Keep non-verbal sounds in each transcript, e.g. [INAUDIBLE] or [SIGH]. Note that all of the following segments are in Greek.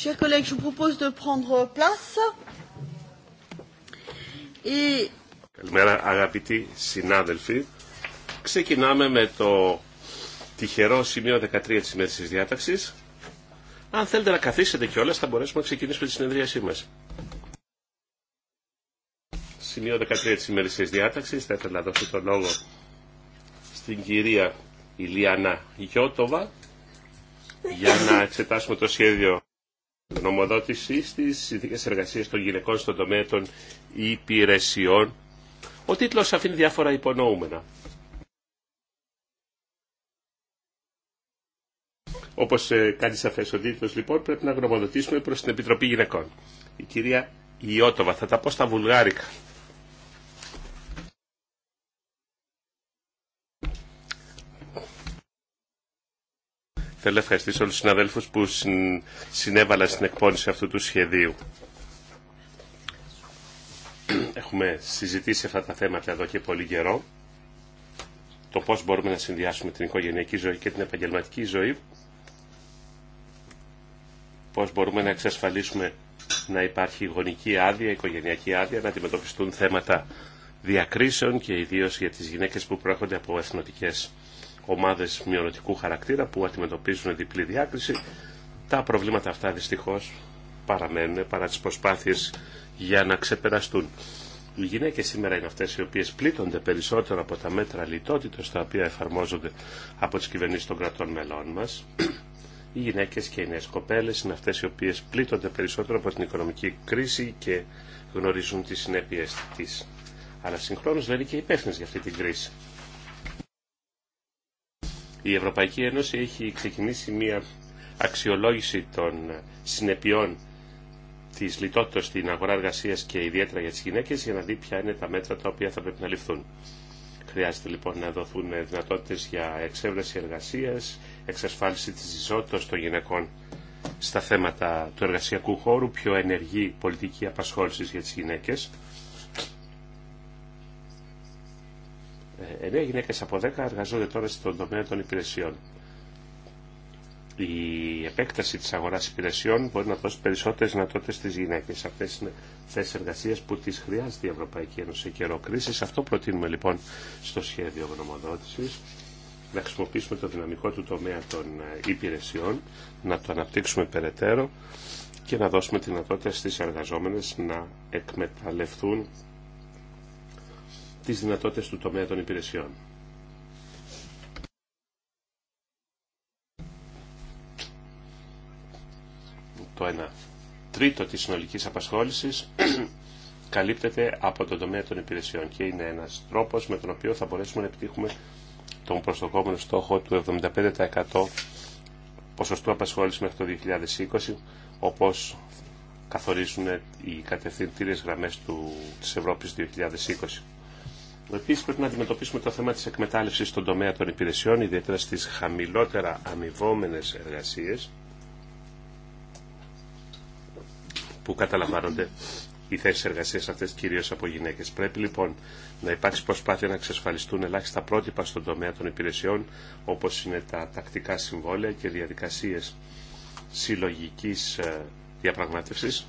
Chers collègues, je propose de prendre place. Et... Καλημέρα αγαπητοί συνάδελφοι. Ξεκινάμε με το τυχερό σημείο 13 της ημέρας διάταξης. Αν θέλετε να καθίσετε κιόλας θα μπορέσουμε να ξεκινήσουμε τη συνεδρίασή μας. Σημείο 13 της ημέρας της διάταξης. Θα ήθελα να δώσω το λόγο στην κυρία Ηλιανά Γιώτοβα για να εξετάσουμε το σχέδιο νομοδότηση στις συνθήκες εργασία των γυναικών στον τομέα των υπηρεσιών. Ο τίτλος αφήνει διάφορα υπονοούμενα. Όπως ε, κάνει σαφές ο τίτλος λοιπόν πρέπει να γνωμοδοτήσουμε προς την Επιτροπή Γυναικών. Η κυρία Ιώτοβα θα τα πω στα βουλγάρικα. Θέλω να ευχαριστήσω όλους τους συναδέλφους που συνέβαλαν στην εκπόνηση αυτού του σχεδίου. Έχουμε συζητήσει αυτά τα θέματα εδώ και πολύ καιρό. Το πώς μπορούμε να συνδυάσουμε την οικογενειακή ζωή και την επαγγελματική ζωή. Πώς μπορούμε να εξασφαλίσουμε να υπάρχει γονική άδεια, οικογενειακή άδεια, να αντιμετωπιστούν θέματα διακρίσεων και ιδίως για τις γυναίκες που προέρχονται από εθνοτικές ομάδες μειονοτικού χαρακτήρα που αντιμετωπίζουν διπλή διάκριση. Τα προβλήματα αυτά δυστυχώς παραμένουν παρά τις προσπάθειες για να ξεπεραστούν. Οι γυναίκες σήμερα είναι αυτές οι οποίες πλήττονται περισσότερο από τα μέτρα λιτότητας τα οποία εφαρμόζονται από τις κυβερνήσεις των κρατών μελών μας. Οι γυναίκες και οι νέες κοπέλες είναι αυτές οι οποίες πλήττονται περισσότερο από την οικονομική κρίση και γνωρίζουν τι συνέπειε τη. Αλλά συγχρόνως δεν είναι και υπεύθυνε για αυτή την κρίση. Η Ευρωπαϊκή Ένωση έχει ξεκινήσει μια αξιολόγηση των συνεπειών τη λιτότητα στην αγορά εργασία και ιδιαίτερα για τι γυναίκε για να δει ποια είναι τα μέτρα τα οποία θα πρέπει να ληφθούν. Χρειάζεται λοιπόν να δοθούν δυνατότητε για εξέβρεση εργασία, εξασφάλιση τη ισότητα των γυναικών στα θέματα του εργασιακού χώρου, πιο ενεργή πολιτική απασχόληση για τι γυναίκε 9 ε, ε, ναι, γυναίκε από 10 εργαζόνται τώρα στον τομέα των υπηρεσιών. Η επέκταση τη αγορά υπηρεσιών μπορεί να δώσει περισσότερες δυνατότητε στις γυναίκε. Αυτέ είναι θέσει εργασία που τι χρειάζεται η Ευρωπαϊκή Ένωση σε καιρό κρίση. Αυτό προτείνουμε λοιπόν στο σχέδιο γνωμοδότηση. να χρησιμοποιήσουμε το δυναμικό του τομέα των ε, υπηρεσιών, να το αναπτύξουμε περαιτέρω και να δώσουμε τη δυνατότητα στις εργαζόμενες να εκμεταλλευτούν τις δυνατότητες του τομέα των υπηρεσιών. Το ένα τρίτο της συνολικής απασχόλησης [CLEARS THROAT] καλύπτεται από τον τομέα των υπηρεσιών και είναι ένας τρόπος με τον οποίο θα μπορέσουμε να επιτύχουμε τον προστοκόμενο στόχο του 75% ποσοστού απασχόλησης μέχρι το 2020 όπως καθορίζουν οι κατευθυντήριες γραμμές του, της Ευρώπης 2020. Επίση πρέπει να αντιμετωπίσουμε το θέμα τη εκμετάλλευση στον τομέα των υπηρεσιών, ιδιαίτερα στι χαμηλότερα αμοιβόμενε εργασίε που καταλαμβάνονται οι θέσει εργασία αυτέ κυρίω από γυναίκε. Πρέπει λοιπόν να υπάρξει προσπάθεια να εξασφαλιστούν ελάχιστα πρότυπα στον τομέα των υπηρεσιών, όπω είναι τα τακτικά συμβόλαια και διαδικασίε συλλογική ε, διαπραγμάτευση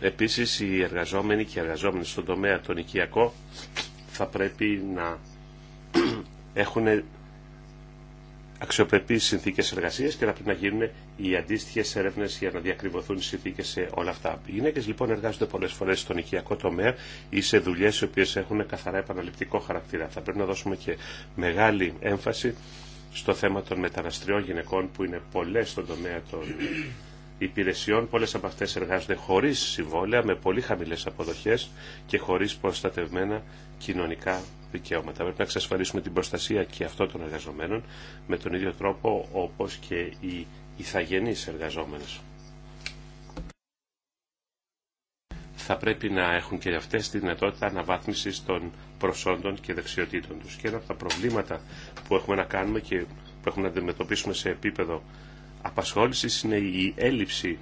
Επίσης οι εργαζόμενοι και οι εργαζόμενοι στον τομέα τον οικιακό θα πρέπει να [CLEARS THROAT] έχουν αξιοπρεπείς συνθήκες εργασίας και να πρέπει να γίνουν οι αντίστοιχε έρευνες για να διακριβωθούν οι συνθήκες σε όλα αυτά. Οι γυναίκες λοιπόν εργάζονται πολλές φορές στον οικιακό τομέα ή σε δουλειές οι οποίες έχουν καθαρά επαναληπτικό χαρακτήρα. Θα πρέπει να δώσουμε και μεγάλη έμφαση στο θέμα των μεταναστριών γυναικών που είναι πολλές στον τομέα των υπηρεσιών, πολλές από αυτές εργάζονται χωρίς συμβόλαια, με πολύ χαμηλές αποδοχές και χωρίς προστατευμένα κοινωνικά δικαιώματα. Πρέπει να εξασφαλίσουμε την προστασία και αυτών των εργαζομένων με τον ίδιο τρόπο όπως και οι ηθαγενείς εργαζόμενες. θα πρέπει να έχουν και αυτέ τη δυνατότητα αναβάθμιση των προσόντων και δεξιοτήτων του. Και ένα από τα προβλήματα που έχουμε να κάνουμε και που έχουμε να αντιμετωπίσουμε σε επίπεδο Απασχόληση είναι η έλλειψη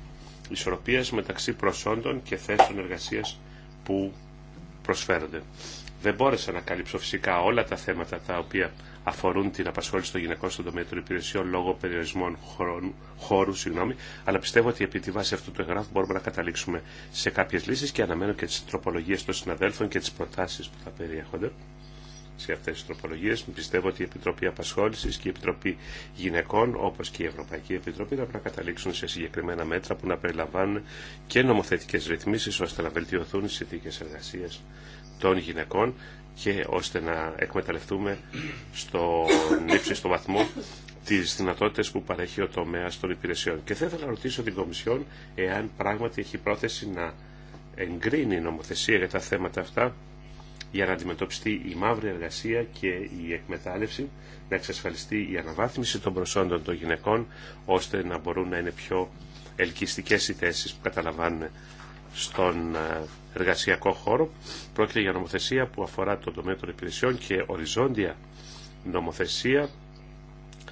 ισορροπίας μεταξύ προσόντων και θέσεων εργασίας που προσφέρονται. Δεν μπόρεσα να καλύψω φυσικά όλα τα θέματα τα οποία αφορούν την απασχόληση των γυναικών στον τομέα των υπηρεσιών λόγω περιορισμών χρόνου, χώρου, συγγνώμη, αλλά πιστεύω ότι επί τη βάση αυτού του εγγράφου μπορούμε να καταλήξουμε σε κάποιε λύσει και αναμένω και τι τροπολογίε των συναδέλφων και τι προτάσει που θα περιέχονται σε αυτέ τι τροπολογίε. Πιστεύω ότι η Επιτροπή Απασχόληση και η Επιτροπή Γυναικών, όπω και η Ευρωπαϊκή Επιτροπή, θα πρέπει να καταλήξουν σε συγκεκριμένα μέτρα που να περιλαμβάνουν και νομοθετικέ ρυθμίσει, ώστε να βελτιωθούν οι συνθήκε εργασία των γυναικών και ώστε να εκμεταλλευτούμε στο ύψιστο στο βαθμό τι δυνατότητε που παρέχει ο τομέα των υπηρεσιών. Και θα ήθελα να ρωτήσω την Κομισιόν εάν πράγματι έχει πρόθεση να εγκρίνει νομοθεσία για τα θέματα αυτά για να αντιμετωπιστεί η μαύρη εργασία και η εκμετάλλευση, να εξασφαλιστεί η αναβάθμιση των προσόντων των γυναικών, ώστε να μπορούν να είναι πιο ελκυστικές οι θέσεις που καταλαμβάνουν στον ε, εργασιακό χώρο. Πρόκειται για νομοθεσία που αφορά το τομέα των υπηρεσιών και οριζόντια νομοθεσία,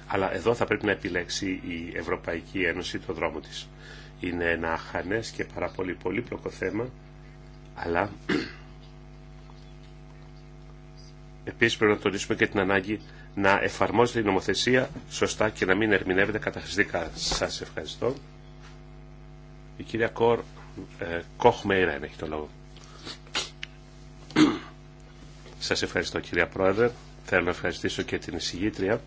αλλά εδώ θα πρέπει να επιλέξει η Ευρωπαϊκή Ένωση το δρόμο της. Είναι ένα αχανές και πάρα πολύ πολύπλοκο θέμα, αλλά Επίση, πρέπει να τονίσουμε και την ανάγκη να εφαρμόζεται η νομοθεσία σωστά και να μην ερμηνεύεται καταχρηστικά. Σας ευχαριστώ. Η κυρία Κορ ε, Κόχ έχει το λόγο. Σας ευχαριστώ κυρία Πρόεδρε. Θέλω να ευχαριστήσω και την εισηγήτρια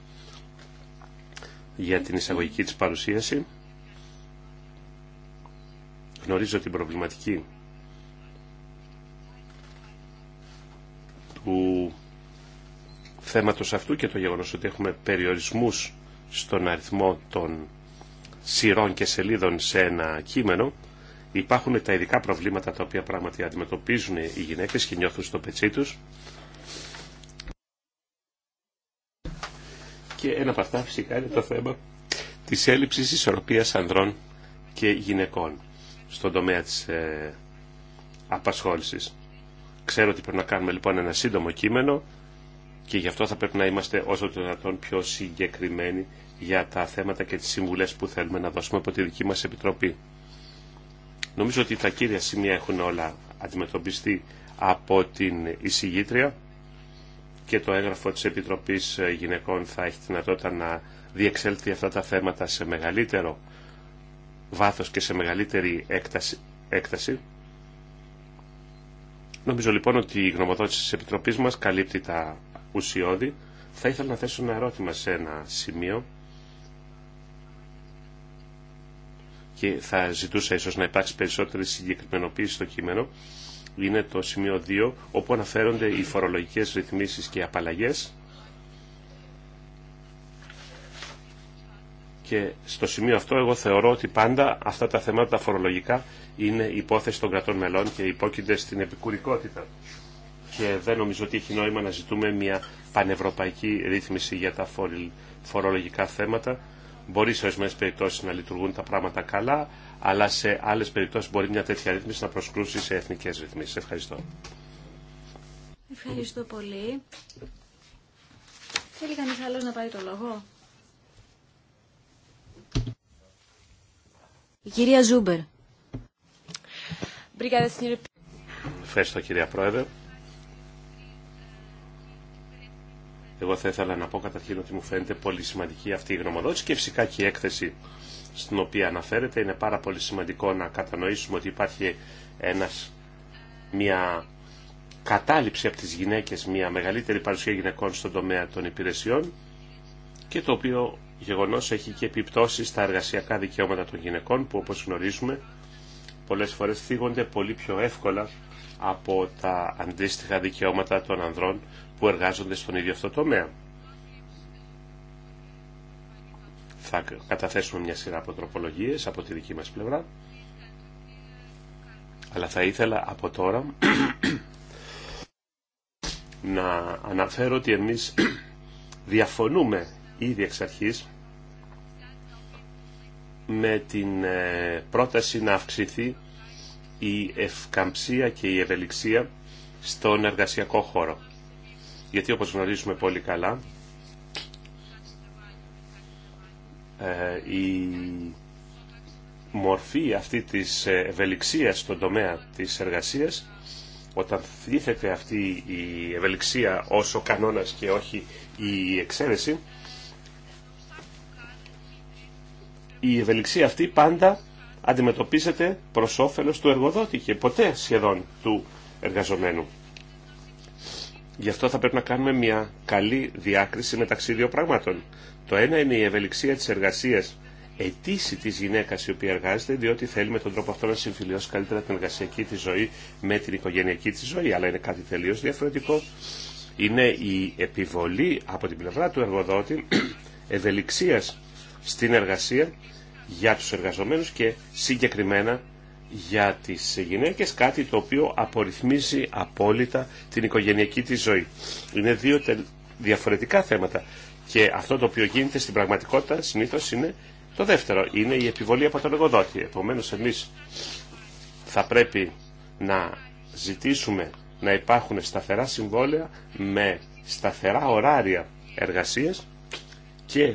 για την εισαγωγική της παρουσίαση. Γνωρίζω την προβληματική του θέματος αυτού και το γεγονός ότι έχουμε περιορισμούς στον αριθμό των σειρών και σελίδων σε ένα κείμενο, υπάρχουν τα ειδικά προβλήματα τα οποία πράγματι αντιμετωπίζουν οι γυναίκες και νιώθουν στο πετσί τους. Και ένα από αυτά φυσικά είναι το θέμα της έλλειψης ισορροπίας ανδρών και γυναικών στον τομέα της ε, απασχόλησης. Ξέρω ότι πρέπει να κάνουμε λοιπόν ένα σύντομο κείμενο και γι' αυτό θα πρέπει να είμαστε όσο το δυνατόν πιο συγκεκριμένοι για τα θέματα και τις συμβουλές που θέλουμε να δώσουμε από τη δική μας Επιτροπή. Νομίζω ότι τα κύρια σημεία έχουν όλα αντιμετωπιστεί από την εισηγήτρια και το έγγραφο της Επιτροπής ε, Γυναικών θα έχει δυνατότητα να διεξέλθει αυτά τα θέματα σε μεγαλύτερο βάθος και σε μεγαλύτερη έκταση. Νομίζω λοιπόν ότι η γνωμοδότηση της Επιτροπής μας καλύπτει τα ουσιώδη, θα ήθελα να θέσω ένα ερώτημα σε ένα σημείο και θα ζητούσα ίσως να υπάρξει περισσότερη συγκεκριμενοποίηση στο κείμενο. Είναι το σημείο 2, όπου αναφέρονται οι φορολογικές ρυθμίσεις και απαλλαγές. Και στο σημείο αυτό εγώ θεωρώ ότι πάντα αυτά τα θέματα φορολογικά είναι υπόθεση των κρατών μελών και υπόκεινται στην επικουρικότητα και δεν νομίζω ότι έχει νόημα να ζητούμε μια πανευρωπαϊκή ρύθμιση για τα φορολογικά θέματα. Μπορεί σε ορισμένε περιπτώσει να λειτουργούν τα πράγματα καλά, αλλά σε άλλε περιπτώσει μπορεί μια τέτοια ρύθμιση να προσκρούσει σε εθνικέ ρυθμίσει. Ευχαριστώ. Ευχαριστώ πολύ. Θέλει κανεί άλλο να πάρει το λόγο. Η κυρία Ζούμπερ. Ευχαριστώ κυρία Πρόεδρε. Εγώ θα ήθελα να πω καταρχήν ότι μου φαίνεται πολύ σημαντική αυτή η γνωμοδότηση και φυσικά και η έκθεση στην οποία αναφέρεται. Είναι πάρα πολύ σημαντικό να κατανοήσουμε ότι υπάρχει ένας, μια κατάληψη από τις γυναίκες, μια μεγαλύτερη παρουσία γυναικών στον τομέα των υπηρεσιών και το οποίο γεγονός έχει και επιπτώσει στα εργασιακά δικαιώματα των γυναικών που όπως γνωρίζουμε πολλές φορές θίγονται πολύ πιο εύκολα από τα αντίστοιχα δικαιώματα των ανδρών που εργάζονται στον ίδιο αυτό τομέα. Θα καταθέσουμε μια σειρά από τροπολογίες από τη δική μας πλευρά, αλλά θα ήθελα από τώρα [CLEARS THROAT] να αναφέρω ότι εμείς [CLEARS THROAT] διαφωνούμε ήδη εξ αρχής με την ε, πρόταση να αυξηθεί η ευκαμψία και η ευελιξία στον εργασιακό χώρο γιατί όπως γνωρίζουμε πολύ καλά ε, η μορφή αυτή της ευελιξίας στον τομέα της εργασίας όταν θίθεται αυτή η ευελιξία ως ο κανόνας και όχι η εξαίρεση η ευελιξία αυτή πάντα αντιμετωπίζεται προς όφελος του εργοδότη και ποτέ σχεδόν του εργαζομένου. Γι' αυτό θα πρέπει να κάνουμε μια καλή διάκριση μεταξύ δύο πραγμάτων. Το ένα είναι η ευελιξία της εργασία αιτήσει τη γυναίκα η οποία εργάζεται, διότι θέλει με τον τρόπο αυτό να συμφιλειώσει καλύτερα την εργασιακή τη ζωή με την οικογενειακή τη ζωή. Αλλά είναι κάτι τελείω διαφορετικό. Είναι η επιβολή από την πλευρά του εργοδότη [CLEARS THROAT] ευελιξία στην εργασία για του εργαζομένου και συγκεκριμένα για τις γυναίκες, κάτι το οποίο απορριθμίζει απόλυτα την οικογενειακή της ζωή. Είναι δύο διαφορετικά θέματα και αυτό το οποίο γίνεται στην πραγματικότητα συνήθως είναι το δεύτερο, είναι η επιβολή από τον εργοδότη. Επομένως εμείς θα πρέπει να ζητήσουμε να υπάρχουν σταθερά συμβόλαια με σταθερά ωράρια εργασίας και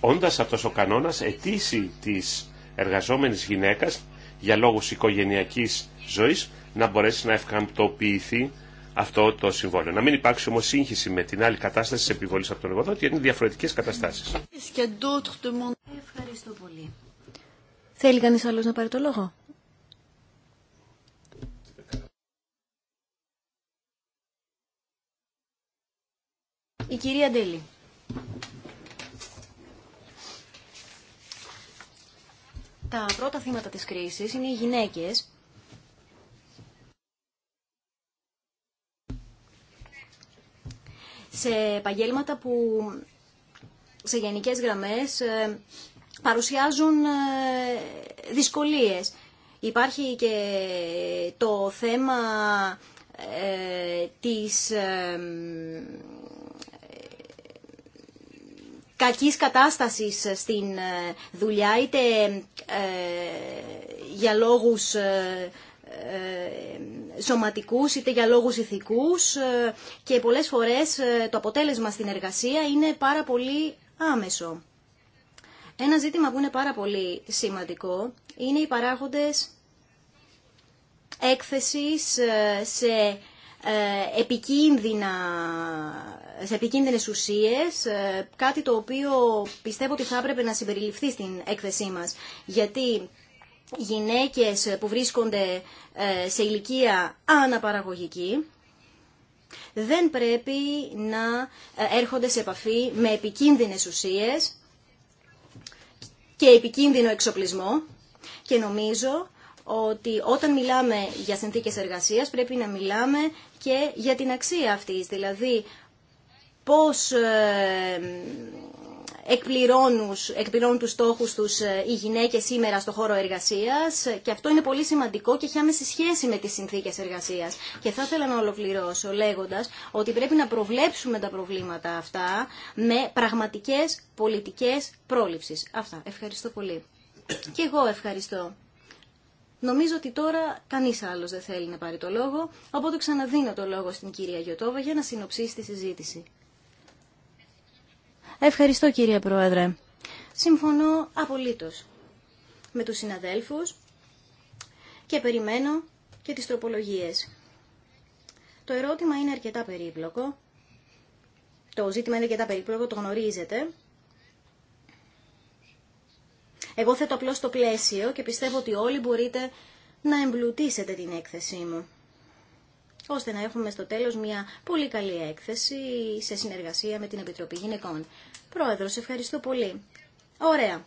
όντας αυτός ο κανόνας ετήσει της εργαζόμενης γυναίκας για λόγους οικογενειακής ζωής να μπορέσει να ευκαμπτοποιηθεί αυτό το συμβόλαιο. Να μην υπάρξει όμως σύγχυση με την άλλη κατάσταση τη επιβολή από τον εργοδότη, γιατί είναι διαφορετικές καταστάσεις. Ευχαριστώ πολύ. Θέλει κανείς άλλος να πάρει το λόγο. Η κυρία Ντέλη. τα πρώτα θύματα της κρίσης είναι οι γυναίκες. Σε επαγγέλματα που σε γενικές γραμμές ε, παρουσιάζουν ε, δυσκολίες. Υπάρχει και το θέμα ε, της κακής κατάστασης στην ε, δουλειά, είτε ε, για λόγους ε, σωματικούς είτε για λόγους ηθικούς και πολλές φορές το αποτέλεσμα στην εργασία είναι πάρα πολύ άμεσο. Ένα ζήτημα που είναι πάρα πολύ σημαντικό είναι οι παράγοντες έκθεσης σε επικίνδυνα σε επικίνδυνες ουσίες, ε, κάτι το οποίο πιστεύω ότι θα έπρεπε να συμπεριληφθεί στην έκθεσή μας. Γιατί γυναίκες που βρίσκονται ε, σε ηλικία αναπαραγωγική δεν πρέπει να ε, έρχονται σε επαφή με επικίνδυνες ουσίες και επικίνδυνο εξοπλισμό και νομίζω ότι όταν μιλάμε για συνθήκες εργασίας πρέπει να μιλάμε και για την αξία αυτής, δηλαδή πώς ε, εκπληρώνουν, εκπληρώνουν τους στόχους τους ε, οι γυναίκες σήμερα στο χώρο εργασίας και αυτό είναι πολύ σημαντικό και έχει άμεση σχέση με τις συνθήκες εργασίας. Και θα ήθελα να ολοκληρώσω λέγοντας ότι πρέπει να προβλέψουμε τα προβλήματα αυτά με πραγματικές πολιτικές πρόληψεις. Αυτά. Ευχαριστώ πολύ. Και εγώ ευχαριστώ. Νομίζω ότι τώρα κανείς άλλος δεν θέλει να πάρει το λόγο, οπότε ξαναδίνω το λόγο στην κυρία Γιωτόβα για να συνοψίσει τη συζήτηση. Ευχαριστώ κύριε Πρόεδρε. Συμφωνώ απολύτως με τους συναδέλφους και περιμένω και τις τροπολογίες. Το ερώτημα είναι αρκετά περίπλοκο. Το ζήτημα είναι αρκετά περίπλοκο, το γνωρίζετε. Εγώ θέτω απλώς το πλαίσιο και πιστεύω ότι όλοι μπορείτε να εμπλουτίσετε την έκθεσή μου ώστε να έχουμε στο τέλος μια πολύ καλή έκθεση σε συνεργασία με την Επιτροπή Γυναικών. Πρόεδρος, ευχαριστώ πολύ. Ωραία.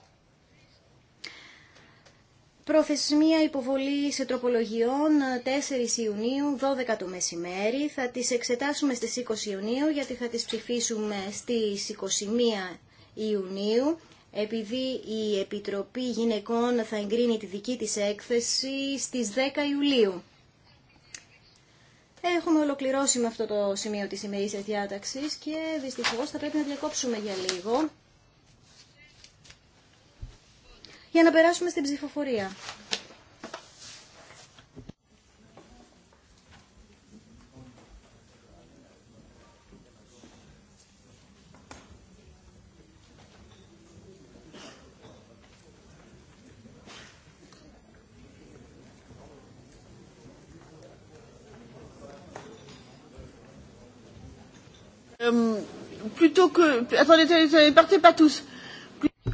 Προθεσμία υποβολή σε τροπολογιών 4 Ιουνίου, 12 το μεσημέρι. Θα τις εξετάσουμε στις 20 Ιουνίου, γιατί θα τις ψηφίσουμε στις 21 Ιουνίου. Επειδή η Επιτροπή Γυναικών θα εγκρίνει τη δική της έκθεση στις 10 Ιουλίου. Έχουμε ολοκληρώσει με αυτό το σημείο της ημερήσιας διάταξης και δυστυχώς θα πρέπει να διακόψουμε για λίγο για να περάσουμε στην ψηφοφορία.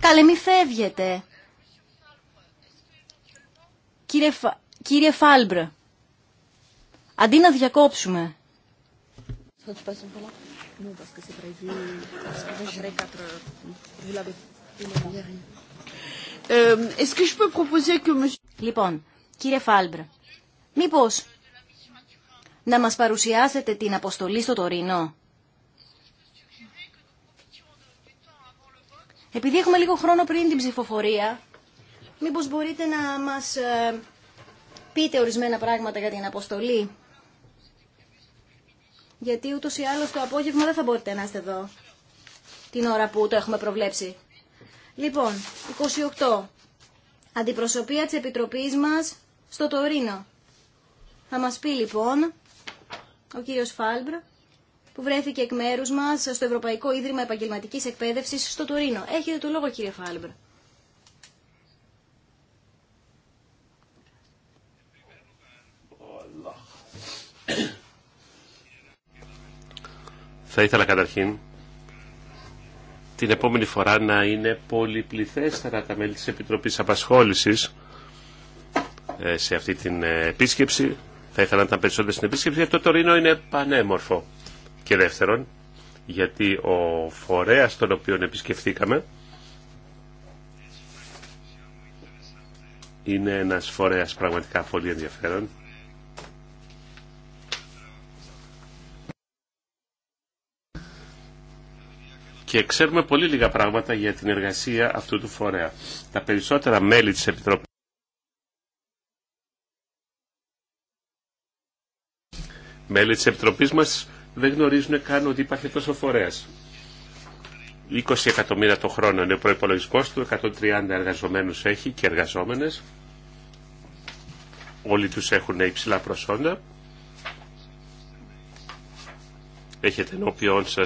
Καλέ, μη φεύγετε. Κύριε, Φα... Κύριε Φάλμπρ, αντί να διακόψουμε... Euh, λοιπόν, κύριε Φάλμπρ, μήπως να μας παρουσιάσετε την αποστολή στο Τωρίνο Επειδή έχουμε λίγο χρόνο πριν την ψηφοφορία, μήπως μπορείτε να μας ε, πείτε ορισμένα πράγματα για την αποστολή. Γιατί ούτως ή άλλως το απόγευμα δεν θα μπορείτε να είστε εδώ την ώρα που το έχουμε προβλέψει. Λοιπόν, 28. Αντιπροσωπεία της Επιτροπής μας στο Τωρίνο. Θα μας πει λοιπόν ο κύριος Φάλμπρ που βρέθηκε εκ μέρου μα στο Ευρωπαϊκό Ίδρυμα Επαγγελματική εκπαίδευση στο Τουρίνο. Έχετε το λόγο κύριε Φάλμπρ. Θα ήθελα καταρχήν την επόμενη φορά να είναι πολυπληθέστερα τα μέλη της Επιτροπής Απασχόλησης ε, σε αυτή την ε, επίσκεψη. Θα ήθελα να ήταν περισσότερο στην επίσκεψη γιατί το Τωρίνο είναι πανέμορφο. Και δεύτερον, γιατί ο φορέας τον οποίο επισκεφθήκαμε είναι ένας φορέας πραγματικά πολύ ενδιαφέρον. Και ξέρουμε πολύ λίγα πράγματα για την εργασία αυτού του φορέα. Τα περισσότερα μέλη της Επιτροπής μέλη της Επιτροπής μας δεν γνωρίζουν καν ότι υπάρχει αυτός ο φορέας. 20 εκατομμύρια το χρόνο είναι ο προπολογισμό του, 130 εργαζομένου έχει και εργαζόμενε. Όλοι τους έχουν υψηλά προσόντα. Έχετε ενώπιόν σα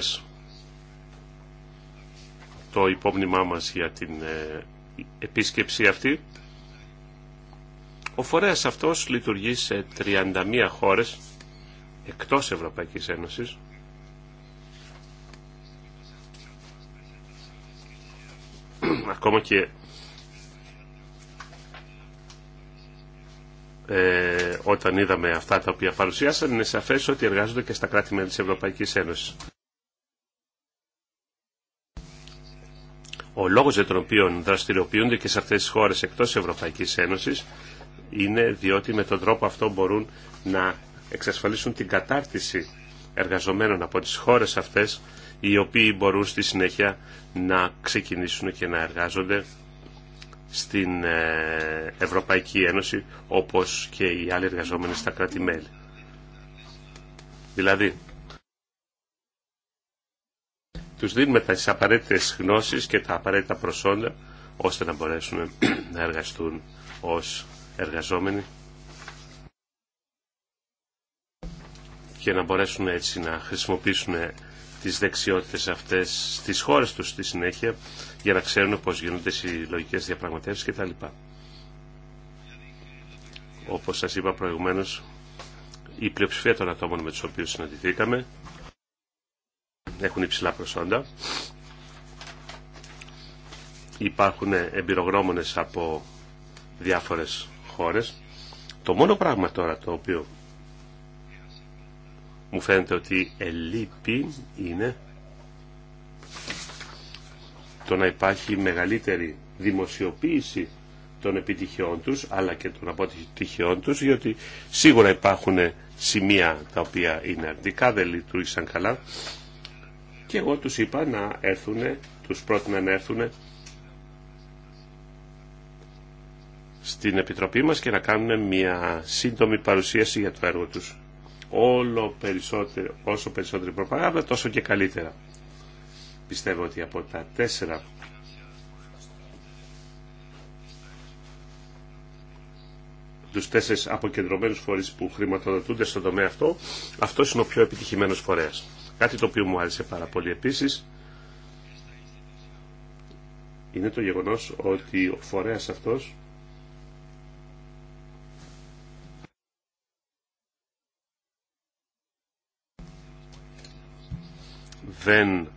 το υπόμνημά μα για την ε, επίσκεψη αυτή. Ο φορέας αυτός λειτουργεί σε 31 χώρες εκτός Ευρωπαϊκής Ένωσης ακόμα και ε, όταν είδαμε αυτά τα οποία παρουσιάσαν είναι σαφές ότι εργάζονται και στα κράτη-μέλη της Ευρωπαϊκής Ένωσης. Ο λόγος για τον οποίο δραστηριοποιούνται και σε αυτές τις χώρες εκτός Ευρωπαϊκής Ένωσης είναι διότι με τον τρόπο αυτό μπορούν να εξασφαλίσουν την κατάρτιση εργαζομένων από τις χώρες αυτές οι οποίοι μπορούν στη συνέχεια να ξεκινήσουν και να εργάζονται στην ε, Ευρωπαϊκή Ένωση όπως και οι άλλοι εργαζόμενοι στα κράτη-μέλη. Δηλαδή, τους δίνουμε τις απαραίτητες γνώσεις και τα απαραίτητα προσόντα ώστε να μπορέσουν να εργαστούν ως εργαζόμενοι και να μπορέσουν έτσι να χρησιμοποιήσουν τις δεξιότητες αυτές στις χώρες τους στη συνέχεια για να ξέρουν πώς γίνονται συλλογικέ διαπραγματεύσεις κτλ. Όπως σας είπα προηγουμένως, η πλειοψηφία των ατόμων με τους οποίους συναντηθήκαμε έχουν υψηλά προσόντα. Υπάρχουν εμπειρογνώμονες από διάφορες χώρες. Το μόνο πράγμα τώρα το οποίο μου φαίνεται ότι ελείπει είναι το να υπάρχει μεγαλύτερη δημοσιοποίηση των επιτυχιών τους αλλά και των αποτυχιών τους διότι σίγουρα υπάρχουν σημεία τα οποία είναι αρνητικά, δεν λειτουργήσαν καλά και εγώ τους είπα να έρθουν, τους πρότεινα να έρθουν στην Επιτροπή μας και να κάνουν μια σύντομη παρουσίαση για το έργο τους όλο περισσότερο, όσο περισσότερη προπαγάνδα τόσο και καλύτερα. Πιστεύω ότι από τα τέσσερα τους τέσσερις αποκεντρωμένους φορείς που χρηματοδοτούνται στον τομέα αυτό, αυτό είναι ο πιο επιτυχημένος φορέας. Κάτι το οποίο μου άρεσε πάρα πολύ επίσης είναι το γεγονός ότι ο φορέας αυτός δεν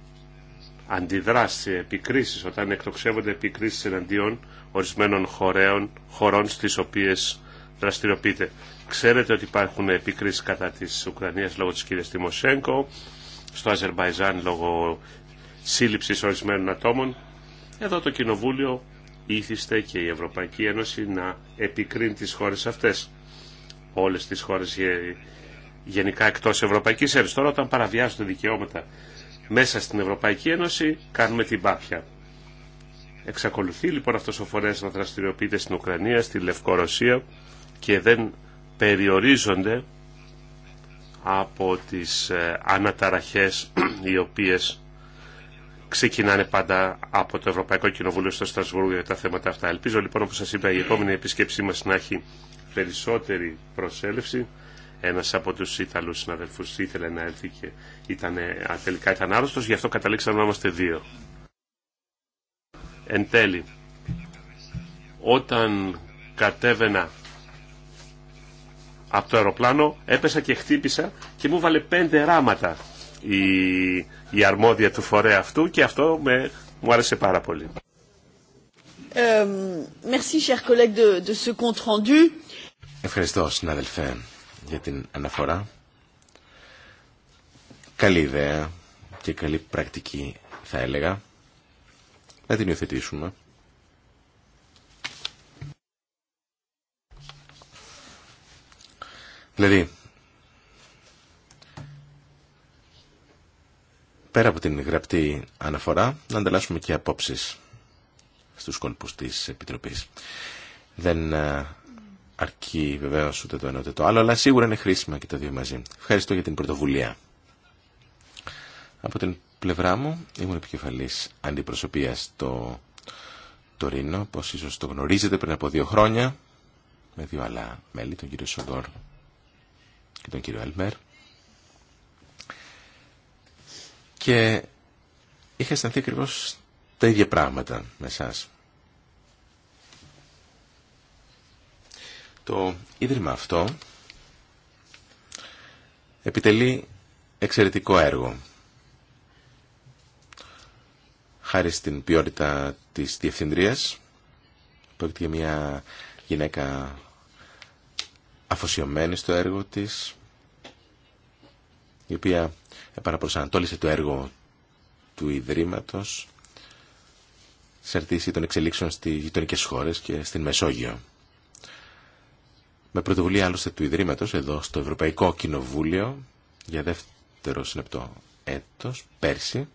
αντιδράσει σε επικρίσεις όταν εκτοξεύονται επικρίσεις εναντίον ορισμένων χωρέων, χωρών στις οποίες δραστηριοποιείται. Ξέρετε ότι υπάρχουν επικρίσεις κατά της Ουκρανίας λόγω της κυρίας Τιμοσέγκο, στο Αζερμπαϊζάν λόγω σύλληψης ορισμένων ατόμων. Εδώ το Κοινοβούλιο ήθιστε και η Ευρωπαϊκή Ένωση να επικρίνει τις χώρες αυτές. Όλες τις χώρες γενικά εκτός Ευρωπαϊκής Ένωσης. Τώρα όταν παραβιάζονται δικαιώματα μέσα στην Ευρωπαϊκή Ένωση κάνουμε την πάπια. Εξακολουθεί λοιπόν αυτό ο φορέα να δραστηριοποιείται στην Ουκρανία, στη Λευκορωσία και δεν περιορίζονται από τις ε, αναταραχές οι οποίες ξεκινάνε πάντα από το Ευρωπαϊκό Κοινοβούλιο στο Στρασβούργο για τα θέματα αυτά. Ελπίζω λοιπόν όπως σας είπα η επόμενη επίσκεψή μας να έχει περισσότερη προσέλευση ένας από τους Ιταλούς συναδελφούς ήθελε να έρθει και ήταν, ε, τελικά ήταν άρρωστος, γι' αυτό καταλήξαμε να είμαστε δύο. Εν τέλει, όταν κατέβαινα από το αεροπλάνο, έπεσα και χτύπησα και μου βάλε πέντε ράματα η, η αρμόδια του φορέα αυτού και αυτό με, μου άρεσε πάρα πολύ. Ε, Ευχαριστώ, συναδελφέ για την αναφορά. Καλή ιδέα και καλή πρακτική θα έλεγα. Να την υιοθετήσουμε. Δηλαδή, πέρα από την γραπτή αναφορά, να ανταλλάσσουμε και απόψεις στους κόλπους της Επιτροπής. Δεν ε, αρκεί βεβαίω ούτε το ένα ούτε το άλλο, αλλά σίγουρα είναι χρήσιμα και τα δύο μαζί. Ευχαριστώ για την πρωτοβουλία. Από την πλευρά μου ήμουν επικεφαλή αντιπροσωπεία στο Τωρίνο, όπω ίσω το γνωρίζετε πριν από δύο χρόνια, με δύο άλλα μέλη, τον κύριο Σοντόρ και τον κύριο Ελμέρ. Και είχα αισθανθεί ακριβώ τα ίδια πράγματα με εσάς. Το Ίδρυμα αυτό επιτελεί εξαιρετικό έργο. Χάρη στην ποιότητα της Διευθυντρίας, που για μια γυναίκα αφοσιωμένη στο έργο της, η οποία επαναπροσανατόλισε το έργο του Ιδρύματος σε αρτήση των εξελίξεων στις γειτονικές χώρες και στην Μεσόγειο με πρωτοβουλία άλλωστε του Ιδρύματος εδώ στο Ευρωπαϊκό Κοινοβούλιο για δεύτερο συνεπτό έτος, πέρσι,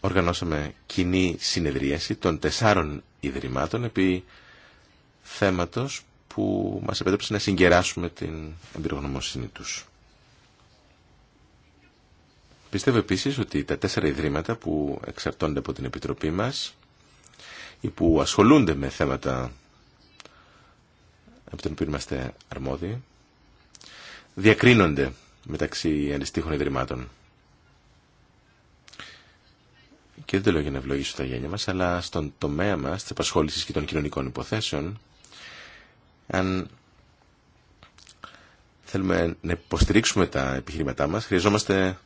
οργανώσαμε κοινή συνεδρίαση των τεσσάρων Ιδρυμάτων επί θέματος που μας επέτρεψε να συγκεράσουμε την εμπειρογνωμοσύνη τους. Πιστεύω επίσης ότι τα τέσσερα Ιδρύματα που εξαρτώνται από την Επιτροπή μας ή που ασχολούνται με θέματα από τον οποίο είμαστε αρμόδιοι, διακρίνονται μεταξύ αντιστοίχων ιδρυμάτων. Και δεν το λέω για να ευλογήσω τα γένια μας, αλλά στον τομέα μας, της απασχόλησης και των κοινωνικών υποθέσεων, αν θέλουμε να υποστηρίξουμε τα επιχειρηματά μας, χρειαζόμαστε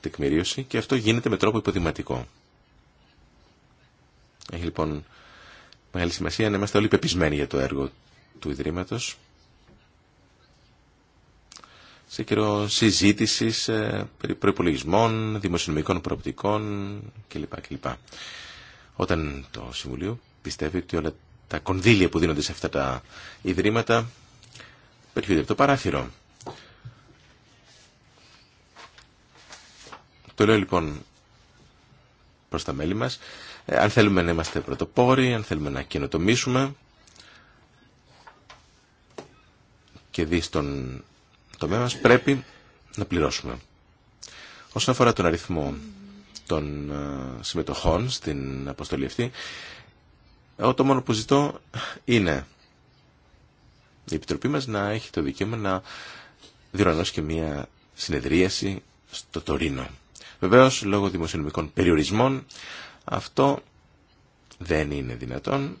τεκμηρίωση και αυτό γίνεται με τρόπο υποδηματικό. Έχει λοιπόν μεγάλη σημασία να είμαστε όλοι πεπισμένοι για το έργο του Ιδρύματος σε καιρό συζήτησης ε, περί προϋπολογισμών, δημοσιονομικών προοπτικών κλπ. κλπ. Όταν το Συμβουλίο πιστεύει ότι όλα τα κονδύλια που δίνονται σε αυτά τα ιδρύματα περιχούνται από το παράθυρο. Το λέω λοιπόν προς τα μέλη μας. Ε, αν θέλουμε να είμαστε πρωτοπόροι, αν θέλουμε να καινοτομήσουμε, Και δί στον τομέα μας πρέπει να πληρώσουμε. Όσον αφορά τον αριθμό των ε, συμμετοχών στην αποστολή αυτή, το μόνο που ζητώ είναι η Επιτροπή μας να έχει το δικαίωμα να διοργανώσει και μια συνεδρίαση στο Τωρίνο. Βεβαίως, λόγω δημοσιονομικών περιορισμών, αυτό δεν είναι δυνατόν.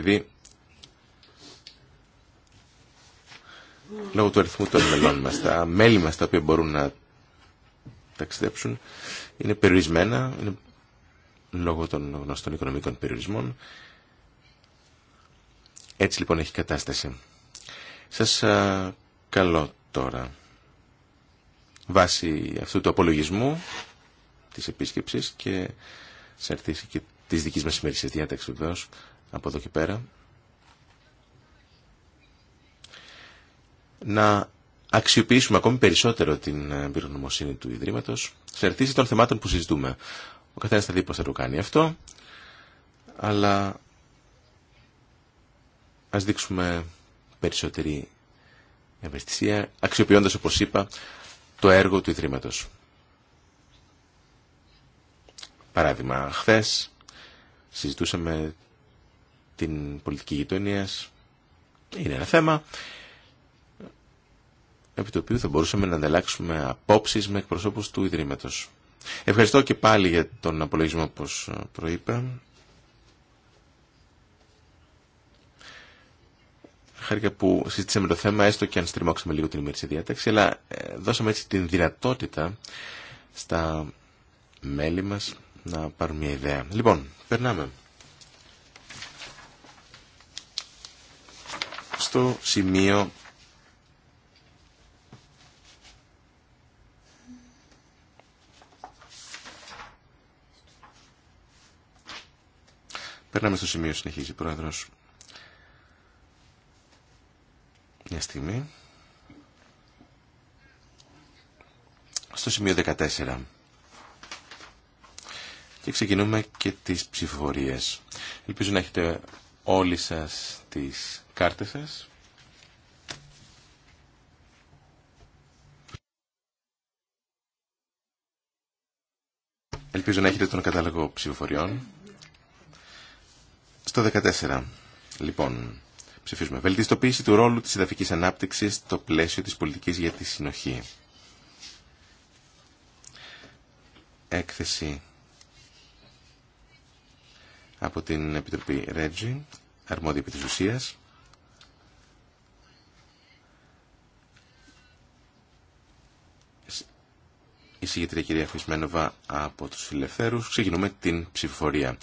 και λόγω του αριθμού των μελών μας, τα μέλη μας τα οποία μπορούν να ταξιδέψουν είναι περιορισμένα, είναι λόγω των γνωστών οικονομικών περιορισμών. Έτσι λοιπόν έχει κατάσταση. Σας καλώ τώρα. Βάσει αυτού του απολογισμού της επίσκεψης και σε αρτήση και της δικής μας σημερινής διάταξης από εδώ και πέρα να αξιοποιήσουμε ακόμη περισσότερο την ε, πυρογνωμοσύνη του Ιδρύματος σε αρτήση των θεμάτων που συζητούμε. Ο καθένας θα δει πώς θα το κάνει αυτό, αλλά ας δείξουμε περισσότερη ευαισθησία, αξιοποιώντας, όπως είπα, το έργο του Ιδρύματος. Παράδειγμα, χθες συζητούσαμε την πολιτική γειτονία είναι ένα θέμα επί το οποίο θα μπορούσαμε να ανταλλάξουμε απόψεις με εκπροσώπους του Ιδρύματος. Ευχαριστώ και πάλι για τον απολογισμό όπως ε, προείπα. Χάρηκα που συζήτησαμε το θέμα, έστω και αν στριμώξαμε λίγο την ημερήσια διάταξη, αλλά ε, δώσαμε έτσι την δυνατότητα στα μέλη μας να πάρουν μια ιδέα. Λοιπόν, περνάμε. στο σημείο Περνάμε στο σημείο, συνεχίζει η Πρόεδρος. Μια στιγμή. Στο σημείο 14. Και ξεκινούμε και τις ψηφοφορίες. Ελπίζω να έχετε όλοι σας τις κάρτες σας. Ελπίζω να έχετε τον κατάλογο ψηφοφοριών. Στο 14, λοιπόν, ψηφίζουμε. Βελτιστοποίηση του ρόλου της εδαφικής ανάπτυξης στο πλαίσιο της πολιτικής για τη συνοχή. Έκθεση από την Επιτροπή Ρέτζι, αρμόδια επί της ουσίας. Η συγγετρία κυρία Χρυσμένοβα από τους Φιλελευθέρους. Ξεκινούμε την ψηφοφορία.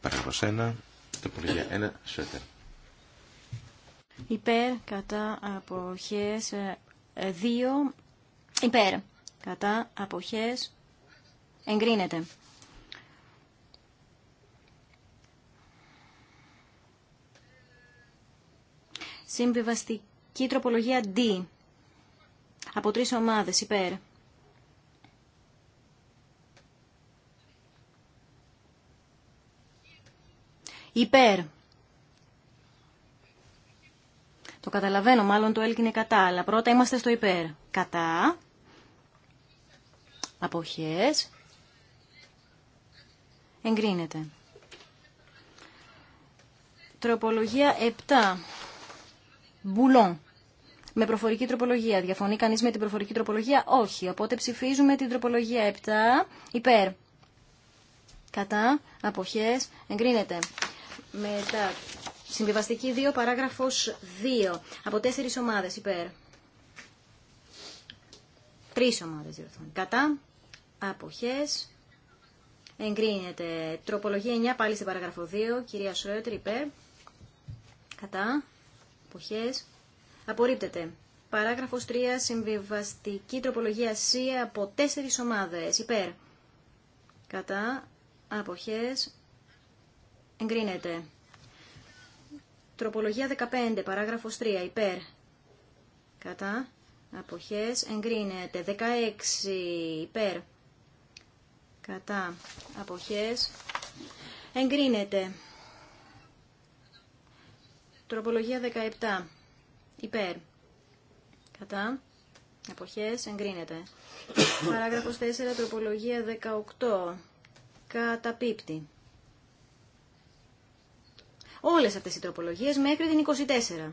Παράγραφος 1, τεπολογία 1, σέτερ. Υπέρ, κατά, αποχές, 2, ε, ε, υπέρ, κατά, αποχές, εγκρίνεται. Συμβιβαστική τροπολογία D. Από τρεις ομάδες υπέρ. Υπέρ. Το καταλαβαίνω, μάλλον το έλκυνε κατά, αλλά πρώτα είμαστε στο υπέρ. Κατά. Αποχές. Εγκρίνεται. Τροπολογία 7. Μπουλόν. Με προφορική τροπολογία. Διαφωνεί κανεί με την προφορική τροπολογία. Όχι. Οπότε ψηφίζουμε την τροπολογία 7 υπέρ. Κατά. Αποχέ. Εγκρίνεται. Μετά. Συμβιβαστική 2 παράγραφο 2. Από τέσσερι ομάδε υπέρ. Τρει ομάδε διορθώνει. Κατά. Αποχέ. Εγκρίνεται. Τροπολογία 9 πάλι σε παράγραφο 2. Κυρία Σρόετρ υπέρ. Κατά αποχές απορρίπτεται. Παράγραφο 3. Συμβιβαστική τροπολογία C από τέσσερι ομάδε Υπέρ. Κατά. απόχέ, Εγκρίνεται. Τροπολογία 15. παράγραφο 3. Υπέρ. Κατά. απόχέ, Εγκρίνεται. 16. Υπέρ. Κατά. απόχέ. Εγκρίνεται. Τροπολογία 17. Υπέρ. Κατά. Αποχές. Εγκρίνεται. Παράγραφος 4. Τροπολογία 18. Καταπίπτει. Όλες αυτές οι τροπολογίες μέχρι την 24.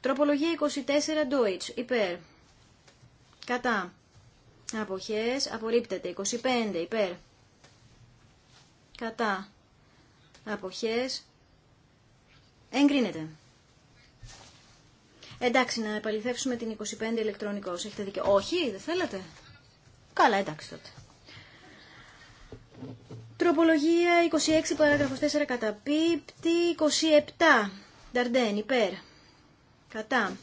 Τροπολογία 24. Deutsch. Υπέρ. Κατά. Αποχές. Απορρίπτεται. 25. Υπέρ. Κατά. Αποχές. Εγκρίνεται. Εντάξει, να επαληθεύσουμε την 25 ηλεκτρονικός. Έχετε δίκιο. Όχι, δεν θέλετε. Καλά, εντάξει τότε. Τροπολογία 26, παράγραφος 4, καταπίπτει. 27, Νταρντέν, υπέρ. Κατά.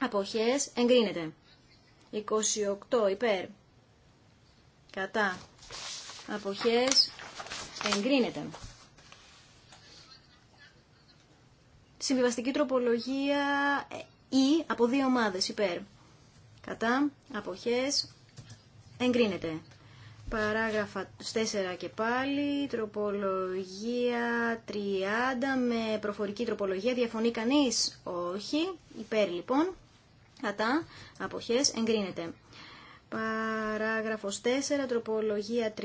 Αποχές, εγκρίνεται. 28, υπέρ. Κατά. Αποχές, εγκρίνεται. Συμβιβαστική τροπολογία ή ε, από δύο ομάδες υπέρ. Κατά αποχές εγκρίνεται. Παράγραφα 4 και πάλι, τροπολογία 30 με προφορική τροπολογία. Διαφωνεί κανείς? Όχι. Υπέρ λοιπόν. Κατά αποχές εγκρίνεται. Παράγραφος 4, τροπολογία 30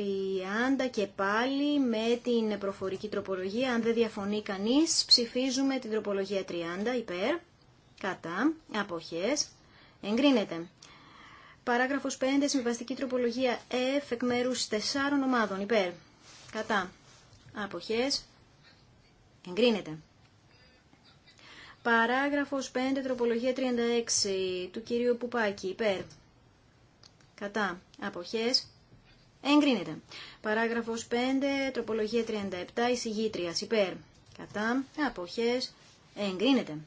και πάλι με την προφορική τροπολογία. Αν δεν διαφωνεί κανείς, ψηφίζουμε την τροπολογία 30 υπέρ, κατά, αποχές, εγκρίνεται. Παράγραφος 5, συμβαστική τροπολογία F εκ μέρους 4 ομάδων υπέρ, κατά, αποχές, εγκρίνεται. Παράγραφος 5, τροπολογία 36 του κυρίου Πουπάκη υπέρ, κατά αποχές εγκρίνεται. Παράγραφος 5, τροπολογία 37, εισηγήτρια υπέρ κατά αποχές εγκρίνεται.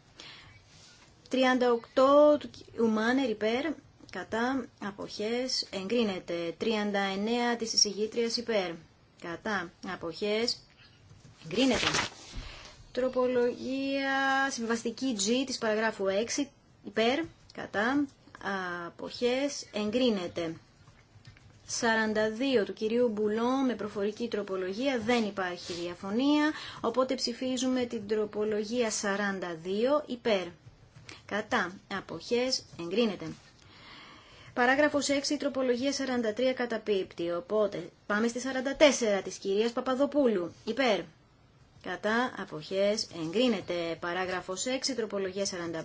38 του Ουμάνερ υπέρ κατά αποχές εγκρίνεται. 39 της εισηγήτριας υπέρ κατά αποχές εγκρίνεται. Τροπολογία συμβαστική G της παραγράφου 6 υπέρ κατά αποχές εγκρίνεται. 42 του κυρίου Μπουλό με προφορική τροπολογία δεν υπάρχει διαφωνία, οπότε ψηφίζουμε την τροπολογία 42 υπέρ. Κατά αποχές εγκρίνεται. Παράγραφος 6, τροπολογία 43 καταπίπτει, οπότε πάμε στη 44 της κυρίας Παπαδοπούλου. Υπέρ. Κατά αποχές εγκρίνεται παράγραφος 6, τροπολογία 45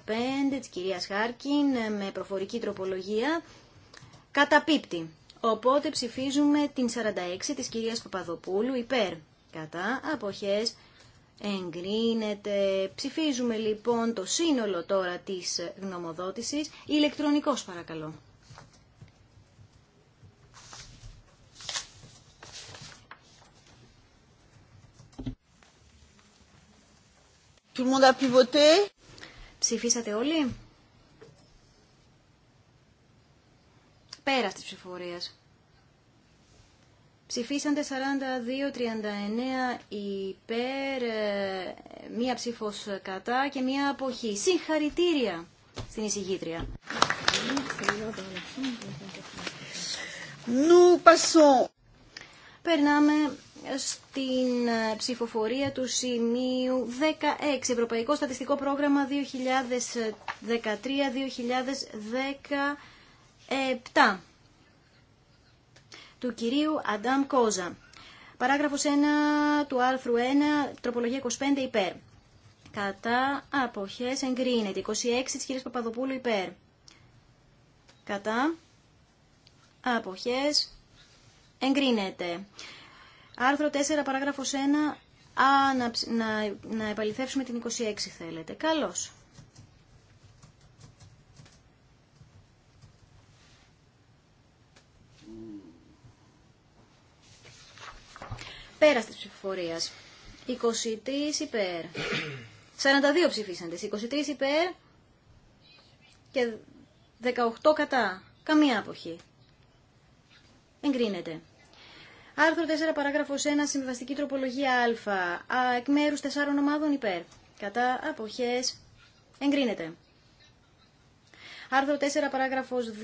της κυρίας Χάρκιν με προφορική τροπολογία καταπίπτει. Οπότε ψηφίζουμε την 46 της κυρίας Παπαδοπούλου υπέρ. Κατά αποχές εγκρίνεται. Ψηφίζουμε λοιπόν το σύνολο τώρα της γνωμοδότησης ηλεκτρονικός παρακαλώ. Tout le monde a Ψηφίσατε όλοι. Πέρα τη ψηφοφορία. Ψηφίσαντε 42-39 υπέρ, ε, μία ψήφος κατά και μία αποχή. Συγχαρητήρια στην εισηγήτρια. Περνάμε στην ε, ψηφοφορία του σημείου 16, Ευρωπαϊκό Στατιστικό Πρόγραμμα 2013-2017 του κυρίου Αντάμ Κόζα. Παράγραφος 1 του άρθρου 1, τροπολογία 25 υπέρ. Κατά αποχές εγκρίνεται. 26 της κυρίας Παπαδοπούλου υπέρ. Κατά αποχές εγκρίνεται. Άρθρο 4, παράγραφος 1, Α, να, να, να επαληθεύσουμε την 26 θέλετε. Καλώς. Πέρας της ψηφοφορίας. 23 υπέρ. 42 ψηφίσαντες. 23 υπέρ και 18 κατά. Καμία αποχή. Εγκρίνεται. Άρθρο 4 παράγραφος 1 συμβιβαστική τροπολογία α. α εκ μέρους 4 ομάδων υπέρ. Κατά αποχές εγκρίνεται. Άρθρο 4 παράγραφος 2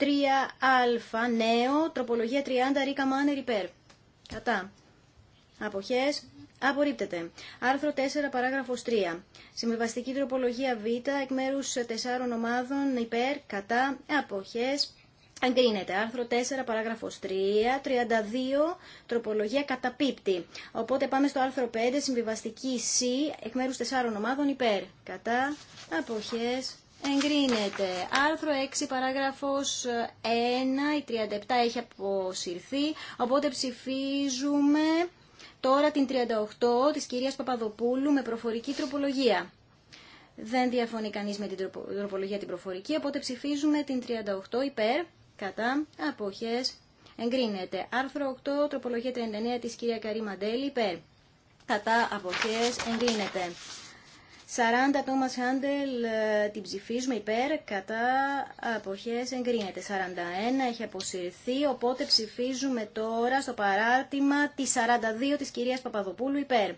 3α ε, νέο τροπολογία 30 ρίκα μάνερ υπέρ. Κατά. Αποχές απορρίπτεται. Άρθρο 4 παράγραφος 3. Συμβιβαστική τροπολογία β εκ μέρους 4 ομάδων υπέρ. Κατά. Αποχές Εγκρίνεται. Άρθρο 4, παράγραφος 3, 32, τροπολογία καταπίπτει. Οπότε πάμε στο άρθρο 5, συμβιβαστική C, εκ μέρους 4 ομάδων υπέρ. Κατά, αποχές, εγκρίνεται. Άρθρο 6, παράγραφος 1, η 37 έχει αποσυρθεί. Οπότε ψηφίζουμε τώρα την 38 της κυρίας Παπαδοπούλου με προφορική τροπολογία. Δεν διαφωνεί κανείς με την τροπολογία την προφορική, οπότε ψηφίζουμε την 38 υπέρ κατά, αποχές, εγκρίνεται. Άρθρο 8, τροπολογία 39 της κυρία Καρή Μαντέλη, υπέρ, κατά, αποχές, εγκρίνεται. 40 Τόμας Χάντελ ε, την ψηφίζουμε υπέρ, κατά αποχές εγκρίνεται. 41 έχει αποσυρθεί, οπότε ψηφίζουμε τώρα στο παράρτημα τη 42 της κυρίας Παπαδοπούλου υπέρ.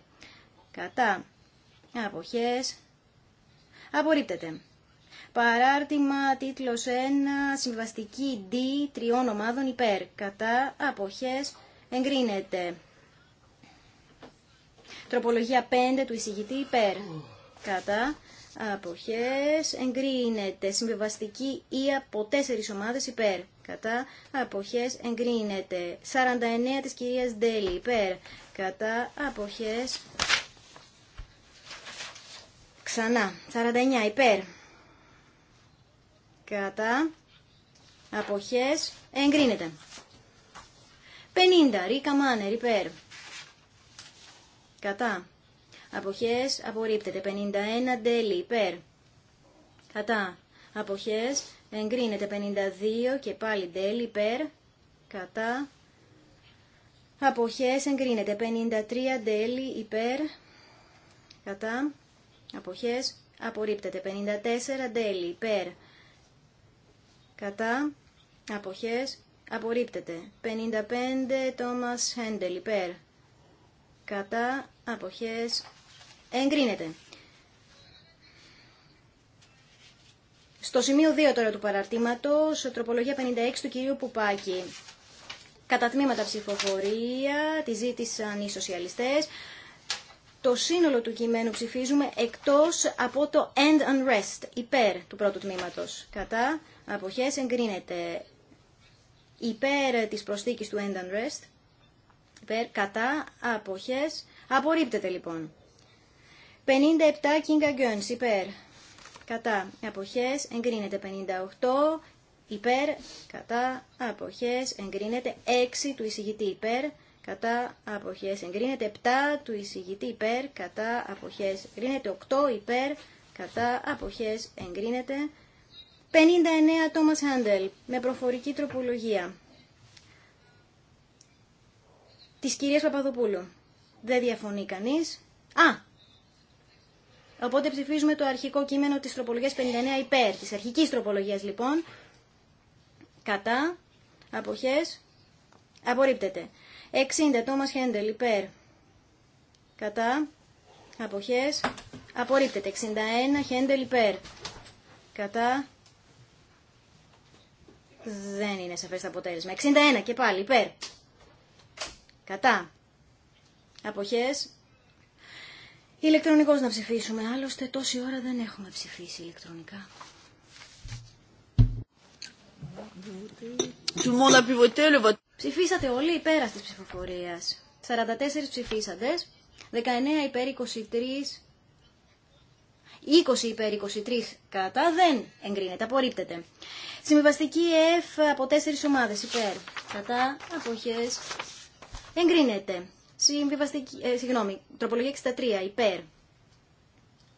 Κατά αποχές απορρίπτεται. Παράρτημα τίτλος 1, συμβαστική D, τριών ομάδων υπέρ. Κατά αποχές εγκρίνεται. Τροπολογία 5 του εισηγητή υπέρ. Κατά αποχές εγκρίνεται. Συμβιβαστική E, από τέσσερις ομάδες υπέρ. Κατά αποχές εγκρίνεται. 49 της κυρίας Ντέλη υπέρ. Κατά αποχές ξανά. 49 υπέρ κατά αποχές εγκρίνεται. 50 ρίκα μάνε ριπέρ κατά αποχές απορρίπτεται. 51 ντέλη υπέρ κατά αποχές εγκρίνεται. 52 και πάλι ντέλη υπέρ κατά αποχές εγκρίνεται. 53 ντέλη υπέρ κατά αποχές απορρίπτεται. 54 ντέλι υπέρ κατά, αποχές, απορρίπτεται. 55 Τόμας Χέντελ υπέρ, κατά, αποχές, εγκρίνεται. Στο σημείο 2 τώρα του παραρτήματος, τροπολογία 56 του κυρίου Πουπάκη. Κατά τμήματα ψηφοφορία, τη ζήτησαν οι σοσιαλιστές το σύνολο του κειμένου ψηφίζουμε εκτός από το end unrest, υπέρ του πρώτου τμήματος. Κατά αποχές εγκρίνεται υπέρ της προσθήκης του end unrest. rest, υπέρ, κατά αποχές, απορρίπτεται λοιπόν. 57 Kinga Guns, υπέρ, κατά αποχές, εγκρίνεται 58, υπέρ, κατά αποχές, εγκρίνεται 6 του εισηγητή υπέρ, κατά αποχές εγκρίνεται 7 του εισηγητή υπέρ κατά αποχές εγκρίνεται 8 υπέρ κατά αποχές εγκρίνεται 59 Thomas Handel με προφορική τροπολογία της κυρίας Παπαδοπούλου. Δεν διαφωνεί κανείς. Α! Οπότε ψηφίζουμε το αρχικό κείμενο της τροπολογίας 59 υπέρ, της αρχικής τροπολογίας λοιπόν, κατά, αποχές, απορρίπτεται. 60 Τόμας Χέντελ υπέρ κατά αποχές απορρίπτεται 61 Χέντελ υπέρ κατά δεν είναι σε το αποτέλεσμα 61 και πάλι υπέρ κατά αποχές ηλεκτρονικός να ψηφίσουμε άλλωστε τόση ώρα δεν έχουμε ψηφίσει ηλεκτρονικά Tout le monde a pu voter, le vote. Ψηφίσατε όλοι υπέρα της ψηφοφορίας. 44 ψηφίσαντες, 19 υπέρ 23, 20 υπέρ 23 κατά, δεν εγκρίνεται, απορρίπτεται. Συμβιβαστική F από 4 ομάδες υπέρ, κατά, αποχές, εγκρίνεται. Συμβιβαστική, ε, συγγνώμη, τροπολογία 63 υπέρ,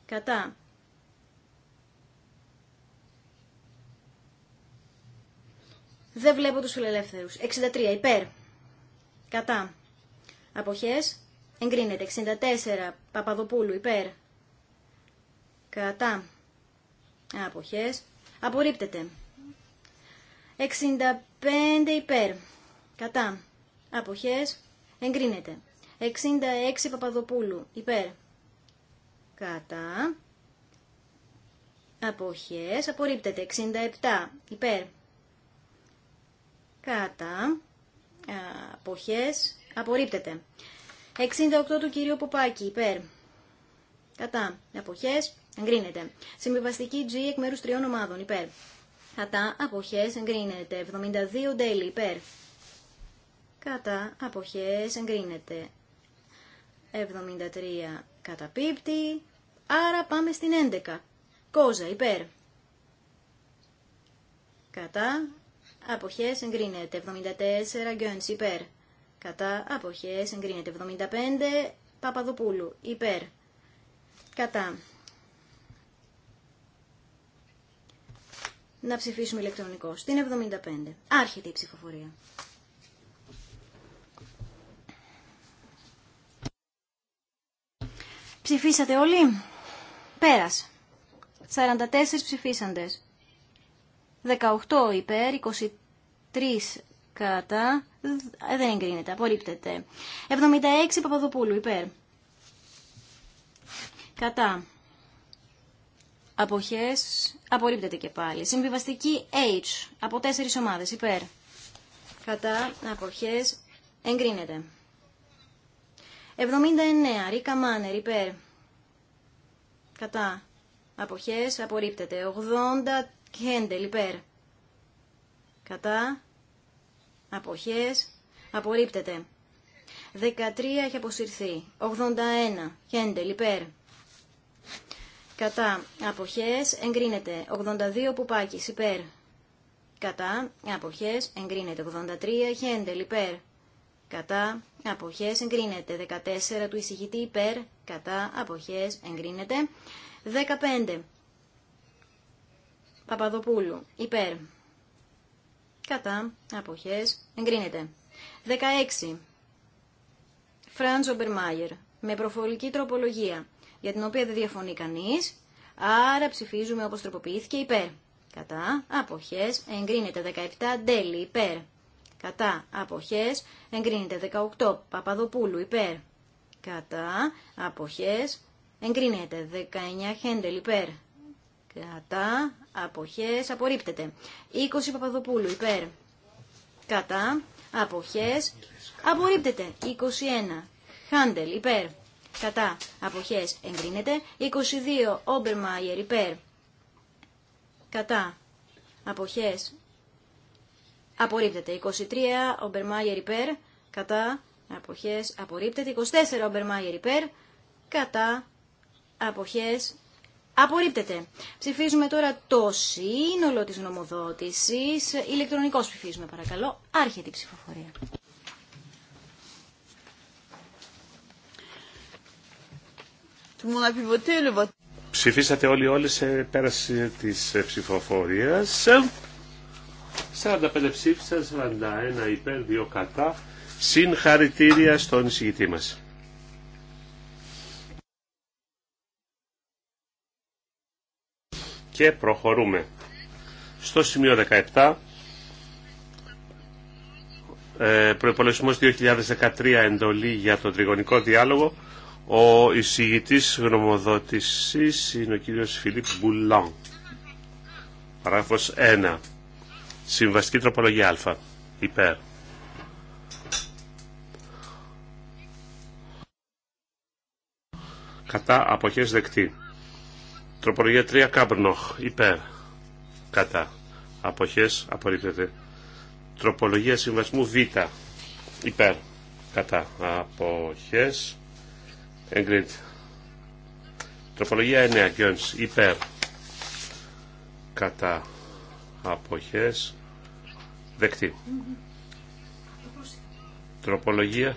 κατά, Δεν βλέπω τους φιλελεύθερους. 63 υπέρ. Κατά. Αποχές. Εγκρίνεται. 64 Παπαδοπούλου υπέρ. Κατά. Αποχές. Απορρίπτεται. 65 υπέρ. Κατά. Αποχές. Εγκρίνεται. 66 Παπαδοπούλου υπέρ. Κατά. Αποχές. Απορρίπτεται. 67 υπέρ κατά αποχές απορρίπτεται. 68 του κυρίου Ποπάκη υπέρ κατά αποχές εγκρίνεται. Συμβιβαστική G εκ μέρους τριών ομάδων υπέρ κατά αποχές εγκρίνεται. 72 ντέλη υπέρ κατά αποχές εγκρίνεται. 73 Καταπίπτη. άρα πάμε στην 11. Κόζα υπέρ. Κατά αποχές εγκρίνεται. 74 γκέντς υπέρ. Κατά αποχές εγκρίνεται. 75 Παπαδοπούλου υπέρ. Κατά. Να ψηφίσουμε ηλεκτρονικό. Στην 75. Άρχεται η ψηφοφορία. Ψηφίσατε όλοι. Πέρας. 44 ψηφίσαντες. 18 υπέρ, 23 κατά, ε, δεν εγκρίνεται, απορρίπτεται. 76 Παπαδοπούλου υπέρ. Κατά. Αποχές, απορρίπτεται και πάλι. Συμβιβαστική H, από 4 ομάδες, υπέρ. Κατά, αποχές, εγκρίνεται. 79, Ρίκα Μάνερ, υπέρ. Κατά, αποχές, απορρίπτεται. 83, Χέντελ Κατά. Αποχές. Απορρίπτεται. 13 έχει αποσυρθεί. 81. Χέντελ Κατά. Αποχές. Εγκρίνεται. 82 πουπάκι. υπέρ. Κατά. Αποχές. Εγκρίνεται. 83. Χέντελ λιπέρ, Κατά. Αποχές. Εγκρίνεται. 14 του εισηγητή υπέρ. Κατά. Αποχές. Εγκρίνεται. 15. Παπαδοπούλου. Υπέρ. Κατά. Αποχές. Εγκρίνεται. 16. Φραντζ Ομπερμάγερ. Με προφορική τροπολογία. Για την οποία δεν διαφωνεί κανείς. Άρα ψηφίζουμε όπως τροποποιήθηκε υπέρ. Κατά. απόχέ, Εγκρίνεται. 17. Ντέλη. Υπέρ. Κατά. απόχέ. Εγκρίνεται. 18. Παπαδοπούλου. Υπέρ. Κατά. απόχέ. Εγκρίνεται. 19. Χέντελ. Υπέρ Κατά. Αποχές. Απορρίπτεται. 20 Παπαδοπούλου. Υπέρ. Κατά. Αποχές. Απορρίπτεται. 21. Χάντελ. Υπέρ. Κατά. Αποχές. Εγκρίνεται. 22. Όμπερμαϊερ. Υπέρ. Κατά. Αποχές. Απορρίπτεται. 23. Όμπερμαϊερ. Υπέρ. Κατά. Αποχές. Απορρίπτεται. 24. Όμπερμαϊερ. Υπέρ. Κατά. Αποχές Απορρίπτεται. Ψηφίζουμε τώρα το σύνολο της νομοδότησης. ηλεκτρονικός ψηφίζουμε παρακαλώ. Άρχεται η ψηφοφορία. Ψηφίσατε όλοι όλες σε πέραση της ψηφοφορίας. 45 ψήφισαν, 41 υπέρ, 2 κατά. Συγχαρητήρια στον εισηγητή μας. και προχωρούμε. Στο σημείο 17, ε, Προπολογισμό 2013 εντολή για τον τριγωνικό διάλογο. Ο εισηγητή γνωμοδότηση είναι ο κύριος Φιλίπ Μπουλάν. Παράγραφο 1. Συμβαστική τροπολογία α. Υπέρ. Κατά αποχές δεκτή. Τροπολογία 3 Κάμπρνοχ. Υπέρ. Κατά. Αποχές. Απορρίπτεται. Τροπολογία συμβασμού Β. Υπέρ. Κατά. Αποχές. Εγκρίνεται. Τροπολογία 9 Γιονς, Υπέρ. Κατά. Αποχές. Δεκτή. Τροπολογία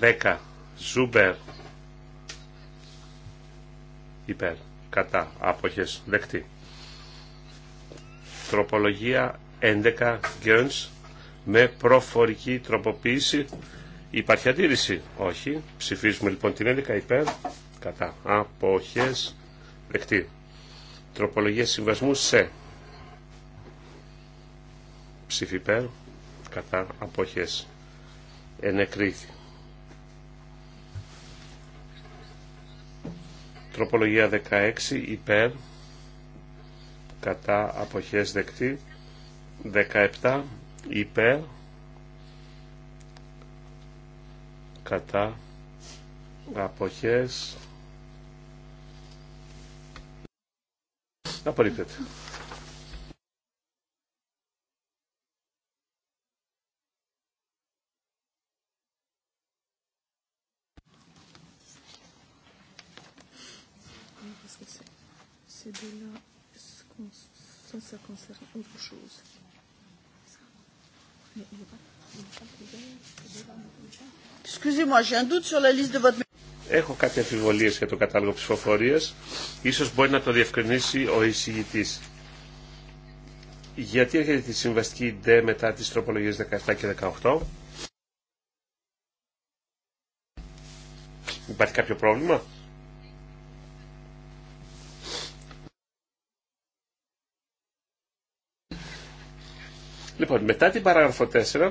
10. Ζούμπερ υπέρ, κατά, άποχες, δεκτή. Τροπολογία 11 Γκέντς. με προφορική τροποποίηση. Υπάρχει αντίρρηση. Όχι. Ψηφίζουμε λοιπόν την 11 υπέρ, κατά, άποχες, δεκτή. Τροπολογία συμβασμού σε. Ψήφι υπέρ, κατά, αποχές, ενεκρίθη. Τροπολογία 16 υπέρ κατά αποχές δεκτή. 17 υπέρ κατά αποχές απορρίπτεται. Έχω κάποια αμφιβολίε για το κατάλογο ψηφοφορία. Ίσως μπορεί να το διευκρινίσει ο εισηγητή. Γιατί έρχεται τη συμβαστική ΔΕ μετά τι τροπολογίε 17 και 18. Υπάρχει κάποιο πρόβλημα. Λοιπόν, μετά την παράγραφο 4,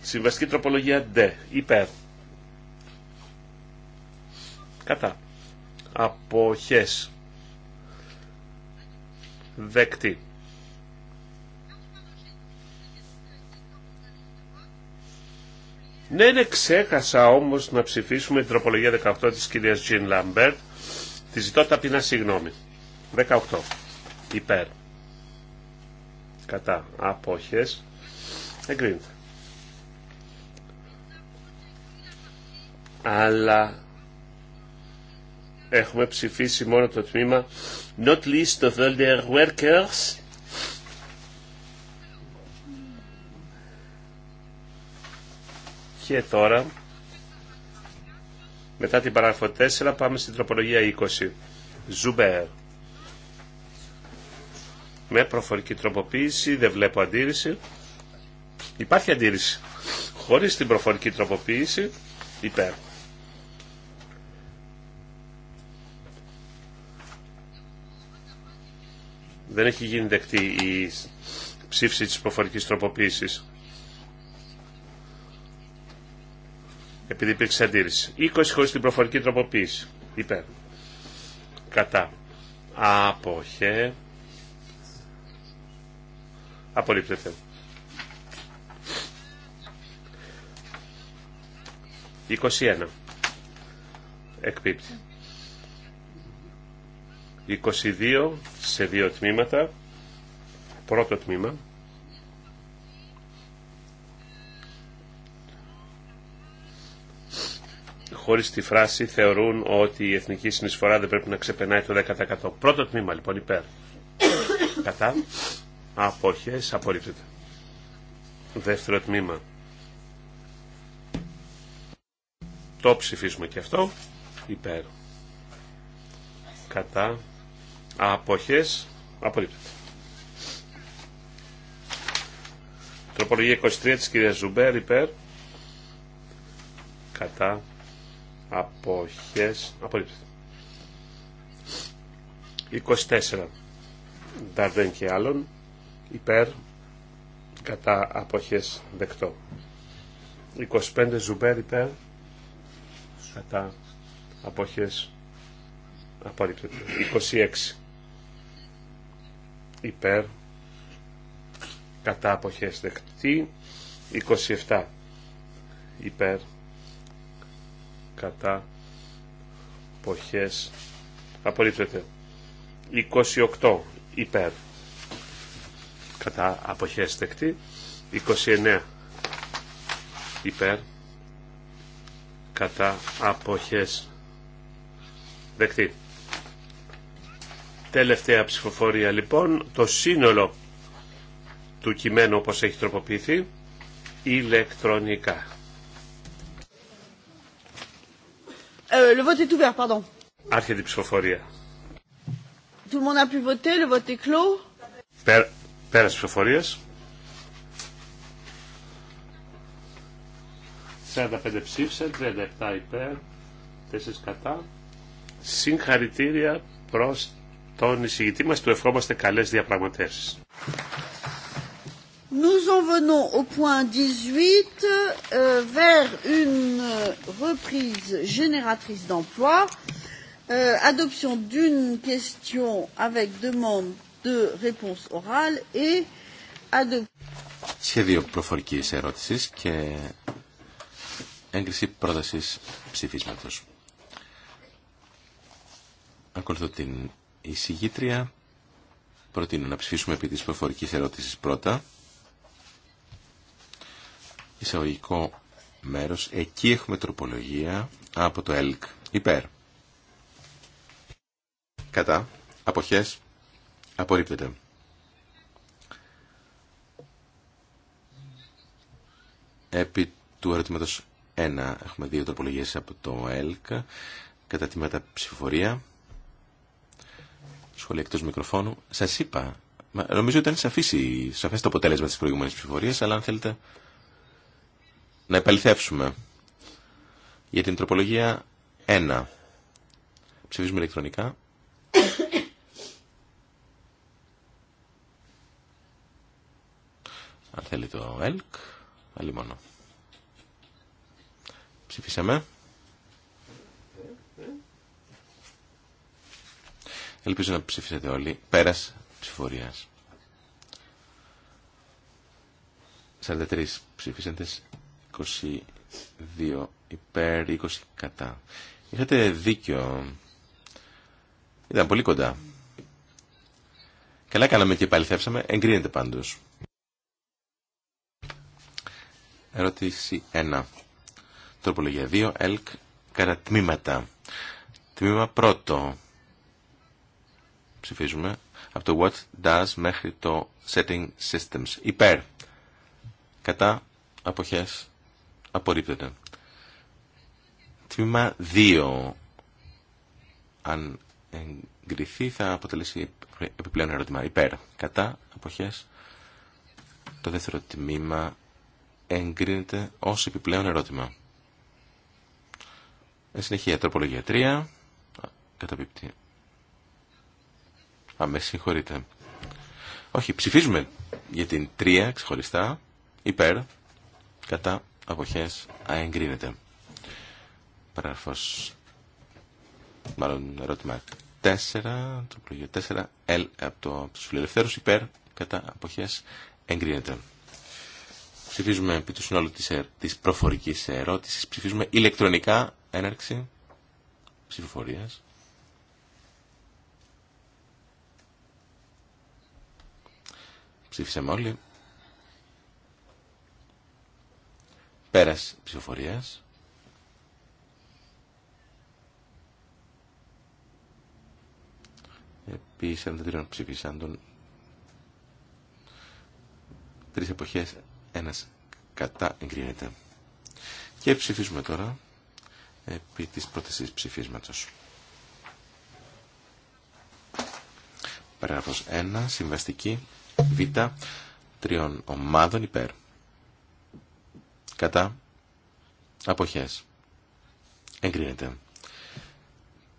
συμβαστική τροπολογία D, υπέρ. Κατά. Αποχές. Δεκτή. Ναι, ναι, ξέχασα όμως να ψηφίσουμε την τροπολογία 18 της κυρίας Τζιν Λαμπέρτ. Τη ζητώ ταπεινά συγγνώμη. 18. Υπέρ κατά αποχές εγκρίνεται. Αλλά έχουμε ψηφίσει μόνο το τμήμα Not least of elder workers Και τώρα, μετά την παραγωγή 4, πάμε στην τροπολογία 20. Ζουμπέρ με προφορική τροποποίηση, δεν βλέπω αντίρρηση. Υπάρχει αντίρρηση. Χωρίς την προφορική τροποποίηση, υπέρ. Δεν έχει γίνει δεκτή η ψήφιση της προφορικής τροποποίησης. Επειδή υπήρξε αντίρρηση. 20 χωρίς την προφορική τροποποίηση. Υπέρ. Κατά. Αποχέ. Απορρίπτεται. 21. Εκπίπτει. 22 σε δύο τμήματα. Πρώτο τμήμα. χωρίς τη φράση θεωρούν ότι η εθνική συνεισφορά δεν πρέπει να ξεπερνάει το 10%. Πρώτο τμήμα λοιπόν υπέρ. Κατά αποχές απορρίπτεται. Δεύτερο τμήμα. Το ψηφίσουμε και αυτό. Υπέρ. Κατά. Αποχές απορρίπτεται. Τροπολογία 23 της κυρίας Ζουμπέρ υπέρ. Κατά. Αποχές απορρίπτεται. 24. Δαρδέν και άλλων υπέρ κατά αποχές δεκτό. 25 ζουμπέρ υπέρ κατά αποχές απορρίπτεται. 26 υπέρ κατά αποχές δεκτή. 27 υπέρ κατά αποχές απορρίπτεται. 28 υπέρ κατά αποχές δεκτή 29 υπέρ κατά αποχές δεκτή τελευταία ψηφοφορία λοιπόν το σύνολο του κειμένου όπως έχει τροποποιηθεί ηλεκτρονικά ε, le vote Άρχεται η ψηφοφορία. Tout le monde a pu voter, le Πέρας ψηφοφορίες. 45 ψήφισε, 37 υπέρ, 4 κατά. Συγχαρητήρια προς τον εισηγητή μας, του ευχόμαστε καλές διαπραγματεύσεις. Nous en venons au point 18 euh, vers une reprise génératrice d'emploi, euh, adoption d'une question avec demande Σχέδιο προφορική ερώτηση και έγκριση πρόταση ψηφίσματο. Ακολουθώ την εισηγήτρια. Προτείνω να ψηφίσουμε επί τη προφορική ερώτηση πρώτα. Εισαγωγικό μέρο Εκεί έχουμε τροπολογία από το ΕΛΚ. Υπέρ. Κατά. Αποχές. Απορρίπτεται. Επί του ερωτήματος 1 έχουμε δύο τροπολογίες από το ΕΛΚ κατά τη ψηφοφορία. Σχολή εκτός μικροφώνου. Σας είπα, νομίζω ήταν σαφής, σαφές το αποτέλεσμα της προηγούμενης ψηφοφορίας, αλλά αν θέλετε να επαληθεύσουμε για την τροπολογία 1. Ψηφίζουμε ηλεκτρονικά. Αν θέλει το ΕΛΚ, άλλη μόνο. Ψηφίσαμε. Ελπίζω να ψηφίσετε όλοι. Πέρας ψηφορίας. 43 ψηφίσαντες, 22 υπέρ, 20 κατά. Είχατε δίκιο. Ήταν πολύ κοντά. Καλά κάναμε και πάλι Εγκρίνεται πάντως. Ερώτηση 1. Τροπολογία 2. ΕΛΚ κατά τμήματα. Τμήμα 1. Ψηφίζουμε. Από το what does μέχρι το setting systems. Υπέρ. Κατά αποχές απορρίπτεται. Τμήμα 2. Αν εγκριθεί θα αποτελέσει επιπλέον ερώτημα. Υπέρ. Κατά αποχές. Το δεύτερο τμήμα εγκρίνεται ως επιπλέον ερώτημα. Εν συνεχεία, τροπολογία 3, καταπίπτει. Α, με συγχωρείτε. Όχι, ψηφίζουμε για την 3 ξεχωριστά, υπέρ, κατά, αποχές, αεγκρίνεται. Παράγραφος, μάλλον ερώτημα 4, τροπολογία 4, L από, το, από φιλελευθέρους, υπέρ, κατά, αποχές, εγκρίνεται. Ψηφίζουμε επί του συνόλου της, ε, προφορικής ερώτησης. Ψηφίζουμε ηλεκτρονικά έναρξη ψηφοφορίας. Ψήφισαμε όλοι. Πέρας ψηφοφορίας. δεν ψηφίσαν ψηφίσαντων. Τρεις εποχές ένας κατά εγκρίνεται. Και ψηφίζουμε τώρα επί της πρότασης ψηφίσματος. Παράγραφος 1, συμβαστική, β, τριών ομάδων υπέρ. Κατά, αποχές. Εγκρίνεται.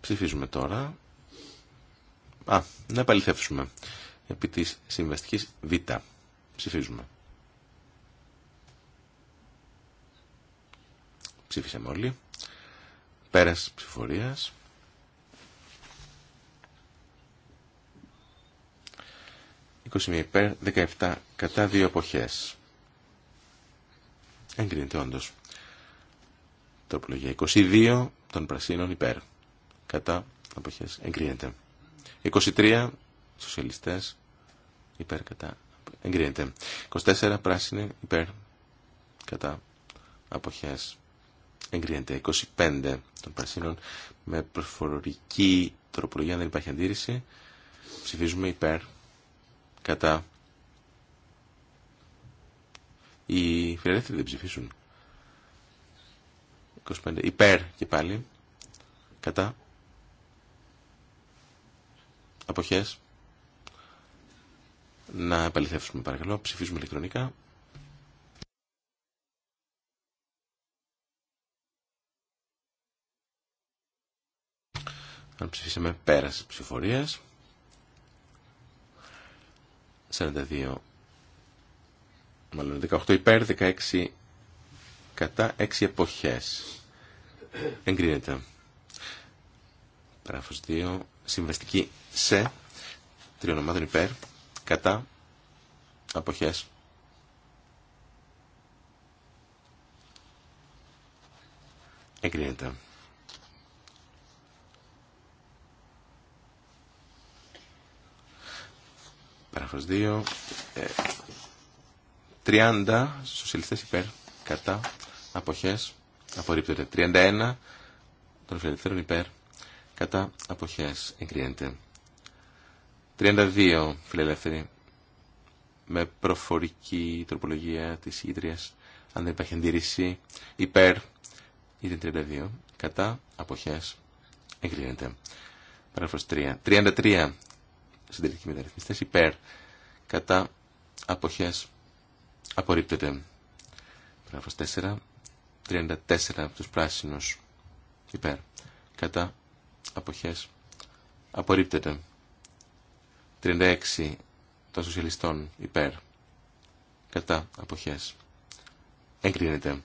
Ψηφίζουμε τώρα. Α, να επαληθεύσουμε. Επί της συμβαστικής β. Ψηφίζουμε. Ψήφισαμε όλοι. Πέρας ψηφορίας. ψηφορία. 21 υπέρ, 17 κατά δύο εποχές. Εγκρίνεται όντως. Τροπολογία 22 των πρασίνων υπέρ. Κατά εποχές. Εγκρίνεται. 23 σοσιαλιστές υπέρ κατά εγκρίνεται. 24 πράσινη υπέρ κατά αποχές εγκρίνεται 25 των πρασινων με προφορική τροπολογία αν δεν υπάρχει αντίρρηση ψηφίζουμε υπέρ κατά οι φιλελεύθεροι δεν ψηφίσουν 25 υπέρ και πάλι κατά αποχές να επαληθεύσουμε παρακαλώ ψηφίζουμε ηλεκτρονικά Αν ψηφίσαμε πέρας ψηφορίας. 42, μάλλον 18 υπέρ, 16 κατά, 6 εποχές. Εγκρίνεται. Πράγμα 2. Συμβαστική σε τριών ομάδων υπέρ, κατά, εποχές. Εγκρίνεται. Παράγραφος 2. 30 ε, σοσιαλιστές υπέρ, κατά, αποχές, απορρίπτεται. 31 των φιλελευθέρων υπέρ, κατά, αποχές, εγκρίνεται. 32 φιλελεύθεροι με προφορική τροπολογία της ίδρυας, αν δεν υπάρχει αντίρρηση, υπέρ, είναι 32, κατά, αποχές, εγκρίνεται. Παράγραφος 3. 33 συντηρητικοί μεταρρυθμιστέ υπέρ κατά αποχές απορρίπτεται. Πράγμα 4. 34 από τους πράσινους υπέρ κατά αποχές απορρίπτεται. 36 των σοσιαλιστών υπέρ κατά αποχές εγκρίνεται.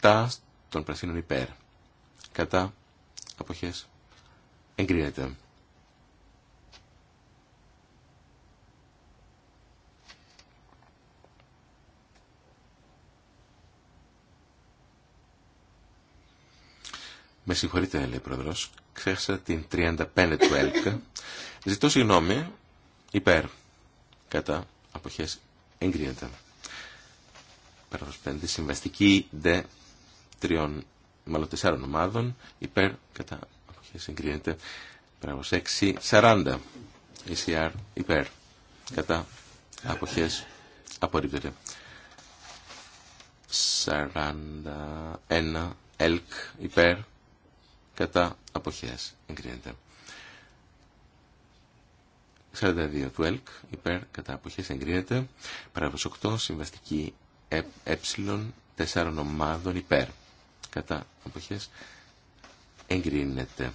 37 των πρασίνων υπέρ κατά αποχές Εγκρίνεται. Με συγχωρείτε, λέει ο πρόεδρο. Ξέχασα την 35 του ΕΛΚΑ. Ζητώ συγγνώμη. Υπέρ. Κατά αποχές. εγκρίνεται. Παραδοσ 5. Συμβαστική δε τριών, μάλλον τεσσάρων ομάδων. Υπέρ. Κατά εγκρίνεται. πράγμα 6. 40. ECR υπέρ. Κατά. Αποχές απορρίπτεται. 41. Ελκ υπέρ. Κατά. Αποχές εγκρίνεται. 42 του ΕΛΚ, υπέρ, κατά αποχές εγκρίνεται. πράγμα 8, συμβαστική ε, ε, τεσσάρων ομάδων υπέρ. Κατά αποχές εγκρίνεται.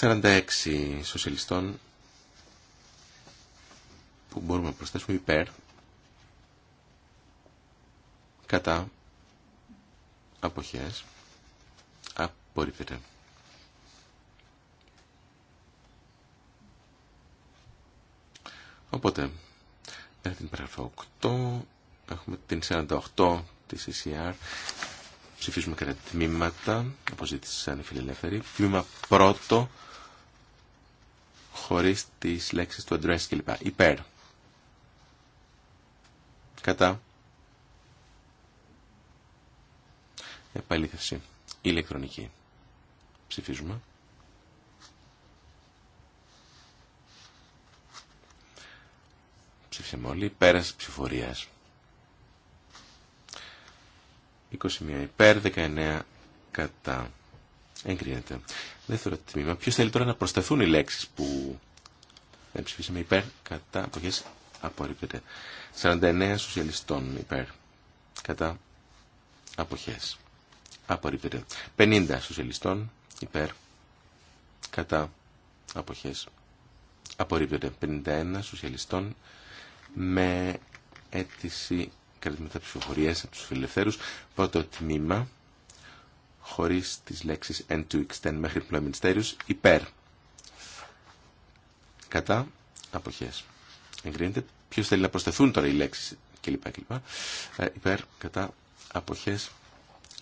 46 σοσιαλιστών που μπορούμε να προσθέσουμε υπέρ κατά αποχές απορρίπτεται. Οπότε, μετά την παραγραφή 8, έχουμε την 48 της ECR, ψηφίζουμε κατά τμήματα, αποζήτησης ζήτησαν οι Τμήμα πρώτο, χωρίς τις λέξεις του address κλπ. Υπέρ. Κατά. Επαλήθευση. Ηλεκτρονική. Ψηφίζουμε. Ψήφισαμε όλοι. Πέραση ψηφορίας. 21 υπέρ, 19 κατά. Εγκρίνεται. Δεύτερο τμήμα. Ποιο θέλει τώρα να προσταθούν οι λέξει που δεν ψηφίσαμε υπέρ, κατά, αποχέ, απορρίπτεται. 49 σοσιαλιστών υπέρ, κατά, αποχέ. Απορρίπτεται. 50 σοσιαλιστών υπέρ, κατά, αποχέ. Απορρίπτεται. 51 σοσιαλιστών με αίτηση κατά ψηφοφορία από του φιλελευθέρου. Πρώτο τμήμα χωρίς τις λέξεις and to extend μέχρι employment status υπέρ κατά αποχές εγκρίνεται ποιος θέλει να προσθεθούν τώρα οι λέξεις κλπ, κλπ. Ε, υπέρ κατά αποχές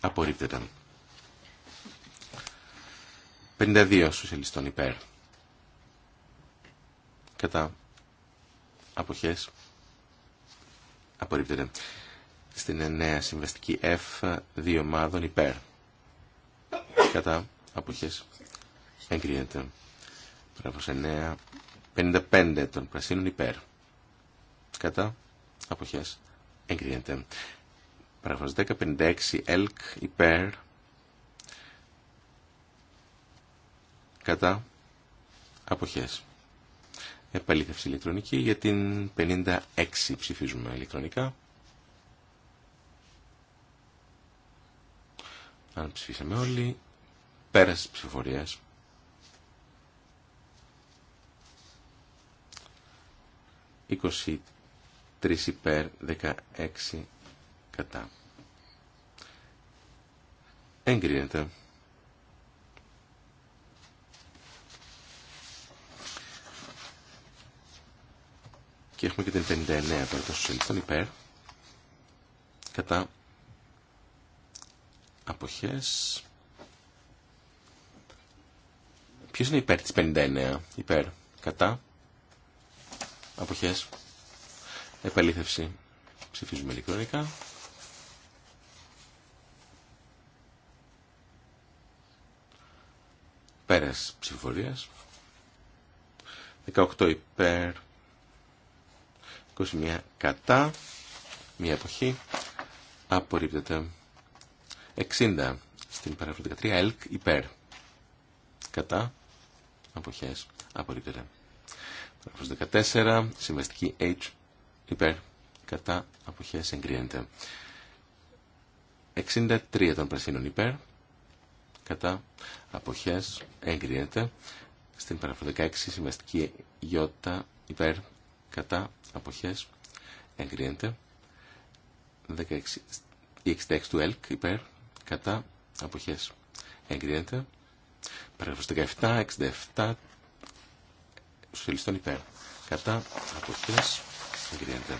απορρίπτεται 52 σοσιαλιστών υπέρ κατά αποχές απορρίπτεται στην νέα συμβαστική F δύο ομάδων υπέρ κατά αποχές εγκρίνεται. Παράγραφος 9, 55 των πρασίνων υπέρ κατά αποχές εγκρίνεται. Παράγραφος 10, 56 ελκ υπέρ κατά αποχές. Επαλήθευση ηλεκτρονική για την 56 ψηφίζουμε ηλεκτρονικά. Αν ψηφίσαμε όλοι, Πέραση της ψηφοφορίες. Είκοσι τρεις υπέρ, δεκαέξι κατά. Εγκρίνεται. Και έχουμε και την 59 πέρα των σοσιαλιστών υπέρ. Κατά αποχές Ποιο είναι υπέρ τη 59. Υπέρ. Κατά. αποχέ, Επαλήθευση. Ψηφίζουμε ηλεκτρονικά. Πέρας ψηφοφορίας. 18 υπέρ. 21 κατά. Μία εποχή. Απορρίπτεται. 60 στην παράγραφο 13. Ελκ υπέρ. Κατά αποχές απορρίπτεται. Παράγραφος 14, συμβαστική H, υπέρ, κατά, αποχές εγκρίνεται. 63 των πρασίνων υπέρ, κατά, αποχές εγκρίνεται. Στην παράγραφο 16, συμβαστική Y, υπέρ, κατά, αποχές εγκρίνεται. 16, η 66 του ΕΛΚ υπέρ, κατά, αποχές εγκρίνεται. Παράγραφος 17, 67, σοσιαλιστών υπέρ. Κατά, απόχέ εγκρίνεται.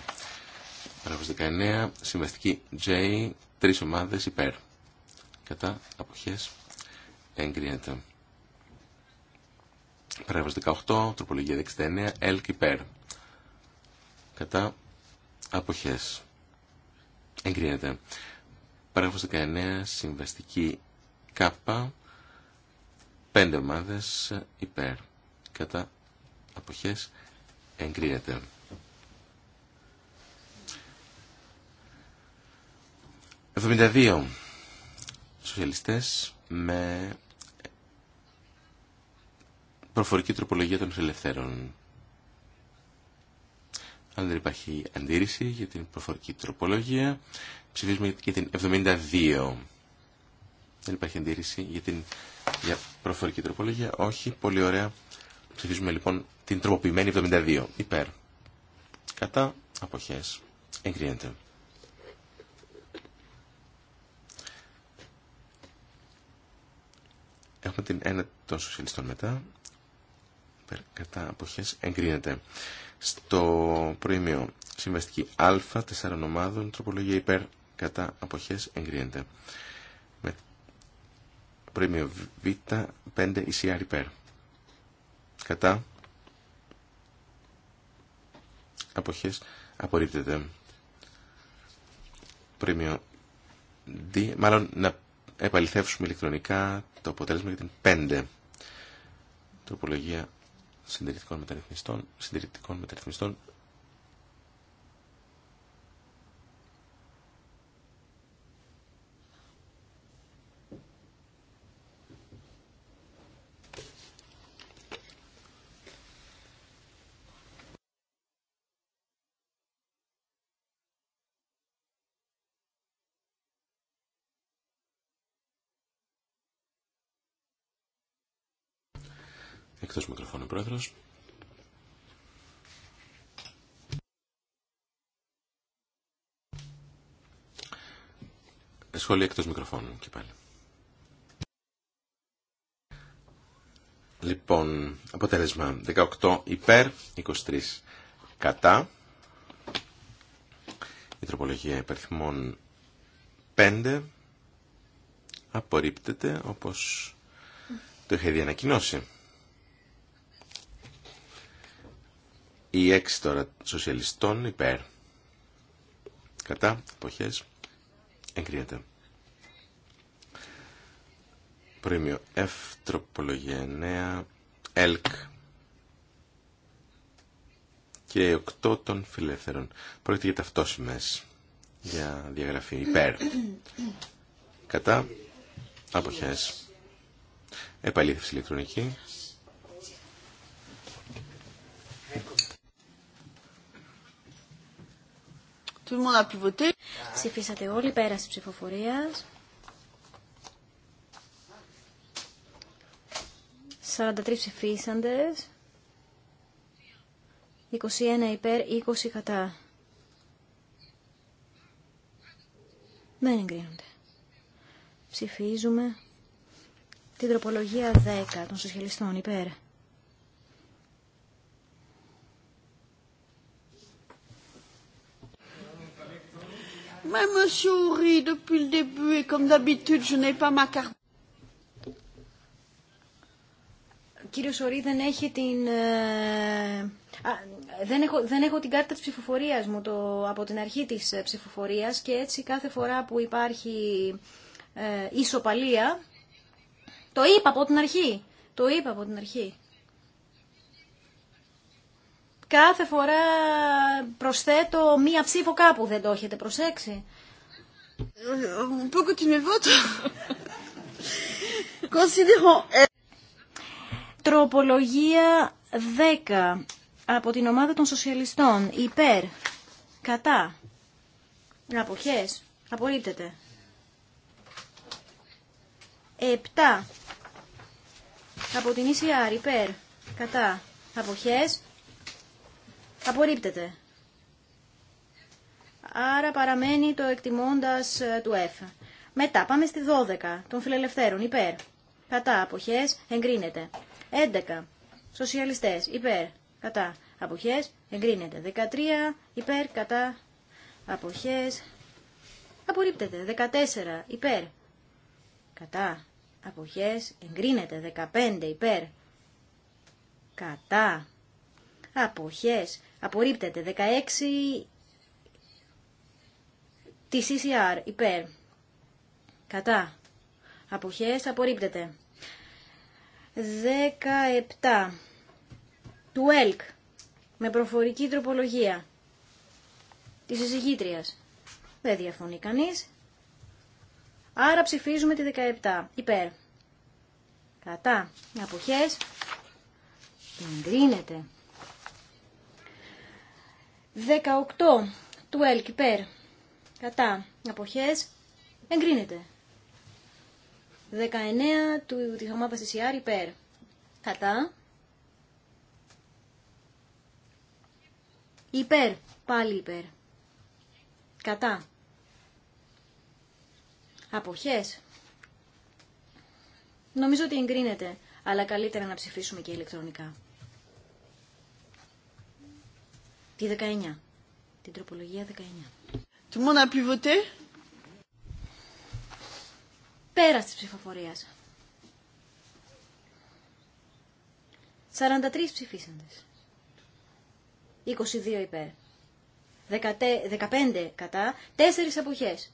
Παράγραφος 19, συμβαστική J, τρεις ομάδε υπέρ. Κατά, απόχέ. εγκρίνεται. Παράγραφος 18, τροπολογία 69, ΕΛΚ υπέρ. Κατά, αποχέ. εγκρίνεται. Παράγραφος 19, συμβαστική K, Πέντε ομάδε υπέρ. Κατά αποχές εγκρίνεται. Εβδομήντα Σοσιαλιστέ με προφορική τροπολογία των ελευθέρων. Αν δεν υπάρχει αντίρρηση για την προφορική τροπολογία, ψηφίζουμε για την 72. Δεν υπάρχει αντίρρηση για, την, για προφορική τροπολογία. Όχι. Πολύ ωραία. Ψηφίζουμε λοιπόν την τροποποιημένη 72. Υπέρ. Κατά αποχές. Εγκρίνεται. Έχουμε την ένα των σοσιαλιστών μετά. Υπέρ. Κατά αποχές. Εγκρίνεται. Στο προημείο συμβαστική α τεσσάρων ομάδων τροπολογία υπέρ κατά αποχές εγκρίνεται. ΠΡΕΜΙΟ Β, 5 ECR υπέρ. Κατά. Αποχές απορρίπτεται. ΠΡΕΜΙΟ D, μάλλον να επαληθεύσουμε ηλεκτρονικά το αποτέλεσμα για την 5. Τροπολογία συντηρητικών μεταρρυθμιστών, συντηρητικών μεταρρυθμιστών Εκτό μικροφώνου πρόεδρος. Σχόλια εκτός μικροφώνου και πάλι. Λοιπόν, αποτέλεσμα 18 υπέρ, 23 κατά. Η τροπολογία υπερθυμών 5 απορρίπτεται όπως το είχα ήδη ανακοινώσει. Η έξι τώρα σοσιαλιστών υπέρ. Κατά εποχές εγκρίνεται. Προήμιο F, τροπολογία 9, ΕΛΚ και 8 των φιλελεύθερων. Πρόκειται για ταυτόσημες για διαγραφή υπέρ. Κατά αποχές. Επαλήθευση ηλεκτρονική. Ψηφίσατε όλοι πέραση τη ψηφοφορία. 43 ψηφίσαντε. 21 υπέρ, 20 κατά. Δεν εγκρίνονται. Ψηφίζουμε την τροπολογία 10 των σοσιαλιστών υπέρ. Mais monsieur Horry, depuis le début, et comme d'habitude, je n'ai pas ma carte. Κύριο Σωρή, δεν έχει την... Ε, Α, δεν, έχω, δεν έχω την κάρτα της ψηφοφορίας μου το, από την αρχή της ε, ψηφοφορίας και έτσι κάθε φορά που υπάρχει ε, ισοπαλία... Το είπα από την αρχή. Το είπα από την αρχή. Κάθε φορά προσθέτω μία ψήφο κάπου, δεν το έχετε προσέξει. Πού euh, Τροπολογία 10 από την ομάδα των σοσιαλιστών. Υπέρ. Κατά. Αποχές. Απορρίπτεται. 7 από την ECR. Υπέρ. Κατά. Αποχές. Απορρίπτεται. Άρα παραμένει το εκτιμώντας ε, του F. Μετά πάμε στη 12 των φιλελευθέρων υπέρ. Κατά αποχές εγκρίνεται. 11 σοσιαλιστές υπέρ. Κατά αποχές εγκρίνεται. 13 υπέρ. Κατά αποχές απορρίπτεται. 14 υπέρ. Κατά αποχές εγκρίνεται. 15 υπέρ. Κατά αποχές Απορρίπτεται. 16 τη CCR. Υπέρ. Κατά. Αποχές. Απορρίπτεται. 17 του ΕΛΚ. Με προφορική τροπολογία. Της εισηγήτριας. Δεν διαφωνεί κανείς. Άρα ψηφίζουμε τη 17. Υπέρ. Κατά. Αποχές. Εγκρίνεται. 18 του ΕΛΚ υπέρ κατά αποχές εγκρίνεται. 19 του της ΙΑΡ υπέρ κατά υπέρ πάλι υπέρ κατά αποχές νομίζω ότι εγκρίνεται αλλά καλύτερα να ψηφίσουμε και ηλεκτρονικά. Τη 19. Την τροπολογία 19. Του μόνο να Πέρα τη ψηφοφορία. 43 ψηφίσαντες. 22 υπέρ. 15 κατά. 4 αποχές.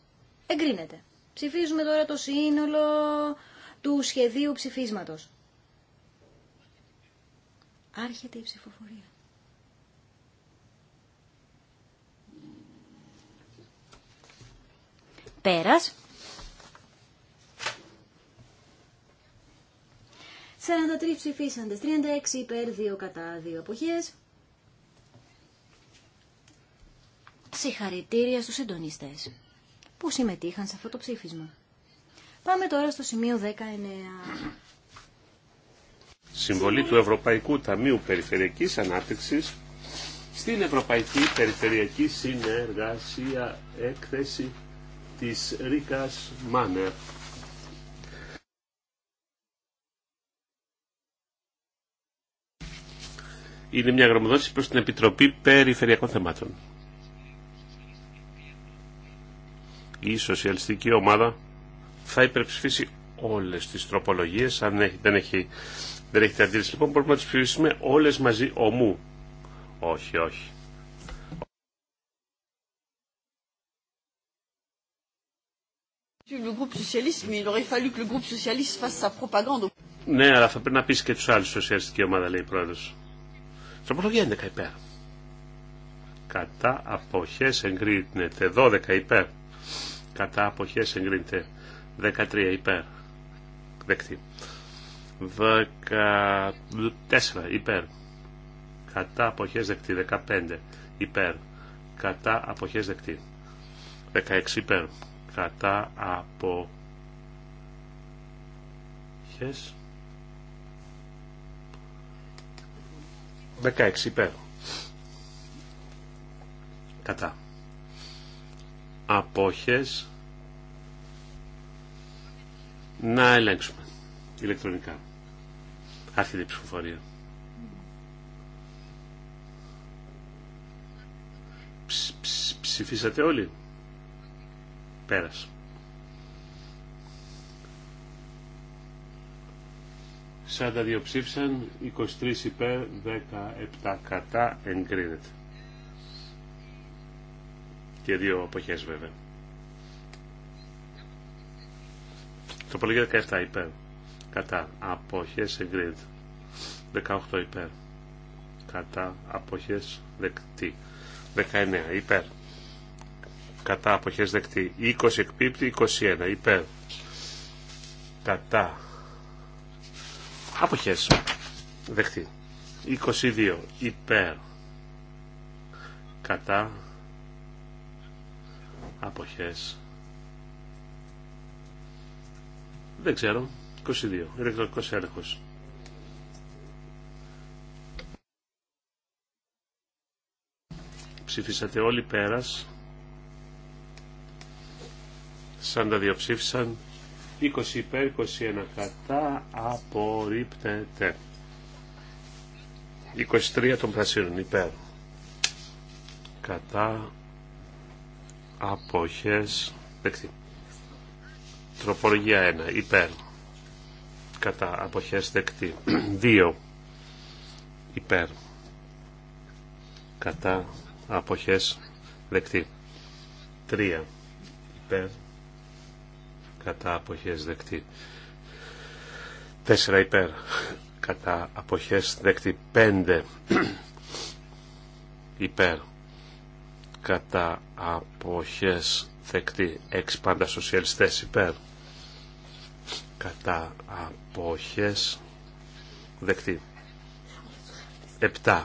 Εγκρίνεται. Ψηφίζουμε τώρα το σύνολο του σχεδίου ψηφίσματος. Άρχεται η ψηφοφορία. Πέρας. 43 ψηφίσαντες, 36 υπέρ, 2 κατά, 2 αποχές. Συγχαρητήρια στους συντονιστές που συμμετείχαν σε αυτό το ψήφισμα. Πάμε τώρα στο σημείο 19. Συμβολή του Ευρωπαϊκού Ταμείου Περιφερειακής Ανάπτυξης στην Ευρωπαϊκή Περιφερειακή Συνεργασία Έκθεση της Ρίκας Μάνερ. Είναι μια γραμμοδότηση προς την Επιτροπή Περιφερειακών Θεμάτων. Η σοσιαλιστική ομάδα θα υπερψηφίσει όλες τις τροπολογίες. Αν έχει, δεν, έχει, δεν έχετε λοιπόν μπορούμε να τις ψηφίσουμε όλες μαζί ομού. Όχι, όχι. Ναι, αλλά θα πρέπει να πεις και τους άλλους σοσιαλιστική ομάδα, λέει η πρόεδρος. Τροπολογία 11 υπέρ. Κατά αποχές εγκρίνεται 12 υπέρ. Κατά αποχές εγκρίνεται 13 υπέρ. Δεκτή. 14 υπέρ. Κατά αποχές δεκτή. 15 υπέρ. Κατά αποχές δεκτή. 16 υπέρ κατά από χες 16 υπέρ κατά απόχες να ελέγξουμε ηλεκτρονικά άρχεται η ψηφοφορία ψηφίσατε όλοι Πέρας. Σαν τα δύο ψήφισαν, 23 υπέρ, 17 κατά, εγκρίνεται. Και δύο αποχές βέβαια. Το πολύ 17 υπέρ. Κατά, αποχές εγκρίνεται. 18 υπέρ. Κατά, αποχές δεκτή. 19 υπέρ κατά αποχές δεκτή 20 εκπίπτει 21 υπέρ κατά αποχές δεκτή 22 υπέρ κατά αποχές δεν ξέρω 22 ηλεκτρονικός έλεγχος ψηφίσατε όλοι πέρας δύο ψήφισαν, 20 υπέρ, 21 κατά, απορρίπτεται. 23 των πρασίνων υπέρ. Κατά, αποχές, δεκτή. Τροπολογία 1, υπέρ. Κατά, αποχές, δεκτή. 2, [CLEARS THROAT] υπέρ. Κατά, αποχές, δεκτή. 3, υπέρ κατά αποχές δεκτή 4 υπέρ κατά αποχές δεκτή 5 υπέρ κατά αποχές δεκτή 6 πάντα σοσιαλιστές υπέρ κατά αποχές δεκτή 7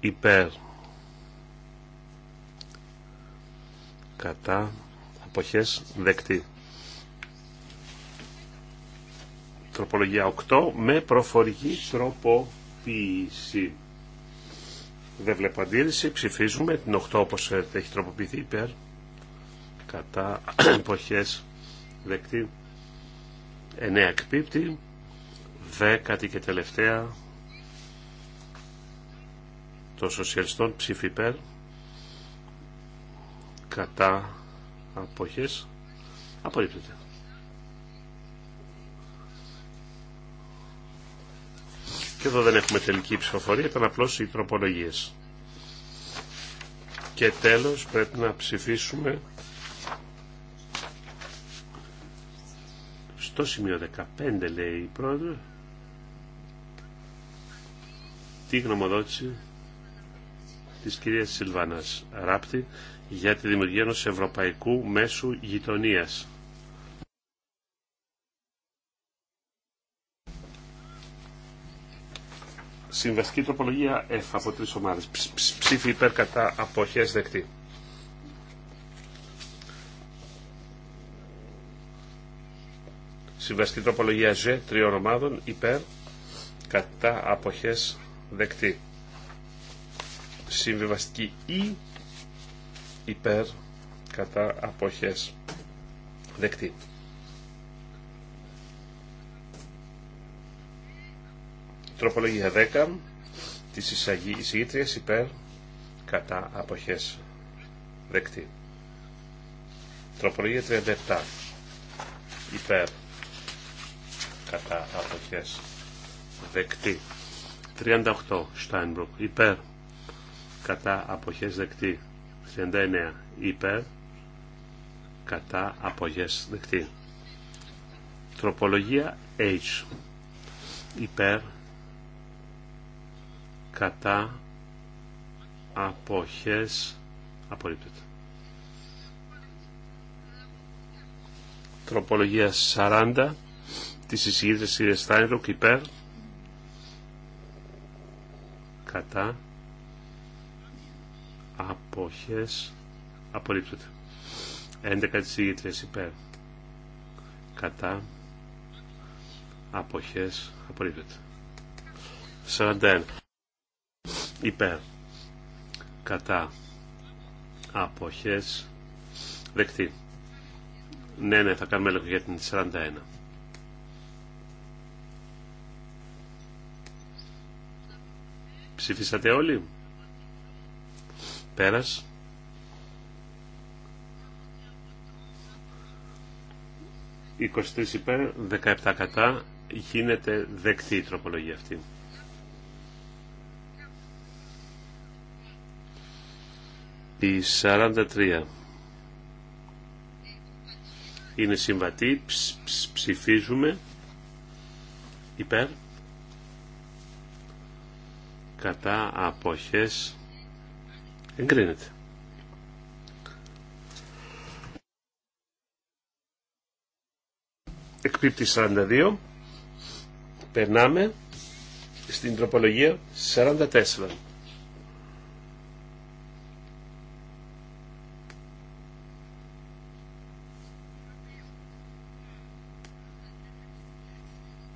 υπέρ κατά αποχές δεκτή τροπολογία 8 με προφορική τροποποίηση. Δεν βλέπω αντίρρηση. Ψηφίζουμε την 8 όπως ε, έχει τροποποιηθεί υπέρ. Κατά [CLEARS THROAT] εποχές δεκτή. 9 εκπίπτει. 10 και τελευταία των σοσιαλιστών ψήφι υπέρ. Κατά αποχές απορρίπτεται. Και εδώ δεν έχουμε τελική ψηφοφορία, ήταν απλώς οι τροπολογίες. Και τέλος πρέπει να ψηφίσουμε στο σημείο 15 λέει η πρόεδρο τη γνωμοδότηση της κυρίας Σιλβάνας Ράπτη για τη δημιουργία ενός ευρωπαϊκού μέσου γειτονίας. Συμβαστική τροπολογία F από τρεις ομάδες. Ψήφι υπέρ κατά αποχές δεκτή. Συμβαστική τροπολογία G τριών ομάδων υπέρ κατά αποχές δεκτή. Συμβιβαστική E υπέρ κατά αποχές δεκτή. Τροπολογία 10 της εισηγήτριας υπέρ κατά αποχές δεκτή. Τροπολογία 37 υπέρ κατά αποχές δεκτή. 38 Steinbrook υπέρ κατά αποχές δεκτή. 39 υπέρ κατά αποχές δεκτή. Τροπολογία H υπέρ κατά αποχές απορρίπτεται. Τροπολογία 40 της εισηγήτρες Σύρια Στάινρου υπέρ κατά αποχές απορρίπτεται. 11 της εισηγήτρες υπέρ κατά αποχές απορρίπτεται. 41 υπέρ κατά αποχές δεκτή. Ναι, ναι, θα κάνουμε έλεγχο για την 41. Ψηφίσατε όλοι. Πέρας. 23 υπέρ, 17 κατά, γίνεται δεκτή η τροπολογία αυτή. Η 43 είναι συμβατή, ψηφίζουμε υπέρ κατά αποχές εγκρίνεται. Εκπίπτει 42, περνάμε στην τροπολογία 44.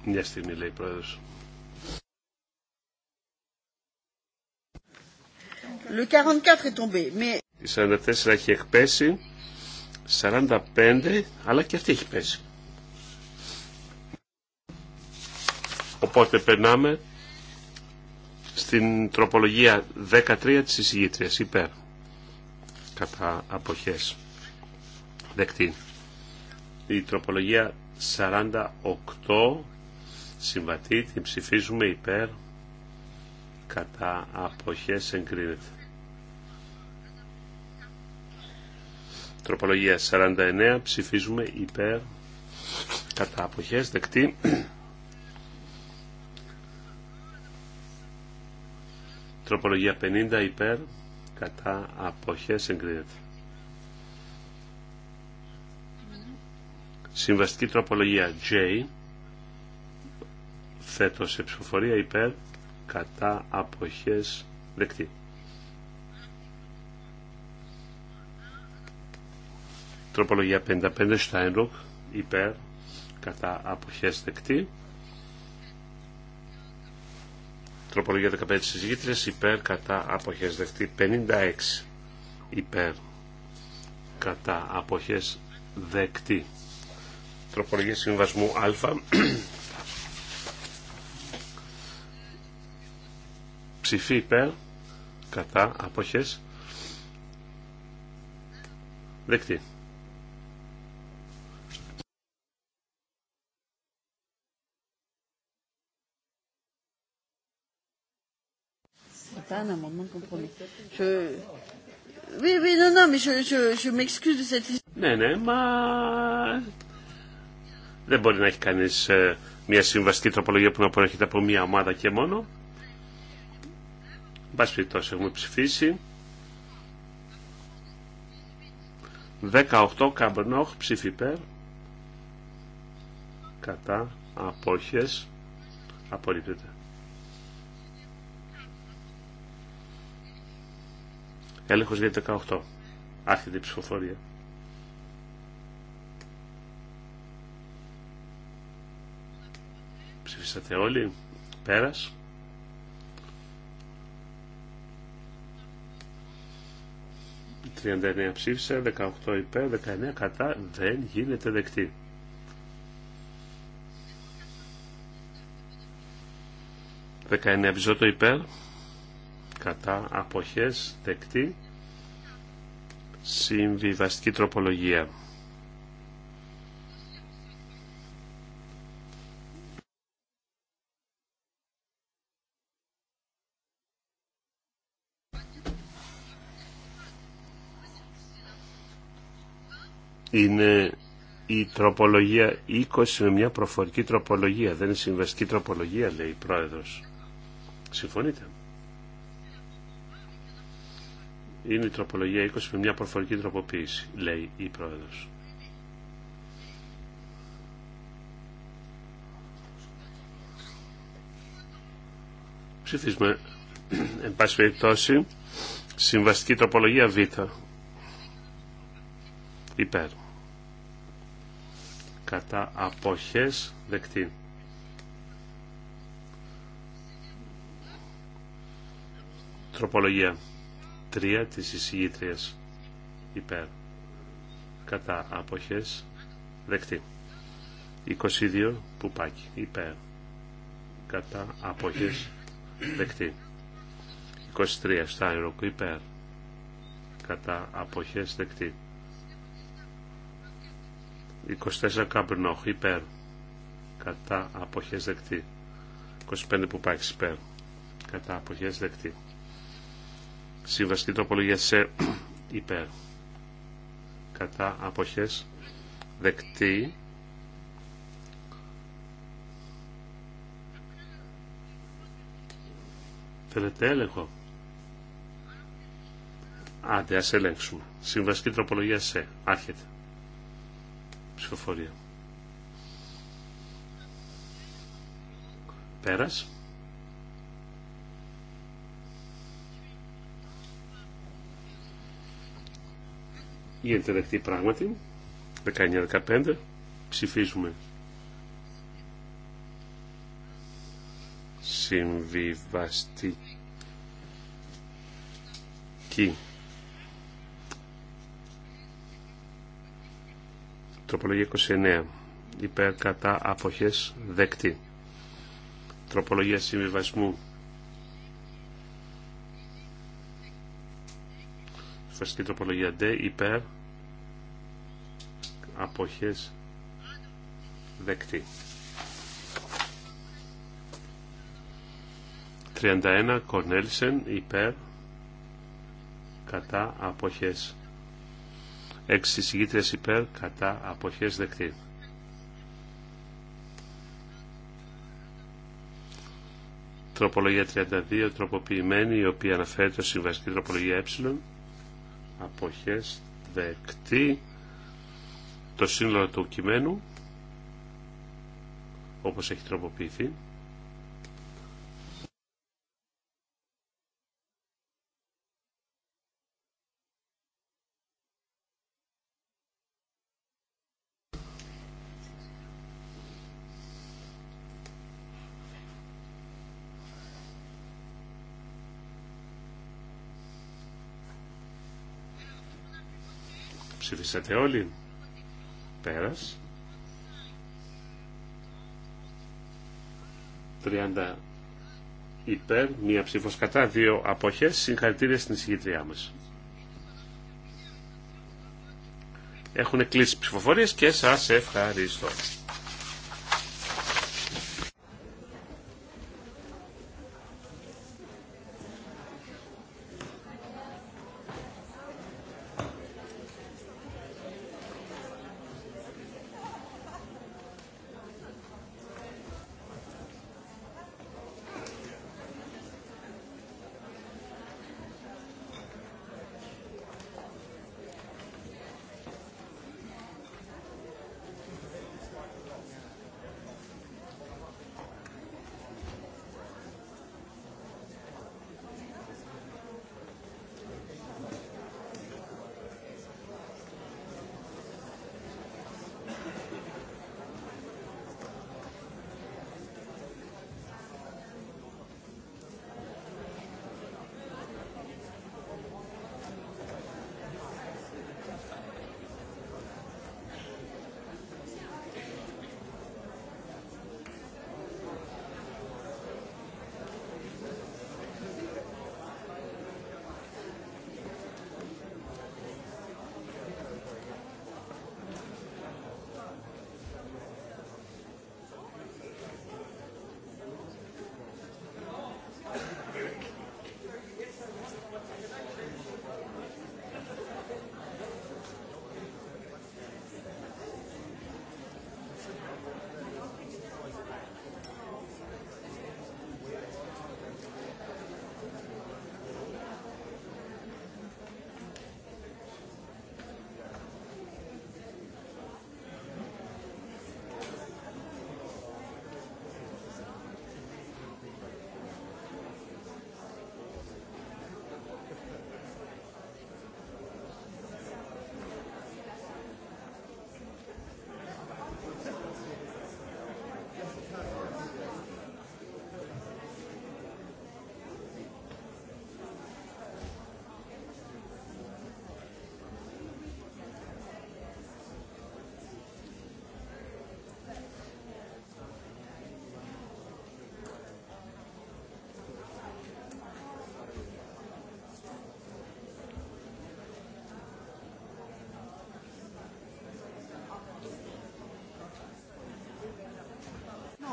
Μια στιγμή λέει η Πρόεδρος. Le 44 est tombé, mais... Η 44 έχει εκπέσει, 45, αλλά και αυτή έχει πέσει. Οπότε περνάμε στην τροπολογία 13 της εισηγήτριας, υπέρ, κατά αποχές, δεκτή. Η τροπολογία 48 συμβατή, την ψηφίζουμε υπέρ, κατά αποχές εγκρίνεται. Τροπολογία 49, ψηφίζουμε υπέρ, κατά αποχές δεκτή. Τροπολογία 50 υπέρ, κατά αποχές εγκρίνεται. Συμβαστική τροπολογία J, θέτω σε ψηφοφορία υπέρ κατά αποχές δεκτή. Τροπολογία 55 Στάινρουκ υπέρ κατά αποχές δεκτή. Τροπολογία 15 συζήτητες υπέρ κατά αποχές δεκτή. 56 υπέρ κατά αποχές δεκτή. Τροπολογία συμβασμού α ψηφί υπέρ, κατά, αποχές, δεκτή. Ναι, ναι, μα δεν μπορεί να έχει κανείς ε, μια συμβαστική τροπολογία που να προέρχεται από μια ομάδα και μόνο. Μπας περιπτώσει έχουμε ψηφίσει. 18 καμπνόχ ψήφιπερ. Κατά απόχες απορρίπτεται. Έλεγχος για 18. Άρχεται η ψηφοφορία. Ψηφίσατε όλοι. Πέρας. 39 ψήφισε, 18 υπέρ, 19 κατά, δεν γίνεται δεκτή. 19 πιζότο υπέρ, κατά αποχές δεκτή, συμβιβαστική τροπολογία. είναι η τροπολογία 20 με μια προφορική τροπολογία. Δεν είναι συμβαστική τροπολογία, λέει η πρόεδρος. Συμφωνείτε. Είναι η τροπολογία 20 με μια προφορική τροποποίηση, λέει η πρόεδρος. Ψηφίσουμε, εν πάση περιπτώσει, συμβαστική τροπολογία Β υπέρ κατά αποχές δεκτή. Τροπολογία 3 της εισηγήτριας υπέρ κατά αποχές δεκτή. 22 πουπάκι υπέρ κατά αποχές δεκτή. 23 στάιροκ υπέρ κατά αποχές δεκτή. 24 ΚΑΜΠΝΟΧ υπέρ κατά αποχές δεκτή 25 που πάει υπέρ κατά αποχές δεκτή συμβαστική τροπολογία σε [CLEARS THROAT] υπέρ κατά αποχές δεκτή Θέλετε έλεγχο. Άντε, ας ελέγξουμε. Συμβαστική τροπολογία σε. Άρχεται ψηφοφορία. Πέρας. Γίνεται δεκτή πράγματι. 19-15. Ψηφίζουμε. Συμβιβαστική. Τροπολογία 29. Υπέρ κατά αποχές δεκτή. Τροπολογία συμβιβασμού. Φασική τροπολογία D. Υπέρ αποχές δεκτή. 31. Κορνέλσεν υπέρ κατά αποχές Έξι υπέρ κατά αποχές δεκτή. Τροπολογία 32 τροποποιημένη η οποία αναφέρεται στη συμβαστική τροπολογία ε. Αποχές δεκτή. Το σύνολο του κειμένου όπως έχει τροποποιηθεί. Ψηφίσατε όλοι. Πέρας. 30 υπέρ, μία ψήφος κατά, δύο αποχές. Συγχαρητήρια στην εισηγητριά μας. Έχουν κλείσει ψηφοφορίες και σας ευχαριστώ.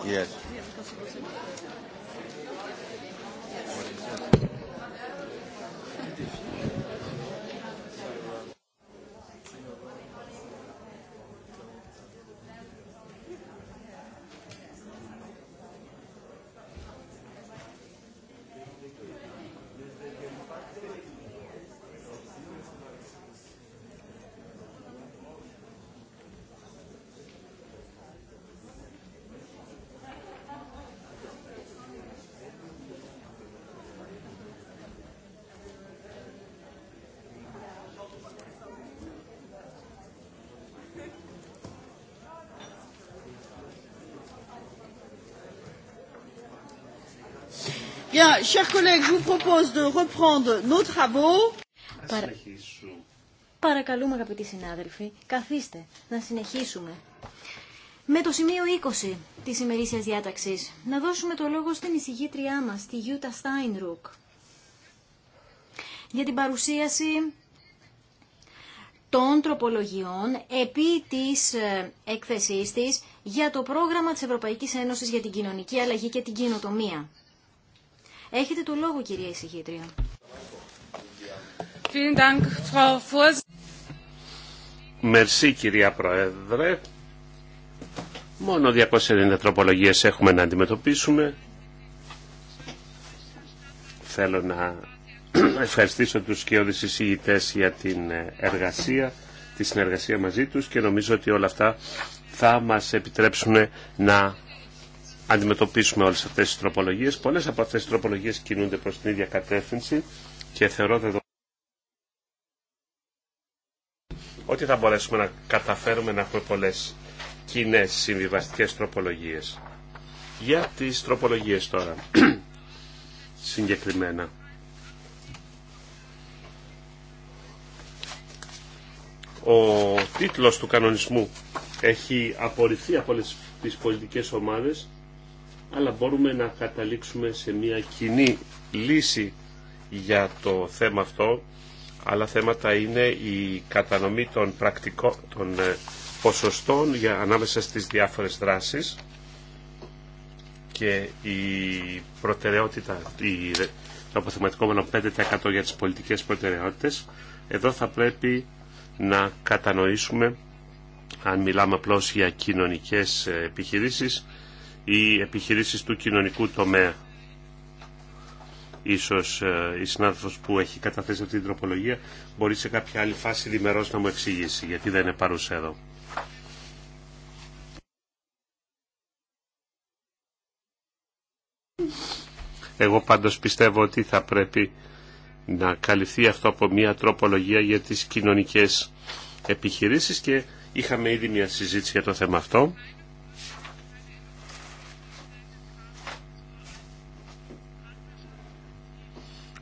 Yes. Παρακαλούμε αγαπητοί συνάδελφοι, καθίστε να συνεχίσουμε. Με το σημείο 20 της ημερήσιας διάταξης, να δώσουμε το λόγο στην εισηγήτριά μας, τη Γιούτα Στάινρουκ, για την παρουσίαση των τροπολογιών επί της ε, έκθεσής της για το πρόγραμμα της Ευρωπαϊκής Ένωσης για την Κοινωνική Αλλαγή και την Κοινοτομία. Έχετε το λόγο, κυρία εισηγήτρια. Μερσή, κυρία Πρόεδρε. Μόνο 290 τροπολογίες έχουμε να αντιμετωπίσουμε. Θέλω να [CLEARS THROAT] ευχαριστήσω τους και εισηγητές για την εργασία, τη συνεργασία μαζί τους και νομίζω ότι όλα αυτά θα μας επιτρέψουν να αντιμετωπίσουμε όλες αυτές τις τροπολογίες. Πολλές από αυτές τις τροπολογίες κινούνται προς την ίδια κατεύθυνση και θεωρώ ότι θα μπορέσουμε να καταφέρουμε να έχουμε πολλές κοινέ συμβιβαστικές τροπολογίες. Για τις τροπολογίες τώρα, [CLEARS THROAT] συγκεκριμένα. Ο τίτλος του κανονισμού έχει απορριφθεί από τις πολιτικές ομάδες αλλά μπορούμε να καταλήξουμε σε μια κοινή λύση για το θέμα αυτό. Άλλα θέματα είναι η κατανομή των πρακτικών, των ε, ποσοστών για, ανάμεσα στις διάφορες δράσεις και η προτεραιότητα, η, το αποθεματικό 5% για τις πολιτικές προτεραιότητες. Εδώ θα πρέπει να κατανοήσουμε, αν μιλάμε απλώς για κοινωνικές ε, επιχειρήσεις, οι επιχειρήσεις του κοινωνικού τομέα. Ίσως ε, η συνάδελφος που έχει καταθέσει αυτή την τροπολογία μπορεί σε κάποια άλλη φάση διμερώς να μου εξηγήσει γιατί δεν είναι παρούσα εδώ. Εγώ πάντως πιστεύω ότι θα πρέπει να καλυφθεί αυτό από μια τροπολογία για τις κοινωνικές επιχειρήσεις και είχαμε ήδη μια συζήτηση για το θέμα αυτό.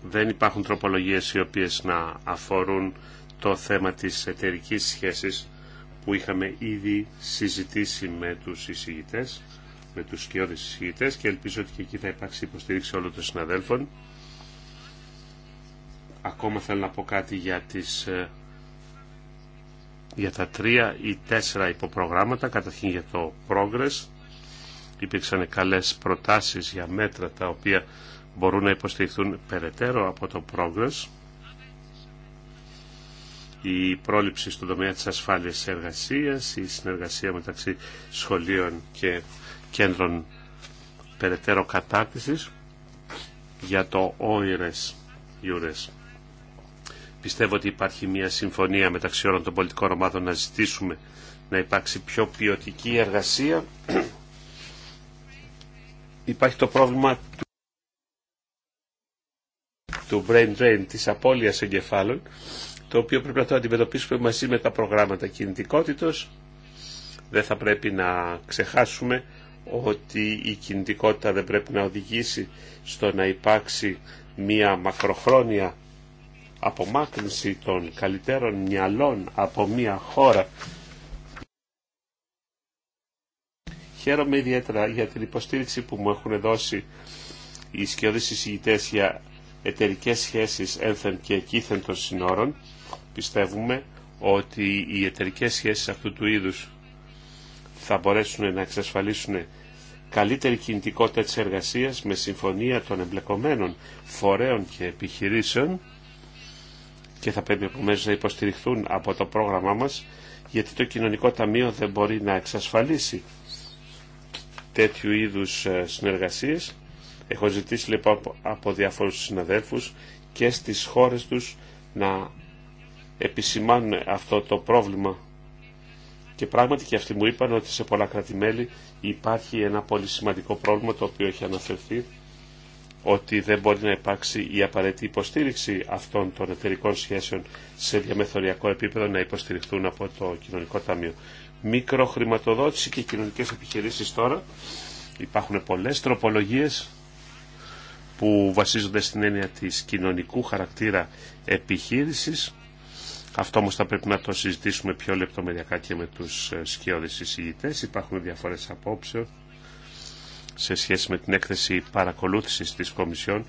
δεν υπάρχουν τροπολογίες οι οποίες να αφορούν το θέμα της εταιρική σχέσης που είχαμε ήδη συζητήσει με τους εισηγητές, με τους σκιώδες εισηγητές και ελπίζω ότι και εκεί θα υπάρξει υποστήριξη όλων των συναδέλφων. Ακόμα θέλω να πω κάτι για, τις, ε, για τα τρία ή τέσσερα υποπρογράμματα, καταρχήν για το Progress. Υπήρξαν καλές προτάσεις για μέτρα τα οποία μπορούν να υποστηριχθούν περαιτέρω από το Progress. Η πρόληψη στον τομέα της ασφάλειας της εργασίας, η συνεργασία μεταξύ σχολείων και κέντρων περαιτέρω κατάρτισης για το όηρες γιούρες. Πιστεύω ότι υπάρχει μια συμφωνία μεταξύ όλων των πολιτικών ομάδων να ζητήσουμε να υπάρξει πιο ποιοτική εργασία. Υπάρχει το πρόβλημα του brain drain, της απώλειας εγκεφάλων, το οποίο πρέπει να το αντιμετωπίσουμε μαζί με τα προγράμματα κινητικότητος. Δεν θα πρέπει να ξεχάσουμε ότι η κινητικότητα δεν πρέπει να οδηγήσει στο να υπάρξει μια μακροχρόνια απομάκρυνση των καλύτερων μυαλών από μια χώρα. Χαίρομαι ιδιαίτερα για την υποστήριξη που μου έχουν δώσει οι σκιώδεις εισηγητές για εταιρικές σχέσεις ένθεν και εκείθεν των συνόρων. Πιστεύουμε ότι οι εταιρικές σχέσεις αυτού του είδους θα μπορέσουν να εξασφαλίσουν καλύτερη κινητικότητα της εργασίας με συμφωνία των εμπλεκομένων φορέων και επιχειρήσεων και θα πρέπει επομένω να υποστηριχθούν από το πρόγραμμά μας γιατί το κοινωνικό ταμείο δεν μπορεί να εξασφαλίσει τέτοιου είδους ε, συνεργασίες Έχω ζητήσει λοιπόν από διάφορους συναδέλφους και στις χώρες τους να επισημάνουν αυτό το πρόβλημα. Και πράγματι και αυτοί μου είπαν ότι σε πολλά κρατη κράτη-μέλη υπάρχει ένα πολύ σημαντικό πρόβλημα το οποίο έχει αναφερθεί ότι δεν μπορεί να υπάρξει η απαραίτητη υποστήριξη αυτών των εταιρικών σχέσεων σε διαμεθοριακό επίπεδο να υποστηριχθούν από το Κοινωνικό Ταμείο. Μικροχρηματοδότηση και κοινωνικές επιχειρήσεις τώρα. Υπάρχουν πολλές τροπολογίες που βασίζονται στην έννοια της κοινωνικού χαρακτήρα επιχείρησης. Αυτό όμως θα πρέπει να το συζητήσουμε πιο λεπτομεριακά και με τους ε, σκιώδεις εισηγητές. Υπάρχουν διαφορές απόψεων σε σχέση με την έκθεση παρακολούθησης της Κομισιόν,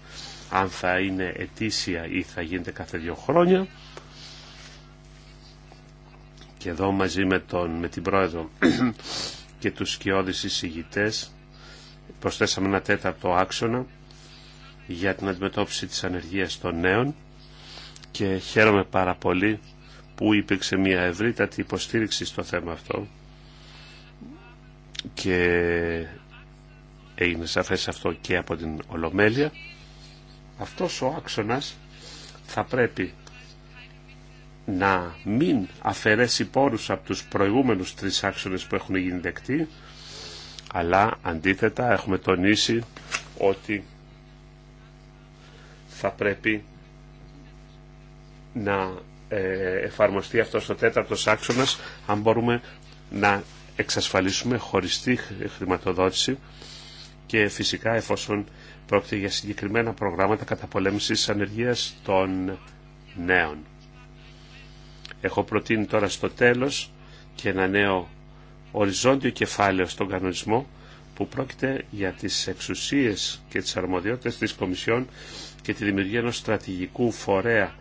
αν θα είναι ετήσια ή θα γίνεται κάθε δύο χρόνια. Και εδώ μαζί με, με την Πρόεδρο [CLEARS THROAT] και τους σκιώδης εισηγητές προσθέσαμε ένα τέταρτο άξονα για την αντιμετώπιση της ανεργίας των νέων και χαίρομαι πάρα πολύ που υπήρξε μια ευρύτατη υποστήριξη στο θέμα αυτό και έγινε σαφές αυτό και από την Ολομέλεια. Αυτός ο άξονας θα πρέπει να μην αφαιρέσει πόρους από τους προηγούμενους τρεις άξονες που έχουν γίνει δεκτοί, αλλά αντίθετα έχουμε τονίσει ότι θα πρέπει να ε, εφαρμοστεί αυτό στο τέταρτος άξονας αν μπορούμε να εξασφαλίσουμε χωριστή χρηματοδότηση και φυσικά εφόσον πρόκειται για συγκεκριμένα προγράμματα καταπολέμησης ανεργίας των νέων. Έχω προτείνει τώρα στο τέλος και ένα νέο οριζόντιο κεφάλαιο στον κανονισμό που πρόκειται για τις εξουσίες και τις αρμοδιότητες της Κομισιόν και τη δημιουργία ενός στρατηγικού φορέα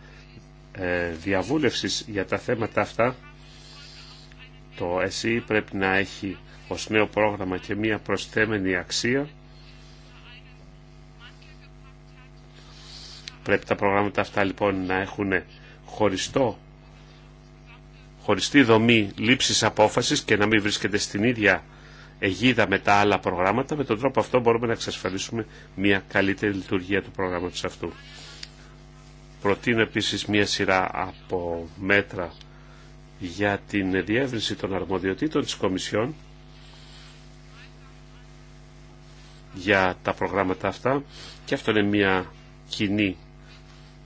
ε, διαβούλευσης για τα θέματα αυτά, το ΕΣΥ πρέπει να έχει ως νέο πρόγραμμα και μία προσθέμενη αξία. Πρέπει τα προγράμματα αυτά λοιπόν να έχουν χωριστό, χωριστή δομή λήψης απόφασης και να μην βρίσκεται στην ίδια αιγίδα με τα άλλα προγράμματα. Με τον τρόπο αυτό μπορούμε να εξασφαλίσουμε μια καλύτερη λειτουργία του προγράμματος αυτού. Προτείνω επίσης μια σειρά από μέτρα για την διεύρυνση των αρμοδιοτήτων της Κομισιόν για τα προγράμματα αυτά και αυτό είναι μια κοινή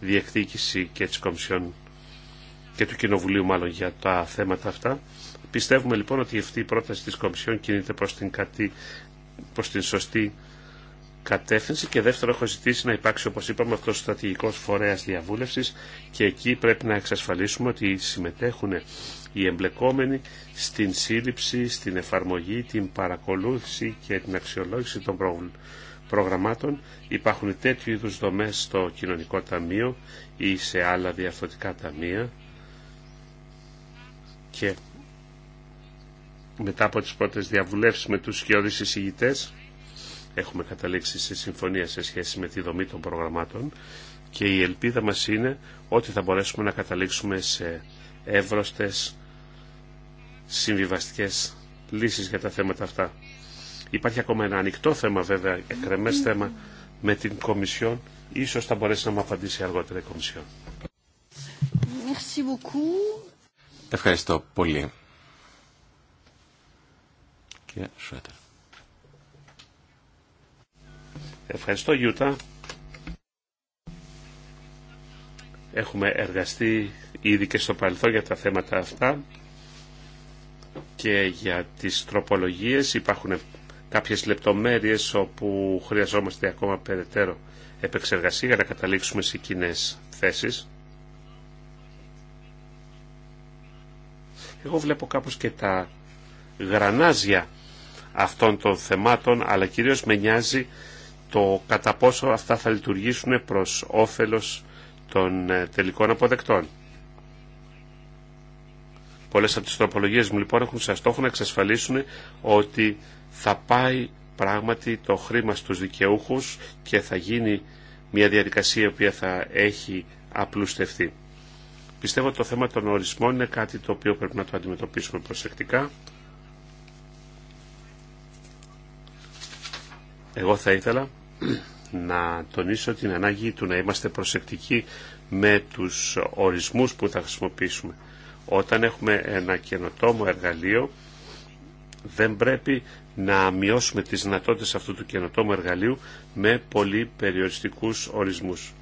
διεκδίκηση και της Κομισιόν και του Κοινοβουλίου μάλλον για τα θέματα αυτά Πιστεύουμε λοιπόν ότι αυτή η πρόταση της Κομισιόν κινείται προς την, κατή, προς την σωστή κατεύθυνση και δεύτερο έχω ζητήσει να υπάρξει όπως είπαμε αυτός ο στρατηγικός φορέας διαβούλευσης και εκεί πρέπει να εξασφαλίσουμε ότι συμμετέχουν οι εμπλεκόμενοι στην σύλληψη, στην εφαρμογή, την παρακολούθηση και την αξιολόγηση των προγραμμάτων. Υπάρχουν τέτοιου είδους δομές στο κοινωνικό ταμείο ή σε άλλα διαφθορτικά ταμεία μετά από τις πρώτες διαβουλεύσεις με τους σκιώδεις εισηγητές έχουμε καταλήξει σε συμφωνία σε σχέση με τη δομή των προγραμμάτων και η ελπίδα μας είναι ότι θα μπορέσουμε να καταλήξουμε σε εύρωστες συμβιβαστικές λύσεις για τα θέματα αυτά. Υπάρχει ακόμα ένα ανοιχτό θέμα βέβαια, εκρεμές θέμα με την Κομισιόν. Ίσως θα μπορέσει να μου απαντήσει αργότερα η Κομισιόν. Ευχαριστώ πολύ και Σουέτερ. Ευχαριστώ Γιούτα. Έχουμε εργαστεί ήδη και στο παρελθόν για τα θέματα αυτά και για τις τροπολογίες υπάρχουν κάποιες λεπτομέρειες όπου χρειαζόμαστε ακόμα περαιτέρω επεξεργασία για να καταλήξουμε σε κοινέ θέσεις. Εγώ βλέπω κάπως και τα γρανάζια αυτών των θεμάτων, αλλά κυρίως με νοιάζει το κατά πόσο αυτά θα λειτουργήσουν προς όφελος των ε, τελικών αποδεκτών. Πολλές από τις τροπολογίες μου λοιπόν έχουν σαν στόχο να εξασφαλίσουν ότι θα πάει πράγματι το χρήμα στους δικαιούχους και θα γίνει μια διαδικασία η οποία θα έχει απλουστευτεί. Πιστεύω ότι το θέμα των ορισμών είναι κάτι το οποίο πρέπει να το αντιμετωπίσουμε προσεκτικά. Εγώ θα ήθελα να τονίσω την ανάγκη του να είμαστε προσεκτικοί με τους ορισμούς που θα χρησιμοποιήσουμε. Όταν έχουμε ένα καινοτόμο εργαλείο, δεν πρέπει να μειώσουμε τις δυνατότητες αυτού του καινοτόμου εργαλείου με πολύ περιοριστικούς ορισμούς.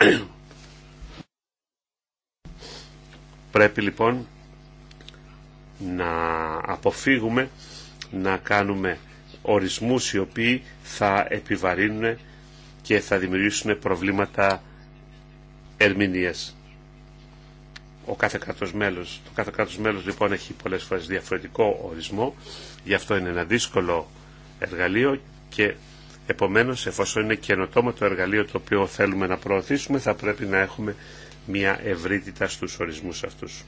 πρέπει λοιπόν να αποφύγουμε να κάνουμε ορισμούς οι οποίοι θα επιβαρύνουν και θα δημιουργήσουν προβλήματα ερμηνείας. Ο κάθε κράτος μέλος, το κάθε κράτος μέλος λοιπόν έχει πολλές φορές διαφορετικό ορισμό, γι' αυτό είναι ένα δύσκολο εργαλείο και επομένως εφόσον είναι καινοτόμο το εργαλείο το οποίο θέλουμε να προωθήσουμε θα πρέπει να έχουμε μια ευρύτητα στους ορισμούς αυτούς.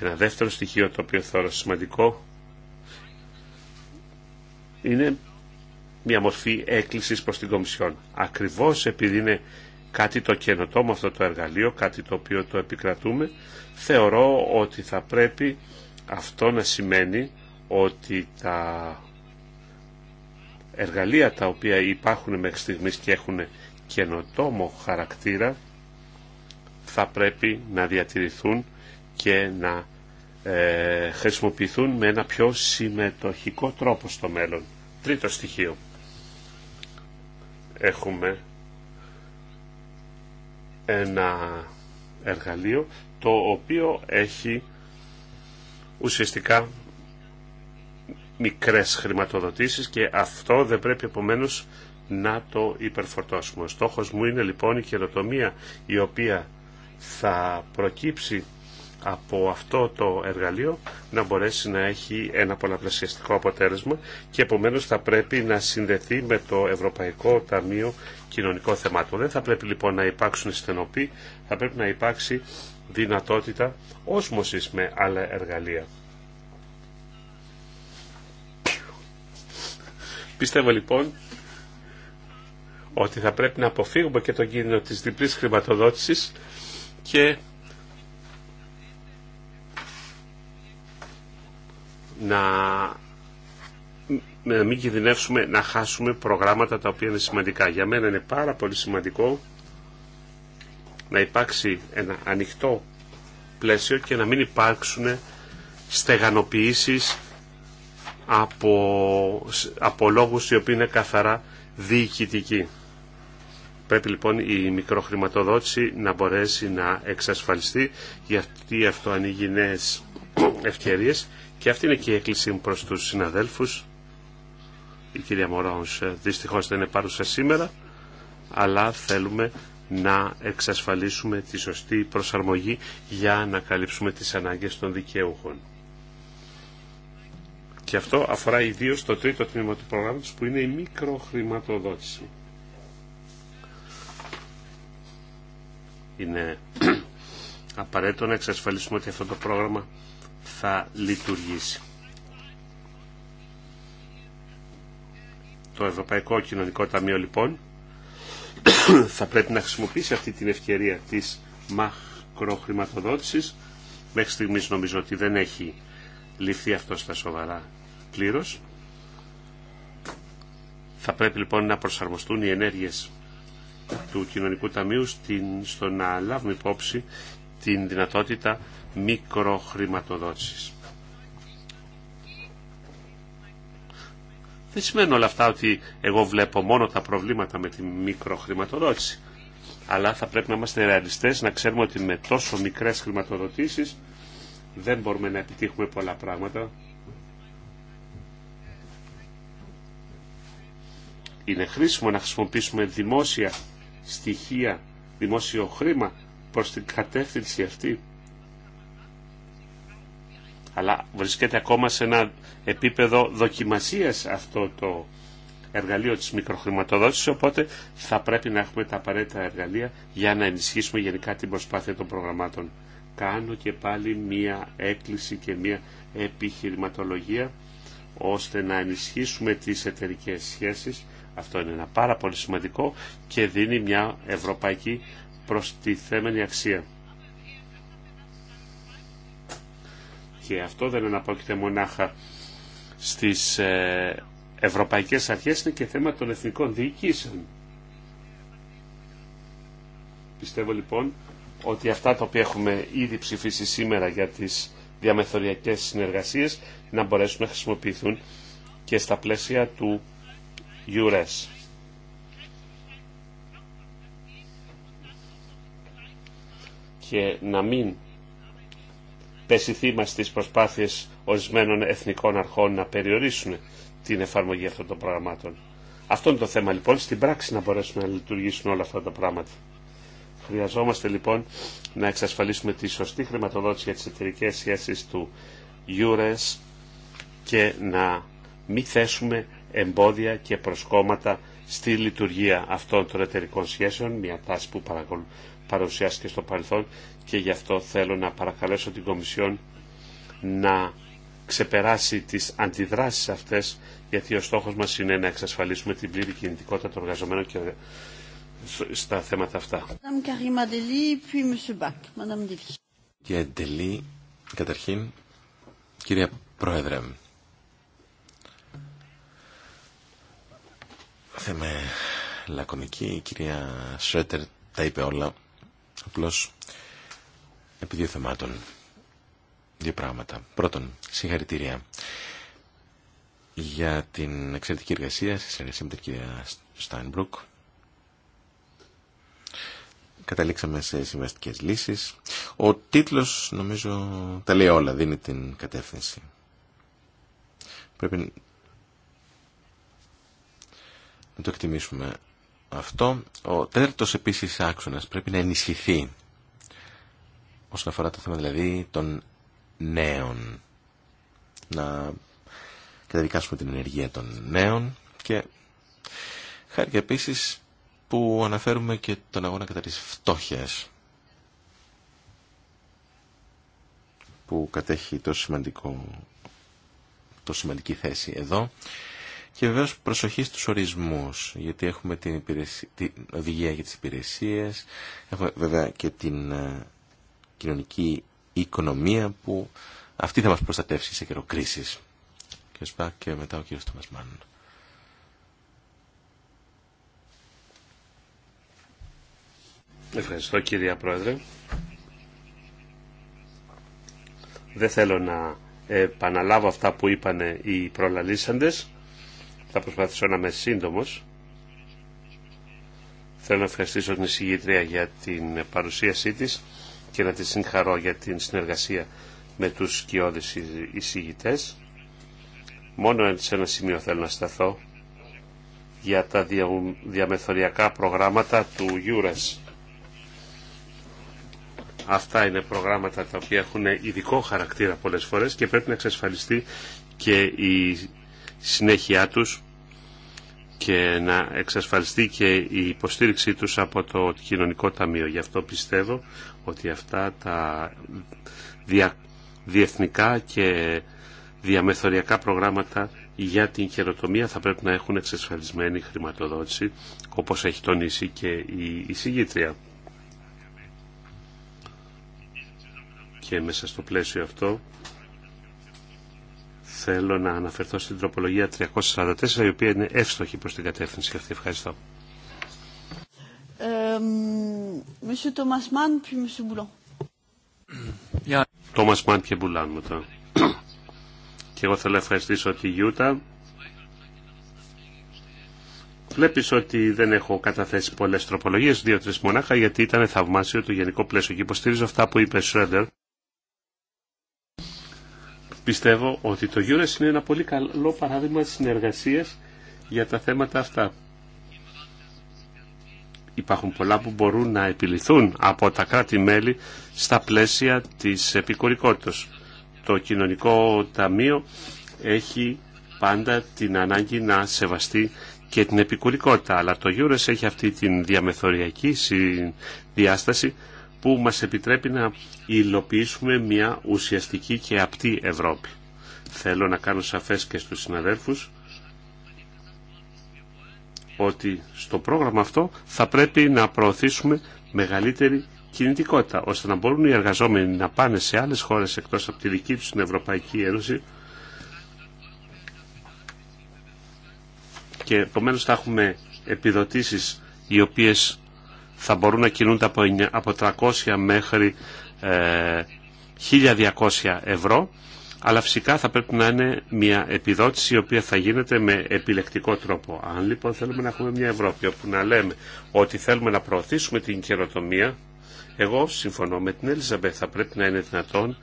Ένα δεύτερο στοιχείο το οποίο θεωρώ σημαντικό είναι μια μορφή έκκλησης προς την Κομισιόν. Ακριβώς επειδή είναι κάτι το καινοτόμο αυτό το εργαλείο, κάτι το οποίο το επικρατούμε, θεωρώ ότι θα πρέπει αυτό να σημαίνει ότι τα εργαλεία τα οποία υπάρχουν μέχρι στιγμής και έχουν καινοτόμο χαρακτήρα θα πρέπει να διατηρηθούν και να ε, χρησιμοποιηθούν με ένα πιο συμμετοχικό τρόπο στο μέλλον. Τρίτο στοιχείο. Έχουμε ένα εργαλείο το οποίο έχει ουσιαστικά μικρές χρηματοδοτήσεις και αυτό δεν πρέπει επομένως να το υπερφορτώσουμε. Ο στόχος μου είναι λοιπόν η καινοτομία η οποία θα προκύψει από αυτό το εργαλείο να μπορέσει να έχει ένα πολλαπλασιαστικό αποτέλεσμα και επομένως θα πρέπει να συνδεθεί με το Ευρωπαϊκό Ταμείο Κοινωνικών Θεμάτων. Δεν θα πρέπει λοιπόν να υπάρξουν στενοποί, θα πρέπει να υπάρξει δυνατότητα όσμωσης με άλλα εργαλεία. Πιστεύω λοιπόν ότι θα πρέπει να αποφύγουμε και τον κίνδυνο της διπλής χρηματοδότησης και να να μην κινδυνεύσουμε να χάσουμε προγράμματα τα οποία είναι σημαντικά. Για μένα είναι πάρα πολύ σημαντικό να υπάρξει ένα ανοιχτό πλαίσιο και να μην υπάρξουν στεγανοποιήσεις από, από λόγους οι οποίοι είναι καθαρά διοικητικοί. Πρέπει λοιπόν η μικροχρηματοδότηση να μπορέσει να εξασφαλιστεί γιατί αυτό ανοίγει νέες ευκαιρίες και αυτή είναι και η έκκλησή μου προς τους συναδέλφους. Η κυρία Μωρόνς ε, δυστυχώς δεν είναι παρούσα σήμερα, αλλά θέλουμε να εξασφαλίσουμε τη σωστή προσαρμογή για να καλύψουμε τις ανάγκες των δικαιούχων. Και αυτό αφορά ιδίως το τρίτο τμήμα του προγράμματος που είναι η μικροχρηματοδότηση. Είναι [CLEARS THROAT] απαραίτητο να εξασφαλίσουμε ότι αυτό το πρόγραμμα θα λειτουργήσει. Το Ευρωπαϊκό Κοινωνικό Ταμείο λοιπόν [COUGHS] θα πρέπει να χρησιμοποιήσει αυτή την ευκαιρία της μακροχρηματοδότησης. Μέχρι στιγμής νομίζω ότι δεν έχει ληφθεί αυτό στα σοβαρά πλήρως. Θα πρέπει λοιπόν να προσαρμοστούν οι ενέργειες του Κοινωνικού Ταμείου στην, στο να λάβουμε υπόψη την δυνατότητα μικροχρηματοδότησης. Δεν σημαίνει όλα αυτά ότι εγώ βλέπω μόνο τα προβλήματα με τη μικροχρηματοδότηση. Αλλά θα πρέπει να είμαστε ρεαλιστές, να ξέρουμε ότι με τόσο μικρές χρηματοδοτήσεις δεν μπορούμε να επιτύχουμε πολλά πράγματα. Είναι χρήσιμο να χρησιμοποιήσουμε δημόσια στοιχεία, δημόσιο χρήμα προς την κατεύθυνση αυτή αλλά βρίσκεται ακόμα σε ένα επίπεδο δοκιμασίας αυτό το εργαλείο της μικροχρηματοδότησης, οπότε θα πρέπει να έχουμε τα απαραίτητα εργαλεία για να ενισχύσουμε γενικά την προσπάθεια των προγραμμάτων. Κάνω και πάλι μία έκκληση και μία επιχειρηματολογία ώστε να ενισχύσουμε τις εταιρικές σχέσεις. Αυτό είναι ένα πάρα πολύ σημαντικό και δίνει μια ευρωπαϊκή τη θέμενη αξία. Και αυτό δεν αναπόκειται μονάχα στις ε, ευρωπαϊκές αρχές, είναι και θέμα των εθνικών διοικήσεων. Πιστεύω λοιπόν ότι αυτά τα οποία έχουμε ήδη ψηφίσει σήμερα για τις διαμεθοριακές συνεργασίες να μπορέσουν να χρησιμοποιηθούν και στα πλαίσια του EURES. και να μην πέσει θύμα στις προσπάθειες ορισμένων εθνικών αρχών να περιορίσουν την εφαρμογή αυτών των προγραμμάτων. Αυτό είναι το θέμα λοιπόν, στην πράξη να μπορέσουν να λειτουργήσουν όλα αυτά τα πράγματα. Χρειαζόμαστε λοιπόν να εξασφαλίσουμε τη σωστή χρηματοδότηση για τις εταιρικέ σχέσεις του EURES και να μην θέσουμε εμπόδια και προσκόμματα στη λειτουργία αυτών των εταιρικών σχέσεων, μια τάση που παρουσιάσει και στο παρελθόν και γι' αυτό θέλω να παρακαλέσω την Κομισιόν να ξεπεράσει τις αντιδράσεις αυτές γιατί ο στόχος μας είναι να εξασφαλίσουμε την πλήρη κινητικότητα των εργαζομένων και στα θέματα αυτά. Κύριε Ντελή, καταρχήν, κύριε Πρόεδρε, θα είμαι λακωνική, η κυρία Σρέτερ τα είπε όλα. Απλώς επί δύο θεμάτων. Δύο πράγματα. Πρώτον, συγχαρητήρια για την εξαιρετική εργασία σε συνεργασία με την κυρία Καταλήξαμε σε συμβαστικές λύσεις. Ο τίτλος νομίζω τα λέει όλα, δίνει την κατεύθυνση. Πρέπει να το εκτιμήσουμε αυτό. Ο τέταρτο επίση άξονα πρέπει να ενισχυθεί όσον αφορά το θέμα δηλαδή των νέων. Να καταδικάσουμε την ενεργεία των νέων και χάρη επίση που αναφέρουμε και τον αγώνα κατά της φτώχειας που κατέχει το σημαντικό, το σημαντική θέση εδώ και βεβαίω προσοχή στους ορισμούς, γιατί έχουμε την, την οδηγία για τις υπηρεσίες, έχουμε βέβαια και την ε, κοινωνική οικονομία που αυτή θα μας προστατεύσει σε καιρό Και σπά και μετά ο κύριος Τόμας Ευχαριστώ κυρία Πρόεδρε. Δεν θέλω να επαναλάβω αυτά που είπαν οι προλαλήσαντες. Θα προσπαθήσω να είμαι σύντομο. Θέλω να ευχαριστήσω την εισηγήτρια για την παρουσίασή της και να τη συγχαρώ για την συνεργασία με τους σκιώδεις εισηγητές. Μόνο σε ένα σημείο θέλω να σταθώ για τα διαμεθοριακά προγράμματα του EURES. Αυτά είναι προγράμματα τα οποία έχουν ειδικό χαρακτήρα πολλές φορές και πρέπει να εξασφαλιστεί και η συνέχειά τους και να εξασφαλιστεί και η υποστήριξή τους από το Κοινωνικό Ταμείο. Γι' αυτό πιστεύω ότι αυτά τα διεθνικά και διαμεθοριακά προγράμματα για την καιροτομία θα πρέπει να έχουν εξασφαλισμένη χρηματοδότηση όπως έχει τονίσει και η εισηγήτρια. Και μέσα στο πλαίσιο αυτό θέλω να αναφερθώ στην τροπολογία 344, η οποία είναι εύστοχη προς την κατεύθυνση αυτή. Ευχαριστώ. Τόμας Μάν και Μπουλάν το. Και εγώ θέλω να ευχαριστήσω τη Γιούτα. Βλέπεις ότι δεν έχω καταθέσει πολλές τροπολογίες, δύο-τρεις μονάχα, γιατί ήταν θαυμάσιο το γενικό πλαίσιο. Και υποστηρίζω αυτά που είπε Σρέντερ Πιστεύω ότι το Eures είναι ένα πολύ καλό παράδειγμα συνεργασίας για τα θέματα αυτά. Υπάρχουν πολλά που μπορούν να επιληθούν από τα κράτη-μέλη στα πλαίσια της επικουρικότητας. Το κοινωνικό ταμείο έχει πάντα την ανάγκη να σεβαστεί και την επικουρικότητα, αλλά το Eures έχει αυτή την διαμεθοριακή διάσταση που μας επιτρέπει να υλοποιήσουμε μια ουσιαστική και απτή Ευρώπη. Θέλω να κάνω σαφές και στους συναδέλφους ότι στο πρόγραμμα αυτό θα πρέπει να προωθήσουμε μεγαλύτερη κινητικότητα, ώστε να μπορούν οι εργαζόμενοι να πάνε σε άλλες χώρες εκτός από τη δική τους στην Ευρωπαϊκή Ένωση και επομένω θα έχουμε επιδοτήσεις οι οποίες θα μπορούν να κινούνται από 300 μέχρι 1200 ε, ευρώ αλλά φυσικά θα πρέπει να είναι μια επιδότηση η οποία θα γίνεται με επιλεκτικό τρόπο. Αν λοιπόν θέλουμε να έχουμε μια Ευρώπη όπου να λέμε ότι θέλουμε να προωθήσουμε την καινοτομία, εγώ συμφωνώ με την Ελίζαμπε θα πρέπει να είναι δυνατόν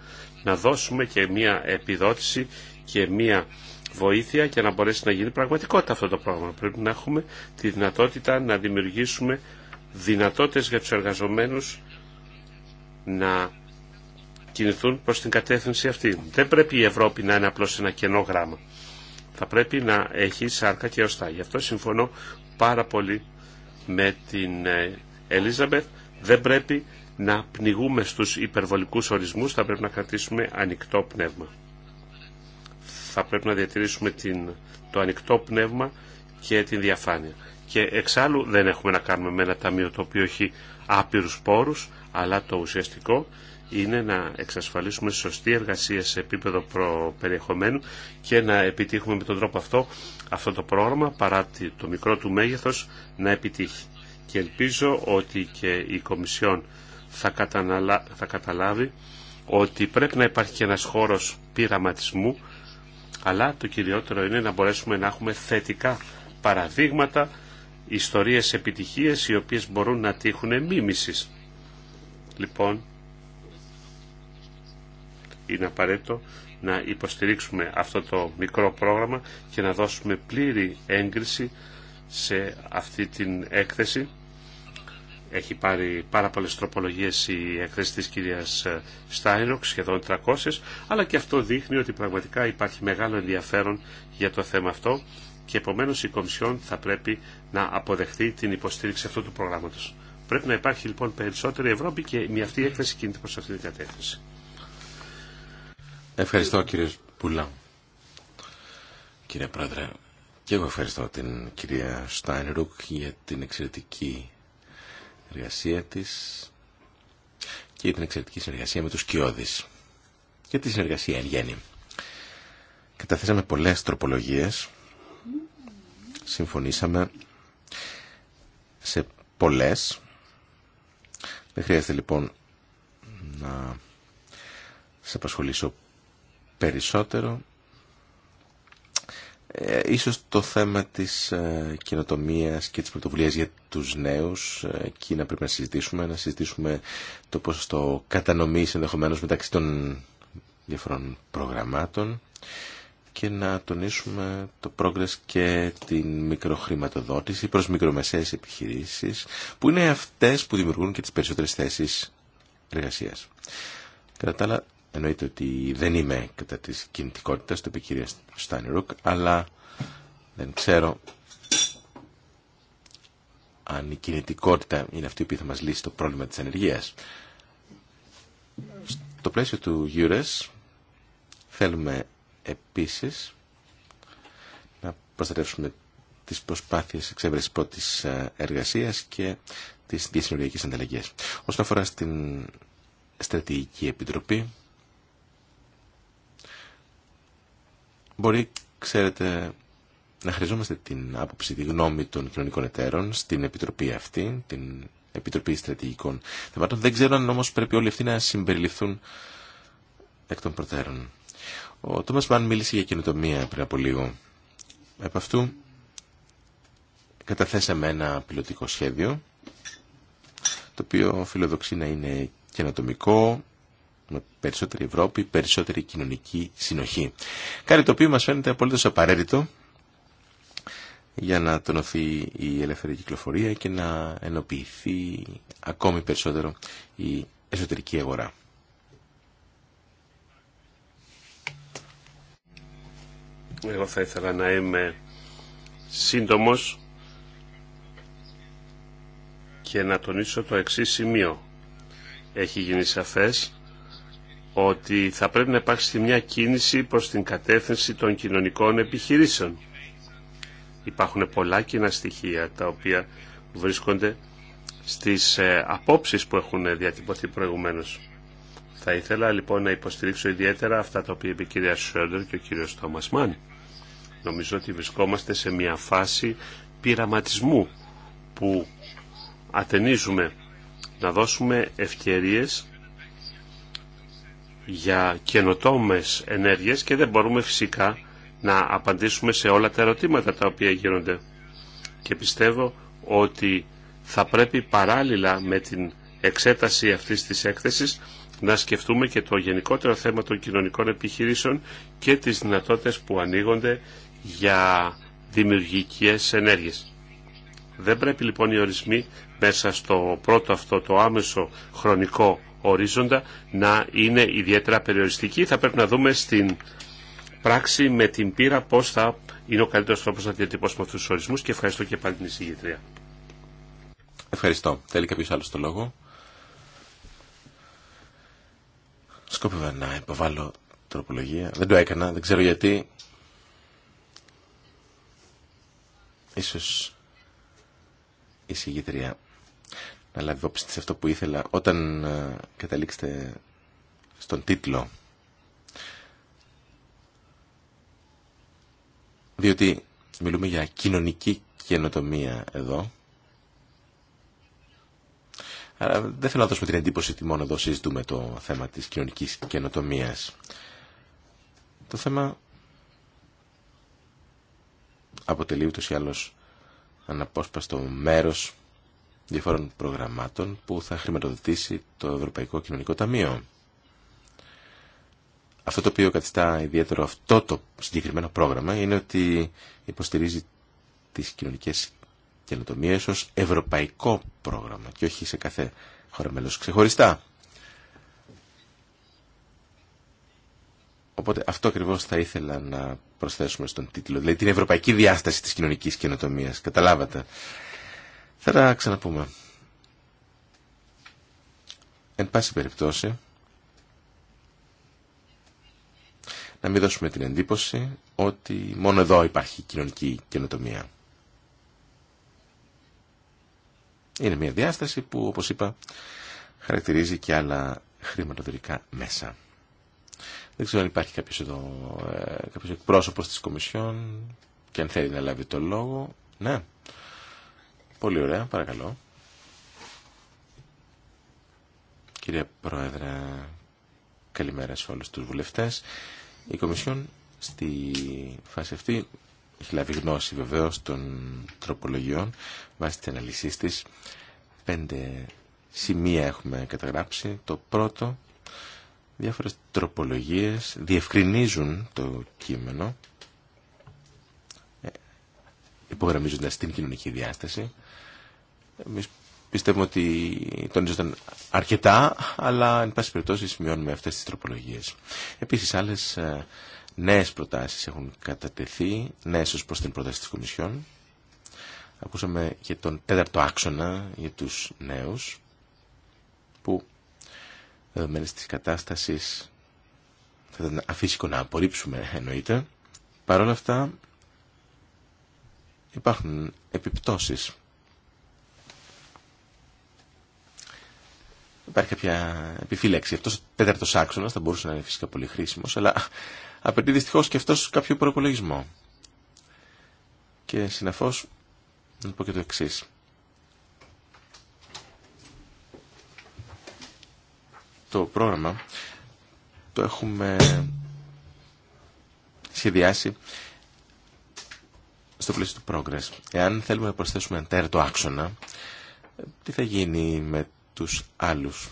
να δώσουμε και μια επιδότηση και μια βοήθεια και να μπορέσει να γίνει πραγματικότητα αυτό το πρόγραμμα. Πρέπει να έχουμε τη δυνατότητα να δημιουργήσουμε δυνατότητες για τους εργαζομένους να κινηθούν προς την κατεύθυνση αυτή. Δεν πρέπει η Ευρώπη να είναι απλώς ένα κενό γράμμα. Θα πρέπει να έχει σάρκα και οστά. Γι' αυτό συμφωνώ πάρα πολύ με την Ελίζαμπεθ. Δεν πρέπει να πνιγούμε στους υπερβολικούς ορισμούς, θα πρέπει να κρατήσουμε ανοιχτό πνεύμα. Θα πρέπει να διατηρήσουμε την, το ανοιχτό πνεύμα και την διαφάνεια και εξάλλου δεν έχουμε να κάνουμε με ένα ταμείο το οποίο έχει άπειρους πόρους, αλλά το ουσιαστικό είναι να εξασφαλίσουμε σωστή εργασία σε επίπεδο περιεχομένου και να επιτύχουμε με τον τρόπο αυτό αυτό το πρόγραμμα παρά το μικρό του μέγεθος να επιτύχει. Και ελπίζω ότι και η Κομισιόν θα, καταναλα... θα καταλάβει ότι πρέπει να υπάρχει και ένας χώρος πειραματισμού αλλά το κυριότερο είναι να μπορέσουμε να έχουμε θετικά παραδείγματα ιστορίες επιτυχίες οι οποίες μπορούν να τύχουν μίμησης. Λοιπόν, είναι απαραίτητο να υποστηρίξουμε αυτό το μικρό πρόγραμμα και να δώσουμε πλήρη έγκριση σε αυτή την έκθεση. Έχει πάρει πάρα πολλές τροπολογίες η έκθεση της κυρίας Στάινοξ, σχεδόν 300, αλλά και αυτό δείχνει ότι πραγματικά υπάρχει μεγάλο ενδιαφέρον για το θέμα αυτό και επομένω η Κομισιόν θα πρέπει να αποδεχθεί την υποστήριξη αυτού του προγράμματο. Πρέπει να υπάρχει λοιπόν περισσότερη Ευρώπη και μια αυτή η έκθεση κινείται προ αυτή την κατεύθυνση. Ευχαριστώ κύριε Πουλά. Κύριε Πρόεδρε, και εγώ ευχαριστώ την κυρία Στάινρουκ για την εξαιρετική εργασία της και για την εξαιρετική συνεργασία με τους Κιώδης και τη συνεργασία εν γέννη. Καταθέσαμε πολλές τροπολογίες συμφωνήσαμε σε πολλές. Δεν χρειάζεται λοιπόν να σε απασχολήσω περισσότερο. Ε, ίσως το θέμα της ε, και της πρωτοβουλίας για τους νέους ε, εκεί να πρέπει να συζητήσουμε, να συζητήσουμε το ποσοστό κατανομής ενδεχομένως μεταξύ των διαφορών προγραμμάτων και να τονίσουμε το progress και την μικροχρηματοδότηση προς μικρομεσαίες επιχειρήσεις που είναι αυτές που δημιουργούν και τις περισσότερες θέσεις εργασίας. Κατά τα άλλα, εννοείται ότι δεν είμαι κατά της κινητικότητας, το είπε η αλλά δεν ξέρω αν η κινητικότητα είναι αυτή που θα μας λύσει το πρόβλημα της ανεργίας. Στο πλαίσιο του Γιούρες θέλουμε επίσης να προστατεύσουμε τις προσπάθειες εξέβρεσης πρώτης ε, εργασίας και τις διασυνοριακές ανταλλαγές. Όσον αφορά στην Στρατηγική Επιτροπή, μπορεί, ξέρετε, να χρειαζόμαστε την άποψη, τη γνώμη των κοινωνικών εταίρων στην Επιτροπή αυτή, την Επιτροπή Στρατηγικών Θεμάτων. Δεν ξέρω αν όμως πρέπει όλοι αυτοί να συμπεριληφθούν εκ των προτέρων. Ο Τόμας Μαν μίλησε για καινοτομία πριν από λίγο. Επ' αυτού καταθέσαμε ένα πιλωτικό σχέδιο το οποίο φιλοδοξεί να είναι καινοτομικό με περισσότερη Ευρώπη, περισσότερη κοινωνική συνοχή. Κάτι το οποίο μας φαίνεται απολύτως απαραίτητο για να τονωθεί η ελεύθερη κυκλοφορία και να ενοποιηθεί ακόμη περισσότερο η εσωτερική αγορά. Εγώ θα ήθελα να είμαι σύντομος και να τονίσω το εξή σημείο. Έχει γίνει σαφές ότι θα πρέπει να υπάρξει μια κίνηση προς την κατεύθυνση των κοινωνικών επιχειρήσεων. Υπάρχουν πολλά κοινά στοιχεία τα οποία βρίσκονται στις ε, απόψεις που έχουν διατυπωθεί προηγουμένως. Θα ήθελα λοιπόν να υποστηρίξω ιδιαίτερα αυτά τα οποία είπε η κυρία Σόντερ και ο κύριος Τόμας Μάνι. Νομίζω ότι βρισκόμαστε σε μια φάση πειραματισμού που ατενίζουμε να δώσουμε ευκαιρίες για καινοτόμες ενέργειες και δεν μπορούμε φυσικά να απαντήσουμε σε όλα τα ερωτήματα τα οποία γίνονται. Και πιστεύω ότι θα πρέπει παράλληλα με την εξέταση αυτής της έκθεσης να σκεφτούμε και το γενικότερο θέμα των κοινωνικών επιχειρήσεων και τις δυνατότητες που ανοίγονται για δημιουργικές ενέργειες. Δεν πρέπει λοιπόν οι ορισμοί μέσα στο πρώτο αυτό το άμεσο χρονικό ορίζοντα να είναι ιδιαίτερα περιοριστικοί. Θα πρέπει να δούμε στην πράξη με την πείρα πώς θα είναι ο καλύτερος τρόπος να διατυπώσουμε αυτούς τους ορισμούς και ευχαριστώ και πάλι την εισηγητρία. Ευχαριστώ. Θέλει κάποιο άλλο το λόγο. Σκόπευα να υποβάλω τροπολογία. Δεν το έκανα. Δεν ξέρω γιατί. Ίσως η συγγήτρια να λάβει υπόψη σε αυτό που ήθελα όταν ε, καταλήξετε στον τίτλο. Διότι μιλούμε για κοινωνική καινοτομία εδώ. Άρα δεν θέλω να δώσουμε την εντύπωση ότι μόνο εδώ συζητούμε το θέμα της κοινωνικής καινοτομίας. Το θέμα αποτελεί ούτως ή άλλως αναπόσπαστο μέρος διαφόρων προγραμμάτων που θα χρηματοδοτήσει το Ευρωπαϊκό Κοινωνικό Ταμείο. Αυτό το οποίο καθιστά ιδιαίτερο αυτό το συγκεκριμένο πρόγραμμα είναι ότι υποστηρίζει τις κοινωνικές καινοτομίες ως ευρωπαϊκό πρόγραμμα και όχι σε κάθε χώρα μέλος ξεχωριστά. Οπότε αυτό ακριβώ θα ήθελα να προσθέσουμε στον τίτλο. Δηλαδή την ευρωπαϊκή διάσταση τη κοινωνική καινοτομία. Καταλάβατε. Θα τα ξαναπούμε. Εν πάση περιπτώσει, να μην δώσουμε την εντύπωση ότι μόνο εδώ υπάρχει κοινωνική καινοτομία. Είναι μια διάσταση που, όπως είπα, χαρακτηρίζει και άλλα χρηματοδοτικά μέσα. Δεν ξέρω αν υπάρχει κάποιος εδώ, ε, κάποιος εκπρόσωπος της Κομισιόν και αν θέλει να λάβει το λόγο. Ναι. Πολύ ωραία, παρακαλώ. Κύριε Πρόεδρε, καλημέρα σε όλους τους βουλευτές. Η Κομισιόν στη φάση αυτή έχει λάβει γνώση βεβαίως των τροπολογιών βάσει της αναλυσής της. Πέντε σημεία έχουμε καταγράψει. Το πρώτο διάφορες τροπολογίες διευκρινίζουν το κείμενο ε, υπογραμμίζοντας την κοινωνική διάσταση. Εμείς πιστεύουμε ότι τονίζονταν αρκετά, αλλά εν πάση περιπτώσει σημειώνουμε αυτές τις τροπολογίες. Επίσης άλλες ε, νέες προτάσεις έχουν κατατεθεί, νέες ως προς την πρόταση της Κομισιόν. Ακούσαμε και τον τέταρτο άξονα για τους νέους, που δεδομένες τη κατάσταση θα ήταν αφύσικο να απορρίψουμε εννοείται. Παρ' όλα αυτά υπάρχουν επιπτώσεις. Υπάρχει κάποια επιφύλαξη. Αυτός ο τέταρτο άξονα θα μπορούσε να είναι φυσικά πολύ χρήσιμο, αλλά απαιτεί δυστυχώ και αυτό κάποιο προπολογισμό. Και συναφώς να πω και το εξή. το πρόγραμμα το έχουμε σχεδιάσει στο πλαίσιο του Progress. Εάν θέλουμε να προσθέσουμε ένα τέρτο άξονα, τι θα γίνει με τους άλλους.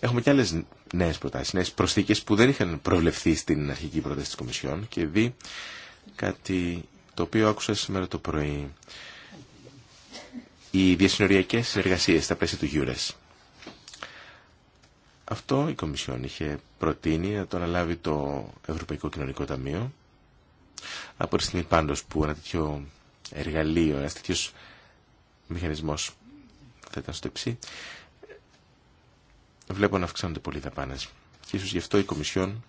Έχουμε και άλλες νέες προτάσεις, νέες προσθήκες που δεν είχαν προβλεφθεί στην αρχική πρόταση της Κομισιόν και δει κάτι το οποίο άκουσα σήμερα το πρωί οι διασυνοριακές εργασίε, στα πλαίσια του Γιούρες. Αυτό η Κομισιόν είχε προτείνει να το αναλάβει το Ευρωπαϊκό Κοινωνικό Ταμείο. Από τη στιγμή πάντως που ένα τέτοιο εργαλείο, ένα τέτοιο μηχανισμός θα ήταν στο ψή, βλέπω να αυξάνονται πολλοί δαπάνες. Και ίσως γι' αυτό η Κομισιόν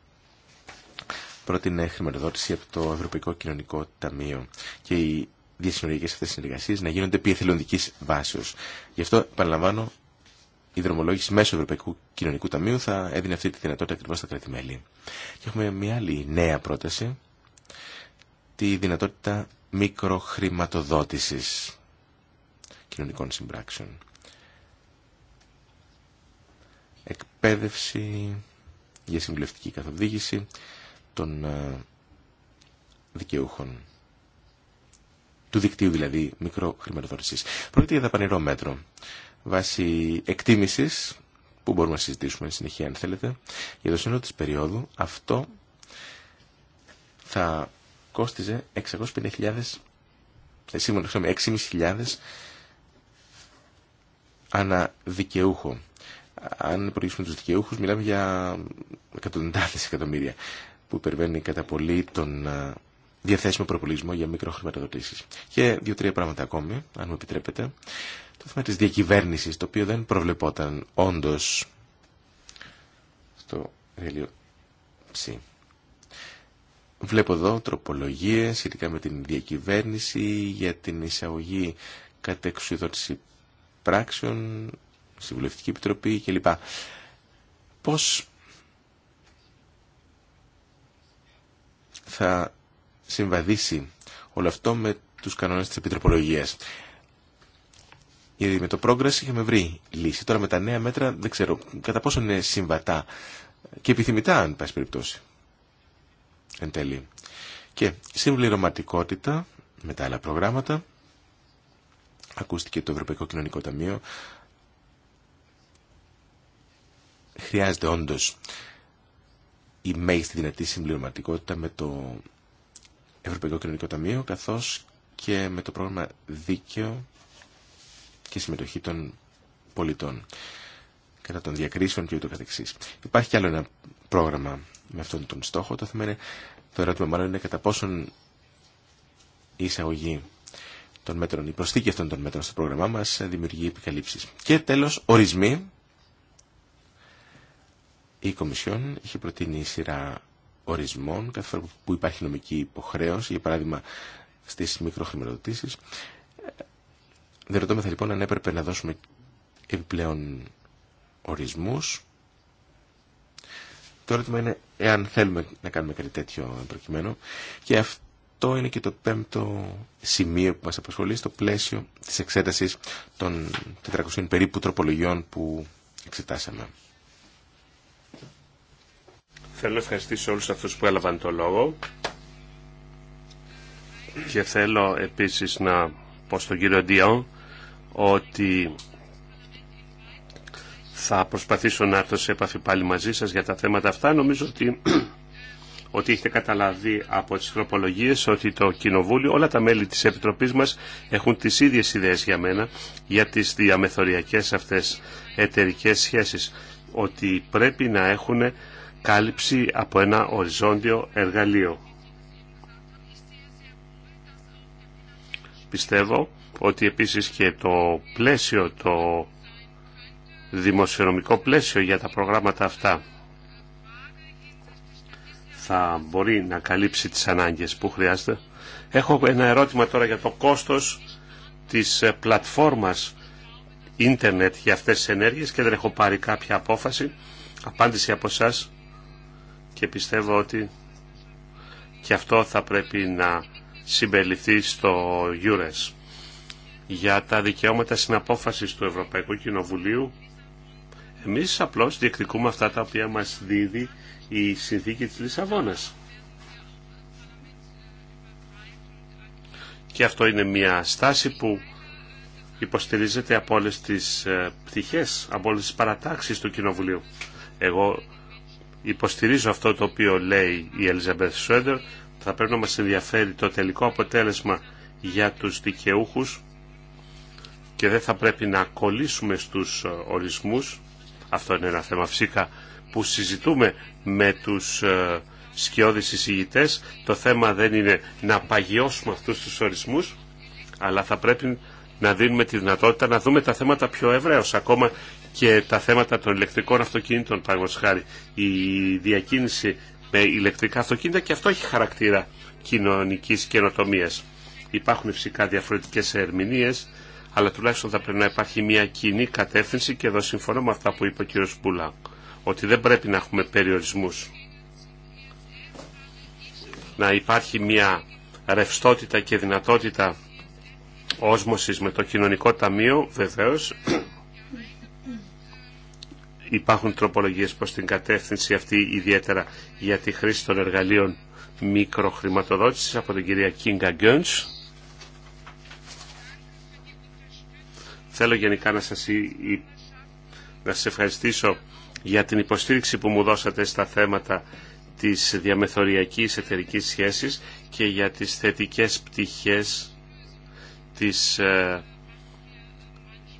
πρότεινε χρηματοδότηση από το Ευρωπαϊκό Κοινωνικό Ταμείο. Και η διασυνοριακές αυτές συνεργασίε να γίνονται επί εθελοντική Γι' αυτό, παραλαμβάνω η δρομολόγηση μέσω Ευρωπαϊκού Κοινωνικού Ταμείου θα έδινε αυτή τη δυνατότητα ακριβώ στα κράτη-μέλη. Και έχουμε μια άλλη νέα πρόταση, τη δυνατότητα μικροχρηματοδότησης κοινωνικών συμπράξεων. Εκπαίδευση για συμβουλευτική καθοδήγηση των ε, δικαιούχων του δικτύου δηλαδή μικροχρηματοδότησης. Πρόκειται για δαπανηρό μέτρο. Βάσει εκτίμησης, που μπορούμε να συζητήσουμε συνεχεία αν θέλετε, για το σύνολο της περίοδου αυτό θα κόστιζε 650.000 ε, σύμφωνα 6.500 ανά δικαιούχο. Αν προηγήσουμε τους δικαιούχους μιλάμε για εκατοντάδες εκατομμύρια που υπερβαίνει κατά πολύ τον ε, διαθέσιμο προπολογισμό για μικροχρηματοδοτήσει. Και δύο-τρία πράγματα ακόμη, αν μου επιτρέπετε. Το θέμα της διακυβέρνηση, το οποίο δεν προβλεπόταν όντω στο ρελίο Βλέπω εδώ τροπολογίες σχετικά με την διακυβέρνηση για την εισαγωγή κατεξουδότηση πράξεων, συμβουλευτική επιτροπή κλπ. Πώς θα συμβαδίσει όλο αυτό με τους κανόνες της επιτροπολογίας. Γιατί με το Progress είχαμε βρει λύση. Τώρα με τα νέα μέτρα δεν ξέρω κατά πόσο είναι συμβατά και επιθυμητά, αν πάση περιπτώσει. Εν τέλει. Και συμπληρωματικότητα με τα άλλα προγράμματα. Ακούστηκε το Ευρωπαϊκό Κοινωνικό Ταμείο. Χρειάζεται όντως η μέγιστη δυνατή συμπληρωματικότητα με το Ευρωπαϊκό Κοινωνικό Ταμείο, καθώς και με το πρόγραμμα Δίκαιο και Συμμετοχή των Πολιτών κατά των διακρίσεων και ούτω καθεξής. Υπάρχει κι άλλο ένα πρόγραμμα με αυτόν τον στόχο. Το, θέμα είναι, το ερώτημα μάλλον είναι κατά πόσον η εισαγωγή των μέτρων, η προσθήκη αυτών των μέτρων στο πρόγραμμά μας δημιουργεί επικαλύψεις. Και τέλος, ορισμοί. Η Κομισιόν είχε προτείνει σειρά ορισμών, κάθε φορά που υπάρχει νομική υποχρέωση, για παράδειγμα στις μικροχρηματοδοτήσεις. Δεν ρωτώμεθα λοιπόν αν έπρεπε να δώσουμε επιπλέον ορισμούς. Το ερώτημα είναι εάν θέλουμε να κάνουμε κάτι τέτοιο προκειμένου και αυτό είναι και το πέμπτο σημείο που μας απασχολεί στο πλαίσιο της εξέτασης των 400 περίπου τροπολογιών που εξετάσαμε. Θέλω να ευχαριστήσω όλους αυτούς που έλαβαν το λόγο και θέλω επίσης να πω στον κύριο Ντιό ότι θα προσπαθήσω να έρθω σε επαφή πάλι μαζί σας για τα θέματα αυτά. Νομίζω ότι, [CLEARS THROAT] ότι έχετε καταλάβει από τις τροπολογίες ότι το Κοινοβούλιο, όλα τα μέλη της Επιτροπής μας έχουν τις ίδιες ιδέες για μένα, για τις διαμεθοριακές αυτές εταιρικέ σχέσεις, ότι πρέπει να έχουν κάλυψη από ένα οριζόντιο εργαλείο. Πιστεύω ότι επίσης και το πλαίσιο, το δημοσιονομικό πλαίσιο για τα προγράμματα αυτά θα μπορεί να καλύψει τις ανάγκες που χρειάζεται. Έχω ένα ερώτημα τώρα για το κόστος της ε, πλατφόρμας ίντερνετ για αυτές τις ενέργειες και δεν έχω πάρει κάποια απόφαση. Απάντηση από εσά και πιστεύω ότι και αυτό θα πρέπει να συμπεριληφθεί στο EURES. Για τα δικαιώματα συναπόφασης του Ευρωπαϊκού Κοινοβουλίου, εμείς απλώς διεκδικούμε αυτά τα οποία μας δίδει η συνθήκη της Λισαβόνας. Και αυτό είναι μια στάση που υποστηρίζεται από όλες τις ε, πτυχές, από όλες τις παρατάξεις του Κοινοβουλίου. Εγώ υποστηρίζω αυτό το οποίο λέει η Ελιζαμπέθ Σουέντερ. Θα πρέπει να μας ενδιαφέρει το τελικό αποτέλεσμα για τους δικαιούχους και δεν θα πρέπει να κολλήσουμε στους ορισμούς. Αυτό είναι ένα θέμα φυσικά που συζητούμε με τους ε, σκιώδεις εισηγητές. Το θέμα δεν είναι να παγιώσουμε αυτούς τους ορισμούς, αλλά θα πρέπει να δίνουμε τη δυνατότητα να δούμε τα θέματα πιο ευρέως, ακόμα και τα θέματα των ηλεκτρικών αυτοκινήτων, παραδείγματο η διακίνηση με ηλεκτρικά αυτοκίνητα και αυτό έχει χαρακτήρα κοινωνική καινοτομία. Υπάρχουν φυσικά διαφορετικές ερμηνείε, αλλά τουλάχιστον θα πρέπει να υπάρχει μια κοινή κατεύθυνση και εδώ συμφωνώ με αυτά που είπε ο κ. Μπουλά, ότι δεν πρέπει να έχουμε περιορισμού. Να υπάρχει μια ρευστότητα και δυνατότητα όσμωσης με το κοινωνικό ταμείο, βεβαίως, Υπάρχουν τροπολογίες προς την κατεύθυνση αυτή ιδιαίτερα για τη χρήση των εργαλείων μικροχρηματοδότησης από την κυρία Κίνγκα Γκέντς. Θέλω γενικά να σας, να σας ευχαριστήσω για την υποστήριξη που μου δώσατε στα θέματα της διαμεθοριακής εταιρική σχέσης και για τις θετικές πτυχές της ε,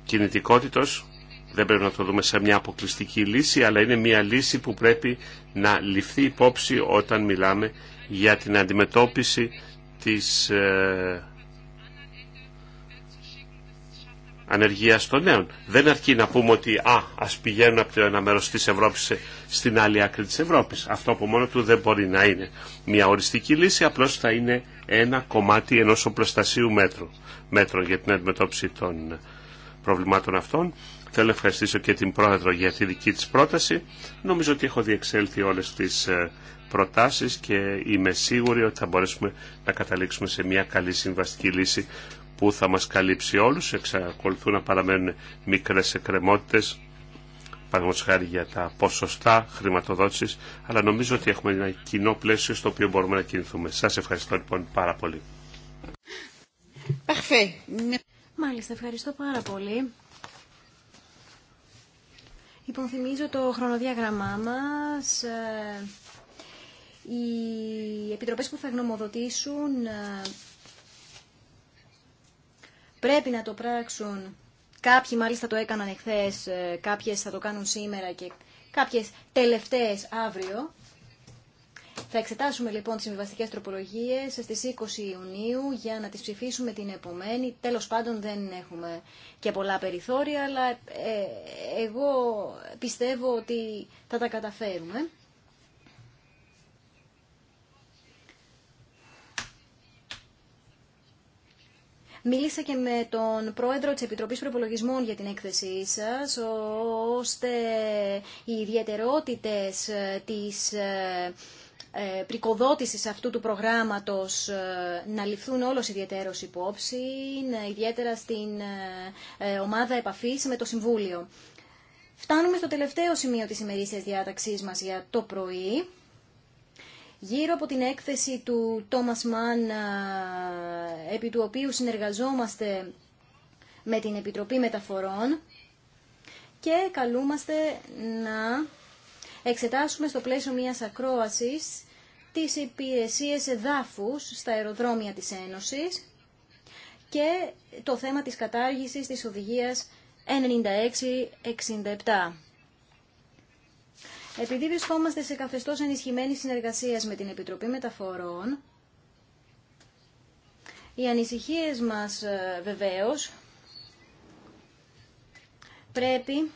κινητικότητος δεν πρέπει να το δούμε σε μια αποκλειστική λύση, αλλά είναι μια λύση που πρέπει να ληφθεί υπόψη όταν μιλάμε για την αντιμετώπιση της ε, ανεργίας των νέων. Δεν αρκεί να πούμε ότι α, ας πηγαίνουν από το ένα μέρος της Ευρώπης στην άλλη άκρη της Ευρώπης. Αυτό από μόνο του δεν μπορεί να είναι μια οριστική λύση, απλώς θα είναι ένα κομμάτι ενός οπλοστασίου μέτρων για την αντιμετώπιση των ε, προβλημάτων αυτών. Θέλω να ευχαριστήσω και την Πρόεδρο για τη δική της πρόταση. Νομίζω ότι έχω διεξέλθει όλες τις ε, προτάσεις και είμαι σίγουρη ότι θα μπορέσουμε να καταλήξουμε σε μια καλή συμβαστική λύση που θα μας καλύψει όλους. Εξακολουθούν να παραμένουν μικρές εκκρεμότητες, παραδείγματος χάρη για τα ποσοστά χρηματοδότησης, αλλά νομίζω ότι έχουμε ένα κοινό πλαίσιο στο οποίο μπορούμε να κινηθούμε. Σας ευχαριστώ λοιπόν πάρα πολύ. Μάλιστα, ευχαριστώ πάρα πολύ. Υποθυμίζω λοιπόν, το χρονοδιάγραμμά μας. Ε, οι επιτροπές που θα γνωμοδοτήσουν ε, πρέπει να το πράξουν. Κάποιοι μάλιστα το έκαναν εχθές, ε, κάποιες θα το κάνουν σήμερα και κάποιες τελευταίες αύριο. Θα εξετάσουμε λοιπόν τις συμβιβαστικέ τροπολογίες στις 20 Ιουνίου για να τις ψηφίσουμε την επομένη. Τέλος πάντων δεν έχουμε και πολλά περιθώρια, αλλά ε, εγώ πιστεύω ότι θα τα καταφέρουμε. Μίλησα και με τον πρόεδρο της Επιτροπής Προπολογισμών για την έκθεσή σας, ώστε οι ιδιαιτερότητες της ε, ε, πρικοδότησης αυτού του προγράμματος ε, να ληφθούν όλος ιδιαίτερος υπόψη, ε, ιδιαίτερα στην ομάδα επαφής με το Συμβούλιο. Φτάνουμε στο τελευταίο σημείο της ημερήσιας διάταξής μας για το πρωί. Γύρω από την έκθεση του Τόμας Μαν, επί του οποίου συνεργαζόμαστε με την Επιτροπή Μεταφορών και καλούμαστε να εξετάσουμε στο πλαίσιο μιας ακρόασης τις υπηρεσίες εδάφους στα αεροδρόμια της Ένωσης και το θέμα της κατάργησης της οδηγίας 96-67. Επειδή βρισκόμαστε σε καθεστώς ενισχυμένη συνεργασίας με την Επιτροπή Μεταφορών, οι ανησυχίες μας ε, βεβαίως πρέπει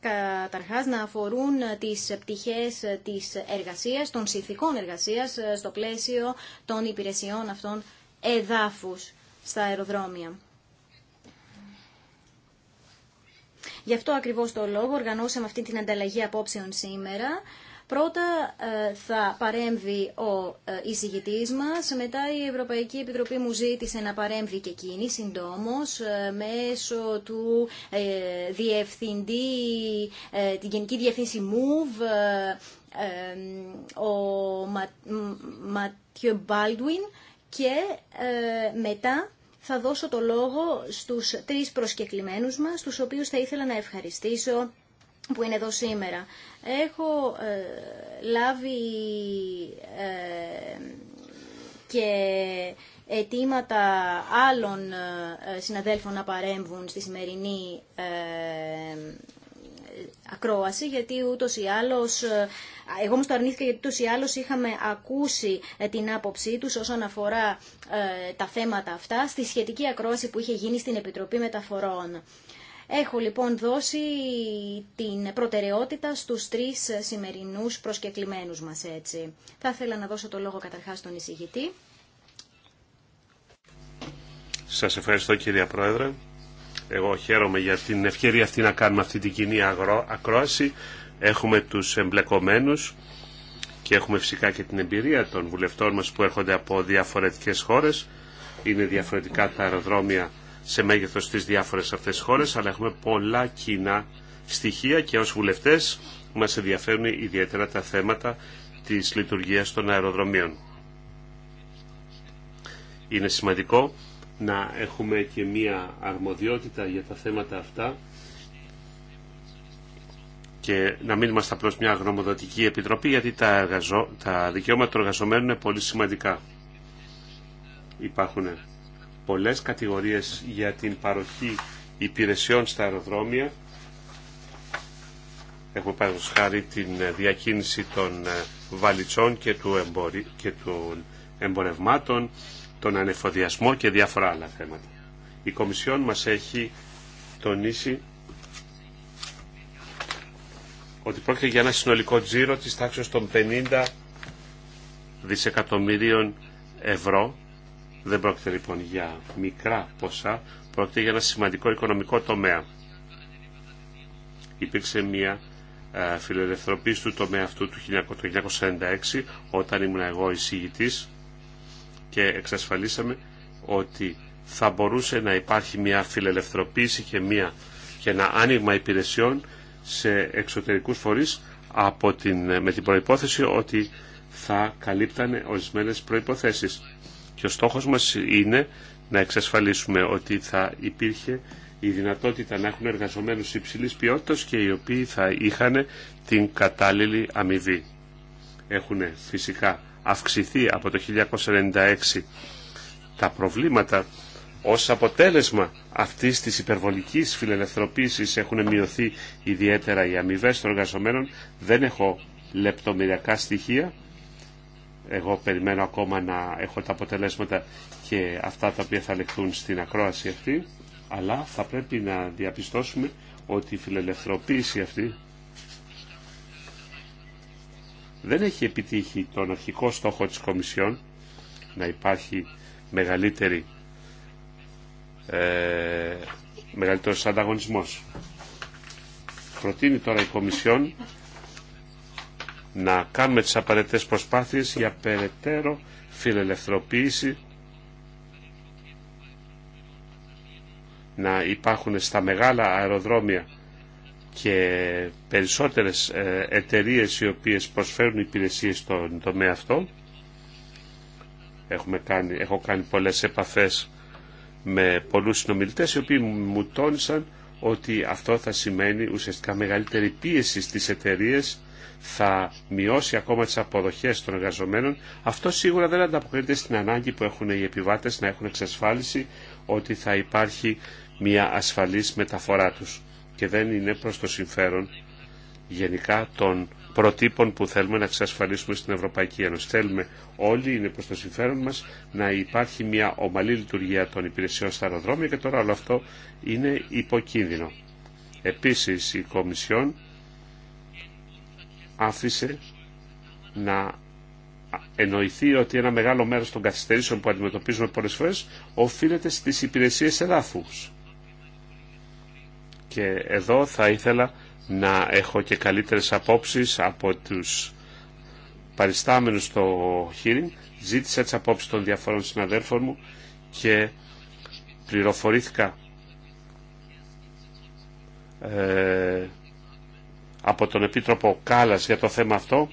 καταρχάς να αφορούν τις πτυχές της εργασίας, των συνθηκών εργασίας ε, στο πλαίσιο των υπηρεσιών αυτών εδάφους στα αεροδρόμια. Γι' αυτό ακριβώς το λόγο οργανώσαμε αυτή την ανταλλαγή απόψεων σήμερα Πρώτα ε, θα παρέμβει ο ε, εισηγητής μας, μετά η Ευρωπαϊκή Επιτροπή μου ζήτησε να παρέμβει και εκείνη συντόμως ε, μέσω του διευθυντή, την Γενική Διευθύνση MOVE, ο Ματιό Μπάλτουιν και μετά θα δώσω το λόγο στους τρεις προσκεκλημένους μας, τους οποίους θα ήθελα να ευχαριστήσω που είναι εδώ σήμερα. Έχω ε, λάβει ε, και αιτήματα άλλων ε, συναδέλφων να παρέμβουν στη σημερινή ακρόαση, γιατί ούτως ή άλλως, εγώ το αρνήθηκα γιατί ούτως ή άλλως είχαμε ακούσει την άποψή τους όσον αφορά τα θέματα αυτά στη σχετική ακρόαση που είχε γίνει στην Επιτροπή Μεταφορών. Έχω λοιπόν δώσει την προτεραιότητα στους τρεις σημερινούς προσκεκλημένους μας έτσι. Θα ήθελα να δώσω το λόγο καταρχάς στον εισηγητή. Σας ευχαριστώ κυρία Πρόεδρε. Εγώ χαίρομαι για την ευκαιρία αυτή να κάνουμε αυτή την κοινή ακρόαση. Έχουμε τους εμπλεκομένους και έχουμε φυσικά και την εμπειρία των βουλευτών μας που έρχονται από διαφορετικές χώρες. Είναι διαφορετικά τα αεροδρόμια σε μέγεθος στις διάφορες αυτές χώρες, αλλά έχουμε πολλά κοινά στοιχεία και ως βουλευτές μας ενδιαφέρουν ιδιαίτερα τα θέματα της λειτουργίας των αεροδρομίων. Είναι σημαντικό να έχουμε και μία αρμοδιότητα για τα θέματα αυτά και να μην είμαστε απλώς μια γνωμοδοτική επιτροπή γιατί τα, εργαζο... τα δικαιώματα των εργαζομένων είναι πολύ σημαντικά. Υπάρχουν πολλές κατηγορίες για την παροχή υπηρεσιών στα αεροδρόμια. Έχουμε πάνω χάρη την ε, διακίνηση των ε, βαλιτσών και, του και των εμπορευμάτων, τον ανεφοδιασμό και διάφορα άλλα θέματα. Η Κομισιόν μας έχει τονίσει ότι πρόκειται για ένα συνολικό τζίρο της τάξης των 50 δισεκατομμυρίων ευρώ δεν πρόκειται λοιπόν για μικρά ποσά, πρόκειται για ένα σημαντικό οικονομικό τομέα. Υπήρξε μια ε, φιλελευθερωποίηση του τομέα αυτού του 1996 όταν ήμουν εγώ εισηγητής και εξασφαλίσαμε ότι θα μπορούσε να υπάρχει μια φιλελευθερωποίηση και, μια, και ένα άνοιγμα υπηρεσιών σε εξωτερικούς φορείς με την προϋπόθεση ότι θα καλύπτανε ορισμένες προϋποθέσεις. Και ο στόχος μας είναι να εξασφαλίσουμε ότι θα υπήρχε η δυνατότητα να έχουν εργαζομένους υψηλής ποιότητας και οι οποίοι θα είχαν την κατάλληλη αμοιβή. Έχουν φυσικά αυξηθεί από το 1996 τα προβλήματα ως αποτέλεσμα αυτής της υπερβολικής φιλελευθερωποίησης έχουν μειωθεί ιδιαίτερα οι αμοιβέ των εργαζομένων. Δεν έχω λεπτομεριακά στοιχεία εγώ περιμένω ακόμα να έχω τα αποτελέσματα και αυτά τα οποία θα λεχθούν στην ακρόαση αυτή, αλλά θα πρέπει να διαπιστώσουμε ότι η φιλελευθερωποίηση αυτή δεν έχει επιτύχει τον αρχικό στόχο της Κομισιόν να υπάρχει μεγαλύτερη ε, μεγαλύτερος ανταγωνισμός. Προτείνει τώρα η Κομισιόν να κάνουμε τις απαραίτητες προσπάθειες για περαιτέρω φιλελευθερωποίηση να υπάρχουν στα μεγάλα αεροδρόμια και περισσότερες ε, εταιρείες οι οποίες προσφέρουν υπηρεσίες στον τομέα αυτό. Έχουμε κάνει, έχω κάνει πολλές επαφές με πολλούς συνομιλητές οι οποίοι μου τόνισαν ότι αυτό θα σημαίνει ουσιαστικά μεγαλύτερη πίεση στις εταιρείες θα μειώσει ακόμα τις αποδοχές των εργαζομένων, αυτό σίγουρα δεν ανταποκρίνεται στην ανάγκη που έχουν οι επιβάτες να έχουν εξασφάλιση ότι θα υπάρχει μια ασφαλής μεταφορά τους και δεν είναι προς το συμφέρον γενικά των προτύπων που θέλουμε να εξασφαλίσουμε στην Ευρωπαϊκή Ένωση. Θέλουμε όλοι, είναι προς το συμφέρον μας, να υπάρχει μια ομαλή λειτουργία των υπηρεσιών στα αεροδρόμια και τώρα όλο αυτό είναι υποκίνδυνο. Επίσης η Κομισιόν άφησε να εννοηθεί ότι ένα μεγάλο μέρος των καθυστερήσεων που αντιμετωπίζουμε πολλές φορές οφείλεται στις υπηρεσίες εδάφους. Και εδώ θα ήθελα να έχω και καλύτερες απόψεις από τους παριστάμενους στο hearing. Ζήτησα τις απόψεις των διαφόρων συναδέλφων μου και πληροφορήθηκα ε, από τον Επίτροπο Κάλλας για το θέμα αυτό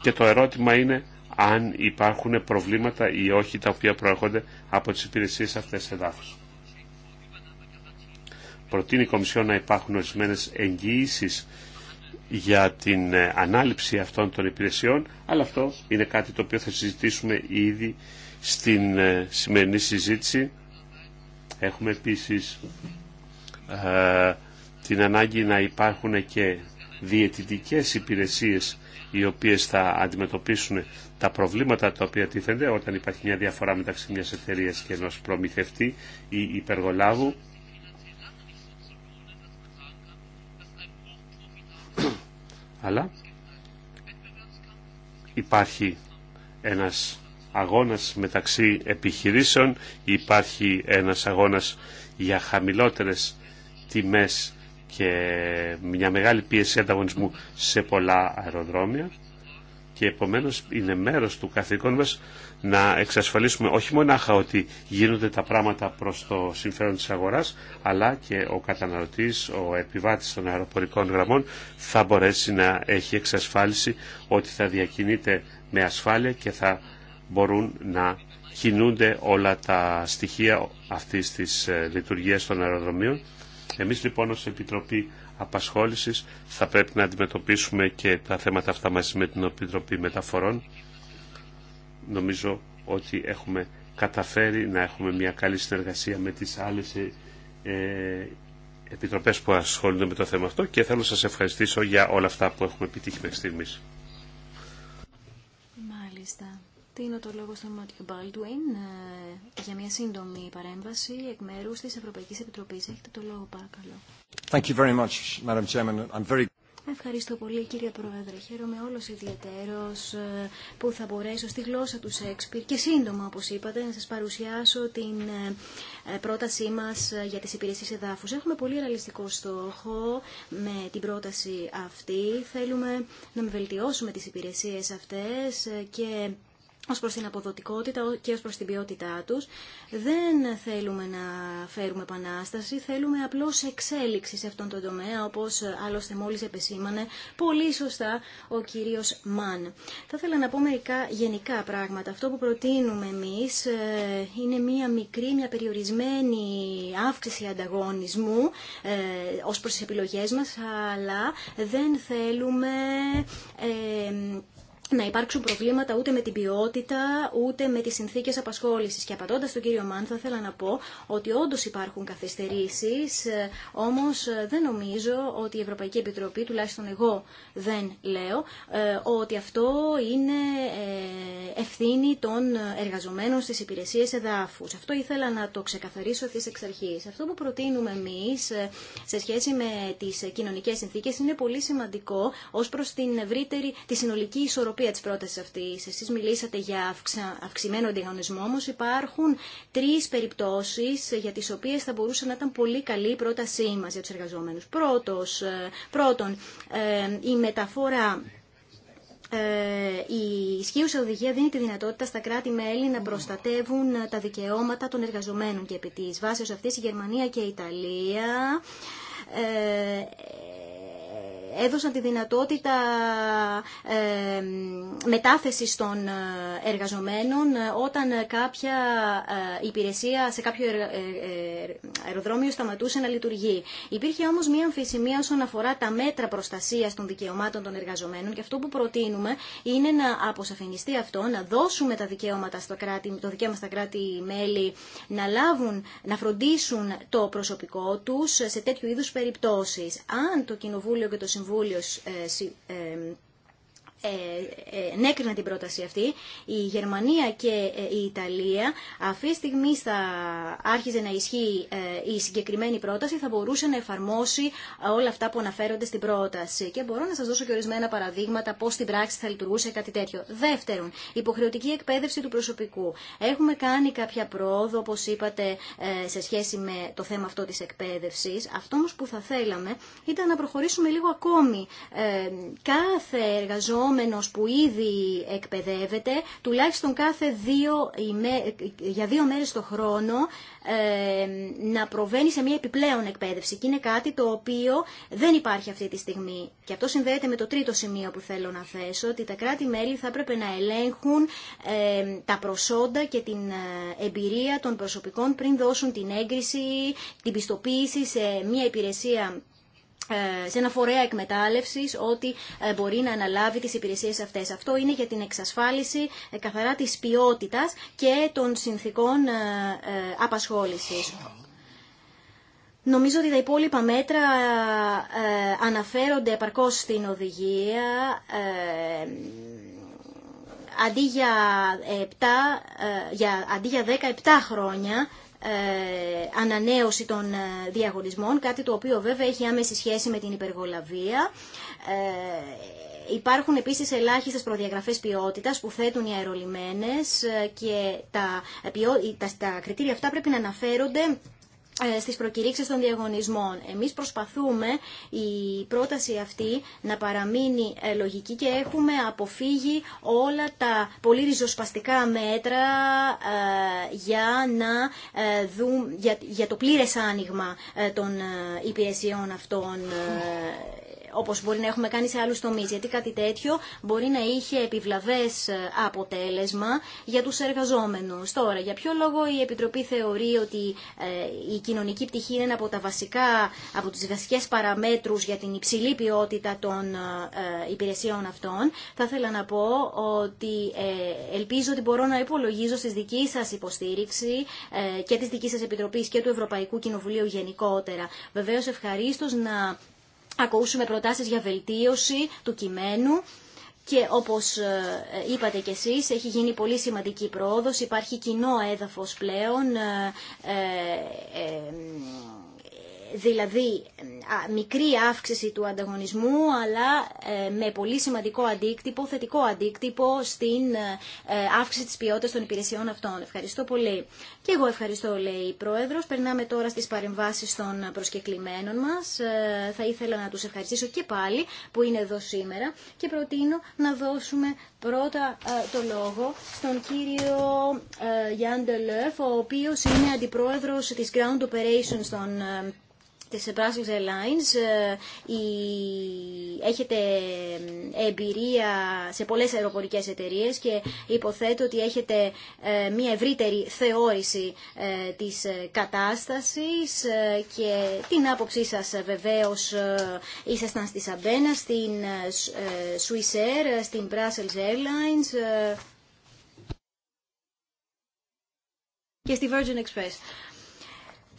και το ερώτημα είναι αν υπάρχουν προβλήματα ή όχι τα οποία προέρχονται από τις υπηρεσίες αυτές εδάφους. Προτείνει η Κομισιόν να υπάρχουν ορισμένε εγγυήσει για την ε, ανάληψη αυτών των υπηρεσιών, αλλά αυτό είναι κάτι το οποίο θα συζητήσουμε ήδη στην ε, σημερινή συζήτηση. Έχουμε επίσης ε, την ανάγκη να υπάρχουν και διαιτητικές υπηρεσίες οι οποίες θα αντιμετωπίσουν τα προβλήματα τα οποία τίθενται όταν υπάρχει μια διαφορά μεταξύ μιας εταιρεία και ενός προμηθευτή ή υπεργολάβου. Αλλά υπάρχει ένας αγώνας μεταξύ επιχειρήσεων, υπάρχει ένας αγώνας για χαμηλότερες τιμές και μια μεγάλη πίεση ανταγωνισμού σε πολλά αεροδρόμια και επομένως είναι μέρος του καθήκον μας να εξασφαλίσουμε όχι μονάχα ότι γίνονται τα πράγματα προς το συμφέρον της αγοράς αλλά και ο καταναλωτής, ο επιβάτης των αεροπορικών γραμμών θα μπορέσει να έχει εξασφάλιση ότι θα διακινείται με ασφάλεια και θα μπορούν να κινούνται όλα τα στοιχεία αυτής της ε, λειτουργίας των αεροδρομίων εμείς λοιπόν ως Επιτροπή Απασχόλησης θα πρέπει να αντιμετωπίσουμε και τα θέματα αυτά μαζί με την Επιτροπή Μεταφορών. Νομίζω ότι έχουμε καταφέρει να έχουμε μια καλή συνεργασία με τις άλλες ε, ε επιτροπές που ασχολούνται με το θέμα αυτό και θέλω να σας ευχαριστήσω για όλα αυτά που έχουμε επιτύχει μέχρι στιγμής. Μάλιστα. Δίνω το λόγο στον Μάτιο Μπάλτουιν ε, για μια σύντομη παρέμβαση εκ μέρου τη Ευρωπαϊκή Επιτροπή. Έχετε το λόγο, παρακαλώ. Thank you very much, Madam Chairman. I'm very... Ευχαριστώ πολύ κύριε Πρόεδρε. Χαίρομαι όλος ιδιαίτερος ε, που θα μπορέσω στη γλώσσα του Σέξπιρ και σύντομα όπω είπατε να σα παρουσιάσω την ε, πρότασή μα για τι υπηρεσίε εδάφου. Έχουμε πολύ ρεαλιστικό στόχο με την πρόταση αυτή. Θέλουμε να με βελτιώσουμε τι υπηρεσίε αυτέ και ως προς την αποδοτικότητα και ως προς την ποιότητά τους. Δεν θέλουμε να φέρουμε επανάσταση, θέλουμε απλώς εξέλιξη σε αυτόν τον τομέα, όπως άλλωστε μόλις επεσήμανε πολύ σωστά ο κύριος Μαν. Θα ήθελα να πω μερικά γενικά πράγματα. Αυτό που προτείνουμε εμείς ε, είναι μία μικρή, μία περιορισμένη αύξηση ανταγωνισμού ε, ως προς τις επιλογές μας, αλλά δεν θέλουμε ε, να υπάρξουν προβλήματα ούτε με την ποιότητα, ούτε με τις συνθήκες απασχόλησης. Και απαντώντας τον κύριο Μάν, θα ήθελα να πω ότι όντως υπάρχουν καθυστερήσεις, ε, όμως ε, δεν νομίζω ότι η Ευρωπαϊκή Επιτροπή, τουλάχιστον εγώ δεν λέω, ε, ότι αυτό είναι ευθύνη των εργαζομένων στις υπηρεσίες εδάφους. Αυτό ήθελα να το ξεκαθαρίσω αυτής εξ αρχής. Αυτό που προτείνουμε εμείς σε σχέση με τις κοινωνικές συνθήκες είναι πολύ σημαντικό ως προς την ευρύτερη, τη συνολική ισορροπία ισορροπία της πρότασης Εσείς μιλήσατε για αυξημένο αντιγωνισμό, όμως υπάρχουν τρεις περιπτώσεις για τις οποίες θα μπορούσε να ήταν πολύ καλή η πρότασή μας για του εργαζόμενους. Πρώτος, ε, πρώτον, ε, η μεταφορά ε, η ισχύουσα οδηγία δίνει τη δυνατότητα στα κράτη-μέλη να προστατεύουν τα δικαιώματα των εργαζομένων και επί της βάσης αυτής η Γερμανία και η Ιταλία έδωσαν τη δυνατότητα ε, μετάθεσης των ε, εργαζομένων ε, όταν κάποια υπηρεσία σε κάποιο αεροδρόμιο σταματούσε να λειτουργεί. Υπήρχε όμως μία αμφισημία όσον αφορά τα μέτρα προστασίας των δικαιωμάτων των εργαζομένων και αυτό που προτείνουμε είναι να αποσαφινιστεί αυτό, να δώσουμε τα δικαιώματα στο κράτη, το δικαίωμα στα κράτη-μέλη να να φροντίσουν το προσωπικό τους σε τέτοιου είδους περιπτώσεις. Αν το Κοινοβούλιο και το Συμβούλιο ε, ε, ε, ε, ενέκρινε την πρόταση αυτή. Η Γερμανία και ε, η Ιταλία αυτή τη στιγμή θα άρχιζε να ισχύει η συγκεκριμένη πρόταση, θα μπορούσε να εφαρμόσει όλα αυτά που αναφέρονται στην πρόταση. Και μπορώ να σα δώσω και ορισμένα παραδείγματα πώ στην πράξη θα λειτουργούσε κάτι τέτοιο. Δεύτερον, υποχρεωτική εκπαίδευση του προσωπικού. Έχουμε κάνει κάποια πρόοδο, όπω είπατε, σε σχέση με το θέμα αυτό τη εκπαίδευση. Αυτό όμω που θα θέλαμε ήταν να προχωρήσουμε λίγο ακόμη. Κάθε εργαζόμενο που ήδη εκπαιδεύεται τουλάχιστον κάθε δύο, για δύο μέρες το χρόνο ε, να προβαίνει σε μια επιπλέον εκπαίδευση και είναι κάτι το οποίο δεν υπάρχει αυτή τη στιγμή. Και αυτό συνδέεται με το τρίτο σημείο που θέλω να θέσω, ότι τα κράτη-μέλη θα έπρεπε να ελέγχουν ε, τα προσόντα και την ε, εμπειρία των προσωπικών πριν δώσουν την έγκριση, την πιστοποίηση σε μια υπηρεσία ε, σε ένα φορέα εκμετάλλευση ότι ε, μπορεί να αναλάβει τις υπηρεσίες αυτές. Αυτό είναι για την εξασφάλιση ε, καθαρά τη ποιότητα και των συνθήκων απασχόλησης. Νομίζω ότι τα υπόλοιπα μέτρα αναφέρονται επαρκώς στην οδηγία. Αντί για, 7, για, αντί για 17 χρόνια ε, ανανέωση των ε, διαγωνισμών, κάτι το οποίο βέβαια έχει άμεση σχέση με την υπεργολαβία. Ε, υπάρχουν επίσης ελάχιστες προδιαγραφές ποιότητας που θέτουν οι αερολιμένες και τα, τα, τα κριτήρια αυτά πρέπει να αναφέρονται ε, στις προκηρύξεις των διαγωνισμών. Εμείς προσπαθούμε η πρόταση αυτή να παραμείνει ε, λογική και έχουμε αποφύγει όλα τα πολύ ριζοσπαστικά μέτρα ε, για, να, δουν, για, το πλήρες άνοιγμα των υπηρεσιών αυτών Όπω μπορεί να έχουμε κάνει σε άλλου τομεί, γιατί κάτι τέτοιο μπορεί να είχε επιβλαβέ ε, αποτέλεσμα για του εργαζόμενου. Τώρα, για ποιο λόγο η Επιτροπή θεωρεί ότι ε, η κοινωνική πτυχή είναι ένα από, τα βασικά, από τις βασικές παραμέτρους για την υψηλή ποιότητα των ε, υπηρεσιών αυτών, θα ήθελα να πω ότι ελπίζω ότι μπορώ να υπολογίζω στη δική σα υποστήριξη και τη δική σα επιτροπή και του Ευρωπαϊκού Κοινοβουλίου γενικότερα. Βεβαίω ευχαρίστω να ακούσουμε προτάσεις για βελτίωση του κειμένου και όπως ε, είπατε κι εσείς έχει γίνει πολύ σημαντική πρόοδος, υπάρχει κοινό έδαφος πλέον ε, ε, δηλαδή μικρή αύξηση του ανταγωνισμού αλλά ε, με πολύ σημαντικό αντίκτυπο, θετικό αντίκτυπο στην ε, ε, αύξηση της ποιότητας των υπηρεσιών αυτών. Ευχαριστώ πολύ. Και εγώ ευχαριστώ λέει η Πρόεδρος. Περνάμε τώρα στις παρεμβάσεις των προσκεκλημένων μας. Θα ήθελα να τους ευχαριστήσω και πάλι που είναι εδώ σήμερα και προτείνω να δώσουμε πρώτα το λόγο στον κύριο Γιάνντε Λεφ, ο οποίος είναι αντιπρόεδρος της Ground Operations των σε Brussels Airlines. Ε, η... Έχετε ε, εμπειρία σε πολλές αεροπορικές εταιρείες και υποθέτω ότι έχετε ε, μια ευρύτερη θεώρηση της κατάστασης και την άποψή σας βεβαίως ήσασταν στη Σαμπένα, στην Air, στην Brussels Airlines και στη Virgin Express.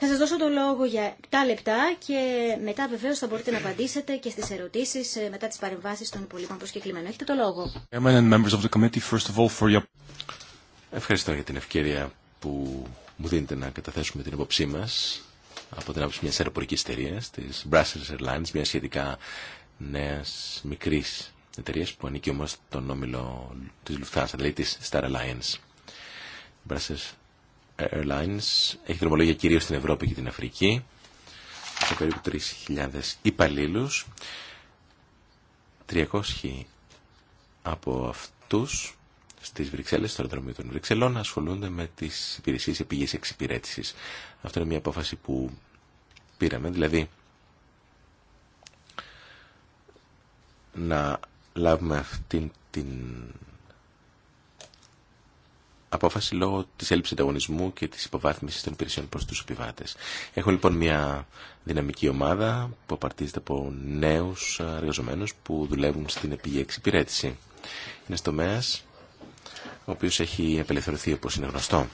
Θα σας δώσω το λόγο για 7 λεπτά και μετά βεβαίως θα μπορείτε να απαντήσετε και στις ερωτήσεις ε, μετά τις παρεμβάσεις των υπολείπων προσκεκλημένων. Έχετε το λόγο. Ευχαριστώ για την ευκαιρία που μου δίνετε να καταθέσουμε την υπόψή μας από την άποψη μιας αεροπορικής εταιρεία, της Brussels Airlines, μια σχετικά νέας μικρής εταιρεία που ανήκει όμως στον όμιλο της Lufthansa, δηλαδή της Star Alliance. Brussels Airlines έχει δρομολόγια κυρίως στην Ευρώπη και την Αφρική σε περίπου 3.000 υπαλλήλου. 300 από αυτούς στις Βρυξέλλες, στο αεροδρόμιο των Βρυξελών ασχολούνται με τις υπηρεσίες επίγειας εξυπηρέτησης. Αυτό είναι μια απόφαση που πήραμε, δηλαδή να λάβουμε αυτήν την απόφαση λόγω τη έλλειψη ανταγωνισμού και τη υποβάθμιση των υπηρεσιών προ του επιβάτε. Έχω λοιπόν μια δυναμική ομάδα που απαρτίζεται από νέου ε, εργαζομένου που δουλεύουν στην επίγεια εξυπηρέτηση. Είναι τομέα ο οποίο έχει απελευθερωθεί όπω είναι γνωστό.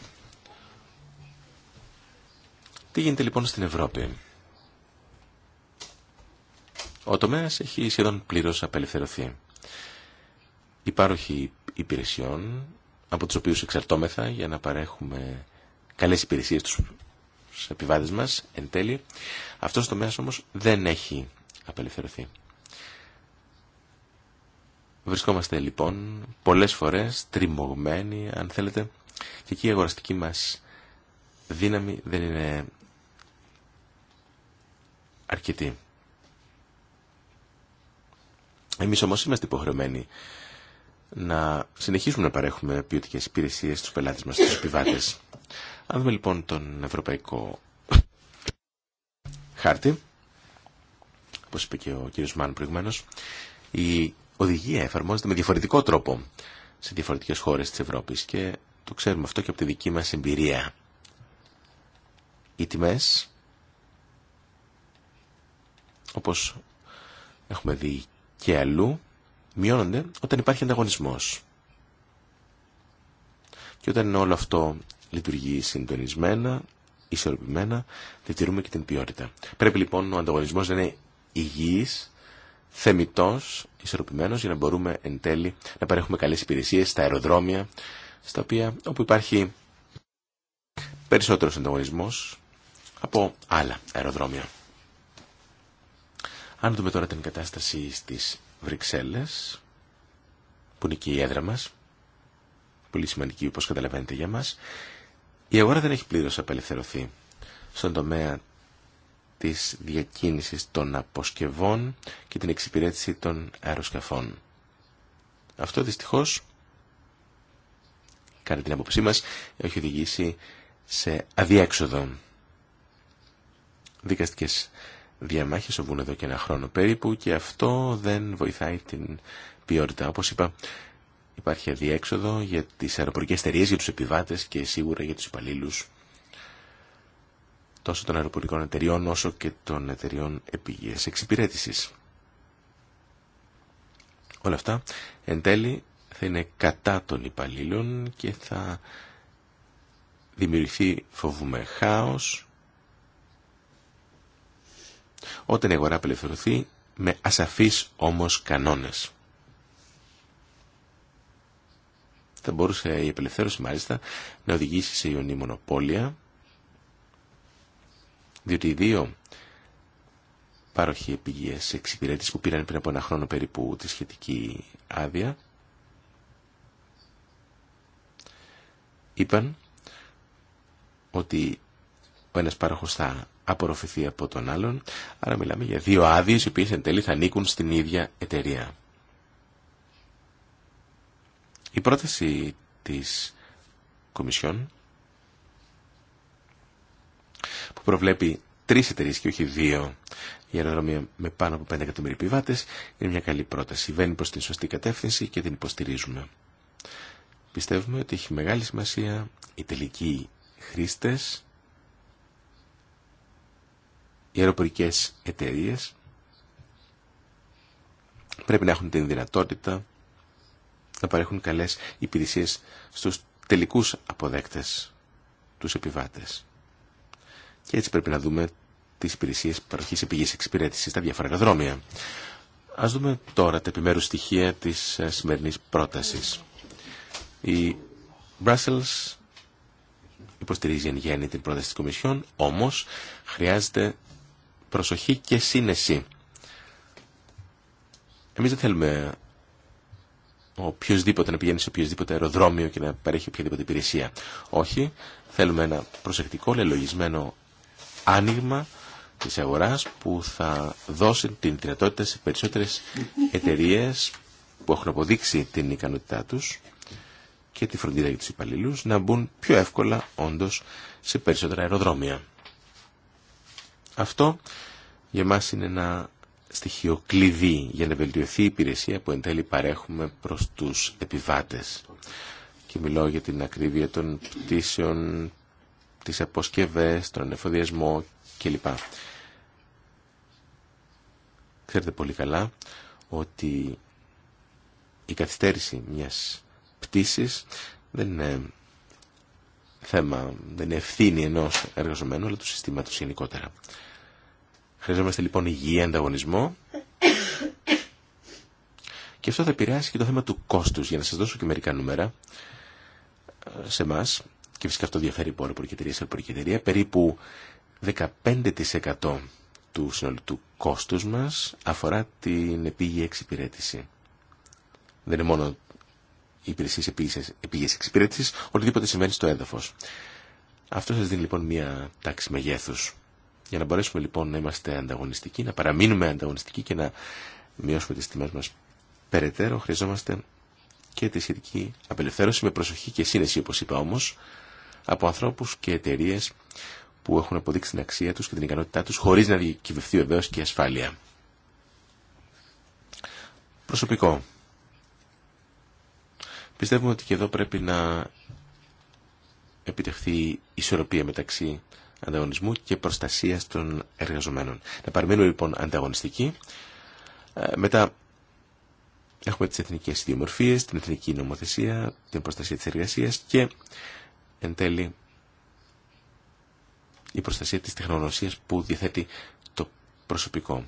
Τι γίνεται λοιπόν στην Ευρώπη. Ο τομέα έχει σχεδόν πλήρω απελευθερωθεί. Υπάρχει υπηρεσιών από τους οποίους εξαρτώμεθα για να παρέχουμε καλές υπηρεσίες στους επιβάτες μας εν τέλει. Αυτός το μέσο όμως δεν έχει απελευθερωθεί. Βρισκόμαστε λοιπόν πολλές φορές τριμωγμένοι αν θέλετε και εκεί η αγοραστική μας δύναμη δεν είναι αρκετή. Εμείς όμως είμαστε υποχρεωμένοι να συνεχίσουμε να παρέχουμε ποιοτικέ υπηρεσίε στους πελάτες μας, στου επιβάτε. Αν δούμε λοιπόν τον ευρωπαϊκό χάρτη, όπως είπε και ο κύριος Μάν προηγουμένως, η οδηγία εφαρμόζεται με διαφορετικό τρόπο σε διαφορετικές χώρες της Ευρώπης και το ξέρουμε αυτό και από τη δική μας εμπειρία. Οι τιμέ, όπως έχουμε δει και αλλού, μειώνονται όταν υπάρχει ανταγωνισμός. Και όταν όλο αυτό λειτουργεί συντονισμένα, ισορροπημένα, διατηρούμε και την ποιότητα. Πρέπει λοιπόν ο ανταγωνισμός να είναι υγιής, θεμητός, ισορροπημένος για να μπορούμε εν τέλει να παρέχουμε καλές υπηρεσίες στα αεροδρόμια, στα οποία όπου υπάρχει περισσότερος ανταγωνισμός από άλλα αεροδρόμια. Αν δούμε τώρα την κατάσταση στις Βρυξέλλες, που είναι και η έδρα μας, πολύ σημαντική όπως καταλαβαίνετε για μας, η αγορά δεν έχει πλήρως απελευθερωθεί στον τομέα της διακίνησης των αποσκευών και την εξυπηρέτηση των αεροσκαφών. Αυτό δυστυχώς, κατά την άποψή μας, έχει οδηγήσει σε αδιέξοδο. Δικαστικές διαμάχες οβούν εδώ και ένα χρόνο περίπου και αυτό δεν βοηθάει την ποιότητα. Όπως είπα, υπάρχει αδιέξοδο για τις αεροπορικές εταιρείε, για τους επιβάτες και σίγουρα για τους υπαλλήλου τόσο των αεροπορικών εταιριών όσο και των εταιριών επίγειας εξυπηρέτησης. Όλα αυτά εν τέλει θα είναι κατά των υπαλλήλων και θα δημιουργηθεί φοβούμε χάος όταν η αγορά απελευθερωθεί με ασαφείς όμως κανόνες. Θα μπορούσε η απελευθέρωση μάλιστα να οδηγήσει σε ιονή μονοπόλια, διότι οι δύο πάροχοι επιγείες εξυπηρέτηση που πήραν πριν από ένα χρόνο περίπου τη σχετική άδεια, είπαν ότι ο ένας πάροχος θα απορροφηθεί από τον άλλον. Άρα μιλάμε για δύο άδειε οι οποίε εν τέλει θα ανήκουν στην ίδια εταιρεία. Η πρόταση της Κομισιόν που προβλέπει τρεις εταιρείε και όχι δύο για αεροδρόμια με πάνω από 5 εκατομμύρια επιβάτε είναι μια καλή πρόταση. Βαίνει προς την σωστή κατεύθυνση και την υποστηρίζουμε. Πιστεύουμε ότι έχει μεγάλη σημασία οι τελικοί χρήστες οι αεροπορικές εταιρείε πρέπει να έχουν την δυνατότητα να παρέχουν καλές υπηρεσίες στους τελικούς αποδέκτες, τους επιβάτες. Και έτσι πρέπει να δούμε τις υπηρεσίες παροχής επιγής εξυπηρέτησης στα διάφορα δρόμια. Ας δούμε τώρα τα επιμέρους στοιχεία της ε, σημερινής πρότασης. Η Brussels υποστηρίζει εν γέννη την πρόταση της Κομισιόν, όμως χρειάζεται προσοχή και σύνεση. Εμείς δεν θέλουμε οποιοδήποτε να πηγαίνει σε οποιοδήποτε αεροδρόμιο και να παρέχει οποιαδήποτε υπηρεσία. Όχι, θέλουμε ένα προσεκτικό, λελογισμένο άνοιγμα της αγοράς που θα δώσει την δυνατότητα σε περισσότερες εταιρείε που έχουν αποδείξει την ικανότητά τους και τη φροντίδα για τους υπαλλήλους να μπουν πιο εύκολα όντως σε περισσότερα αεροδρόμια. Αυτό για μας είναι ένα στοιχείο κλειδί για να βελτιωθεί η υπηρεσία που εν τέλει παρέχουμε προς τους επιβάτες. Και μιλώ για την ακρίβεια των πτήσεων, τις αποσκευές, τον εφοδιασμό κλπ. Ξέρετε πολύ καλά ότι η καθυστέρηση μιας πτήσης δεν είναι θέμα, δεν είναι ευθύνη ενό εργαζομένου, αλλά του συστήματο γενικότερα. Χρειαζόμαστε λοιπόν υγιή ανταγωνισμό και αυτό θα επηρεάσει και το θέμα του κόστους. Για να σας δώσω και μερικά νούμερα ε, σε εμά και φυσικά αυτό διαφέρει από εταιρεία σε αεροπορική περίπου 15% του συνολικού κόστους μας αφορά την επίγεια εξυπηρέτηση. Δεν είναι μόνο οι υπηρεσίε πηγέ εξυπηρέτηση, οτιδήποτε συμβαίνει στο έδαφο. Αυτό σα δίνει λοιπόν μια τάξη μεγέθου. Για να μπορέσουμε λοιπόν να είμαστε ανταγωνιστικοί, να παραμείνουμε ανταγωνιστικοί και να μειώσουμε τι τιμέ μα περαιτέρω, χρειαζόμαστε και τη σχετική απελευθέρωση με προσοχή και σύνεση, όπω είπα όμω, από ανθρώπου και εταιρείε που έχουν αποδείξει την αξία του και την ικανότητά του, χωρί να διακυβευτεί βεβαίω και η ασφάλεια. Προσωπικό. Πιστεύουμε ότι και εδώ πρέπει να επιτευχθεί ισορροπία μεταξύ ανταγωνισμού και προστασίας των εργαζομένων. Να παραμείνουμε λοιπόν ανταγωνιστικοί. Ε, μετά έχουμε τις εθνικές ιδιομορφίες, την εθνική νομοθεσία, την προστασία της εργασίας και εν τέλει η προστασία της τεχνολογίας που διαθέτει το προσωπικό.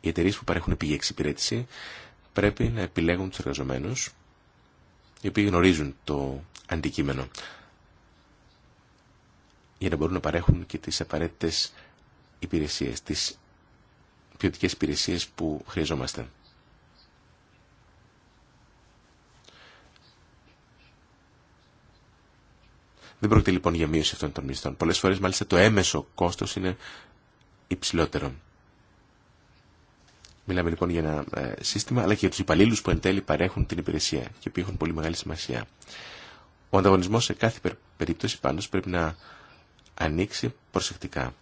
Οι εταιρείε που παρέχουν πηγή εξυπηρέτηση πρέπει να επιλέγουν τους εργαζομένου, οι οποίοι γνωρίζουν το αντικείμενο για να μπορούν να παρέχουν και τις απαραίτητες υπηρεσίες, τις ποιοτικέ υπηρεσίες που χρειαζόμαστε. Δεν πρόκειται λοιπόν για μείωση αυτών των μισθών. Πολλές φορές μάλιστα το έμεσο κόστος είναι υψηλότερο. Μιλάμε λοιπόν για ένα ε, σύστημα, αλλά και για του υπαλλήλου που εν τέλει παρέχουν την υπηρεσία και που έχουν πολύ μεγάλη σημασία. Ο ανταγωνισμό σε κάθε περίπτωση πάντω πρέπει να ανοίξει προσεκτικά.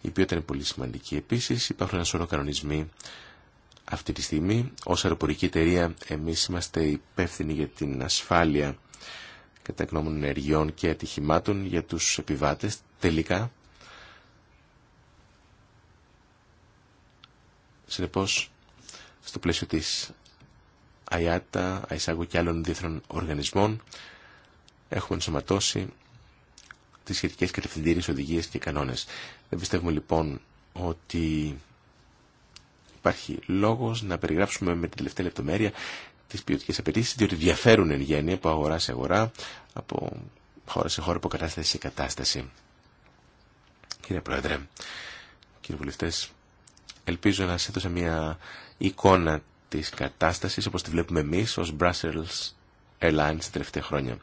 Η ποιότητα είναι πολύ σημαντική. Επίση υπάρχουν ένα σωρό κανονισμοί αυτή τη στιγμή. Ω αεροπορική εταιρεία εμεί είμαστε υπεύθυνοι για την ασφάλεια κατά γνώμων ενεργειών και ατυχημάτων για του επιβάτε. Τελικά. Συνεπώς, στο πλαίσιο της ΑΙΑΤΑ, ΑΙΣΑΓΟ και άλλων διεθνών οργανισμών. Έχουμε ενσωματώσει τις σχετικές κατευθυντήριες οδηγίες και κανόνες. Δεν πιστεύουμε λοιπόν ότι υπάρχει λόγος να περιγράψουμε με την τελευταία λεπτομέρεια τις ποιοτικέ απαιτήσει, διότι διαφέρουν εν γέννη από αγορά σε αγορά, από χώρα σε χώρα, από κατάσταση σε κατάσταση. Κύριε Πρόεδρε, κύριε Βουλευτές, Ελπίζω να σας έδωσα μια εικόνα της κατάστασης όπως τη βλέπουμε εμείς ως Brussels Airlines τα τελευταία χρόνια.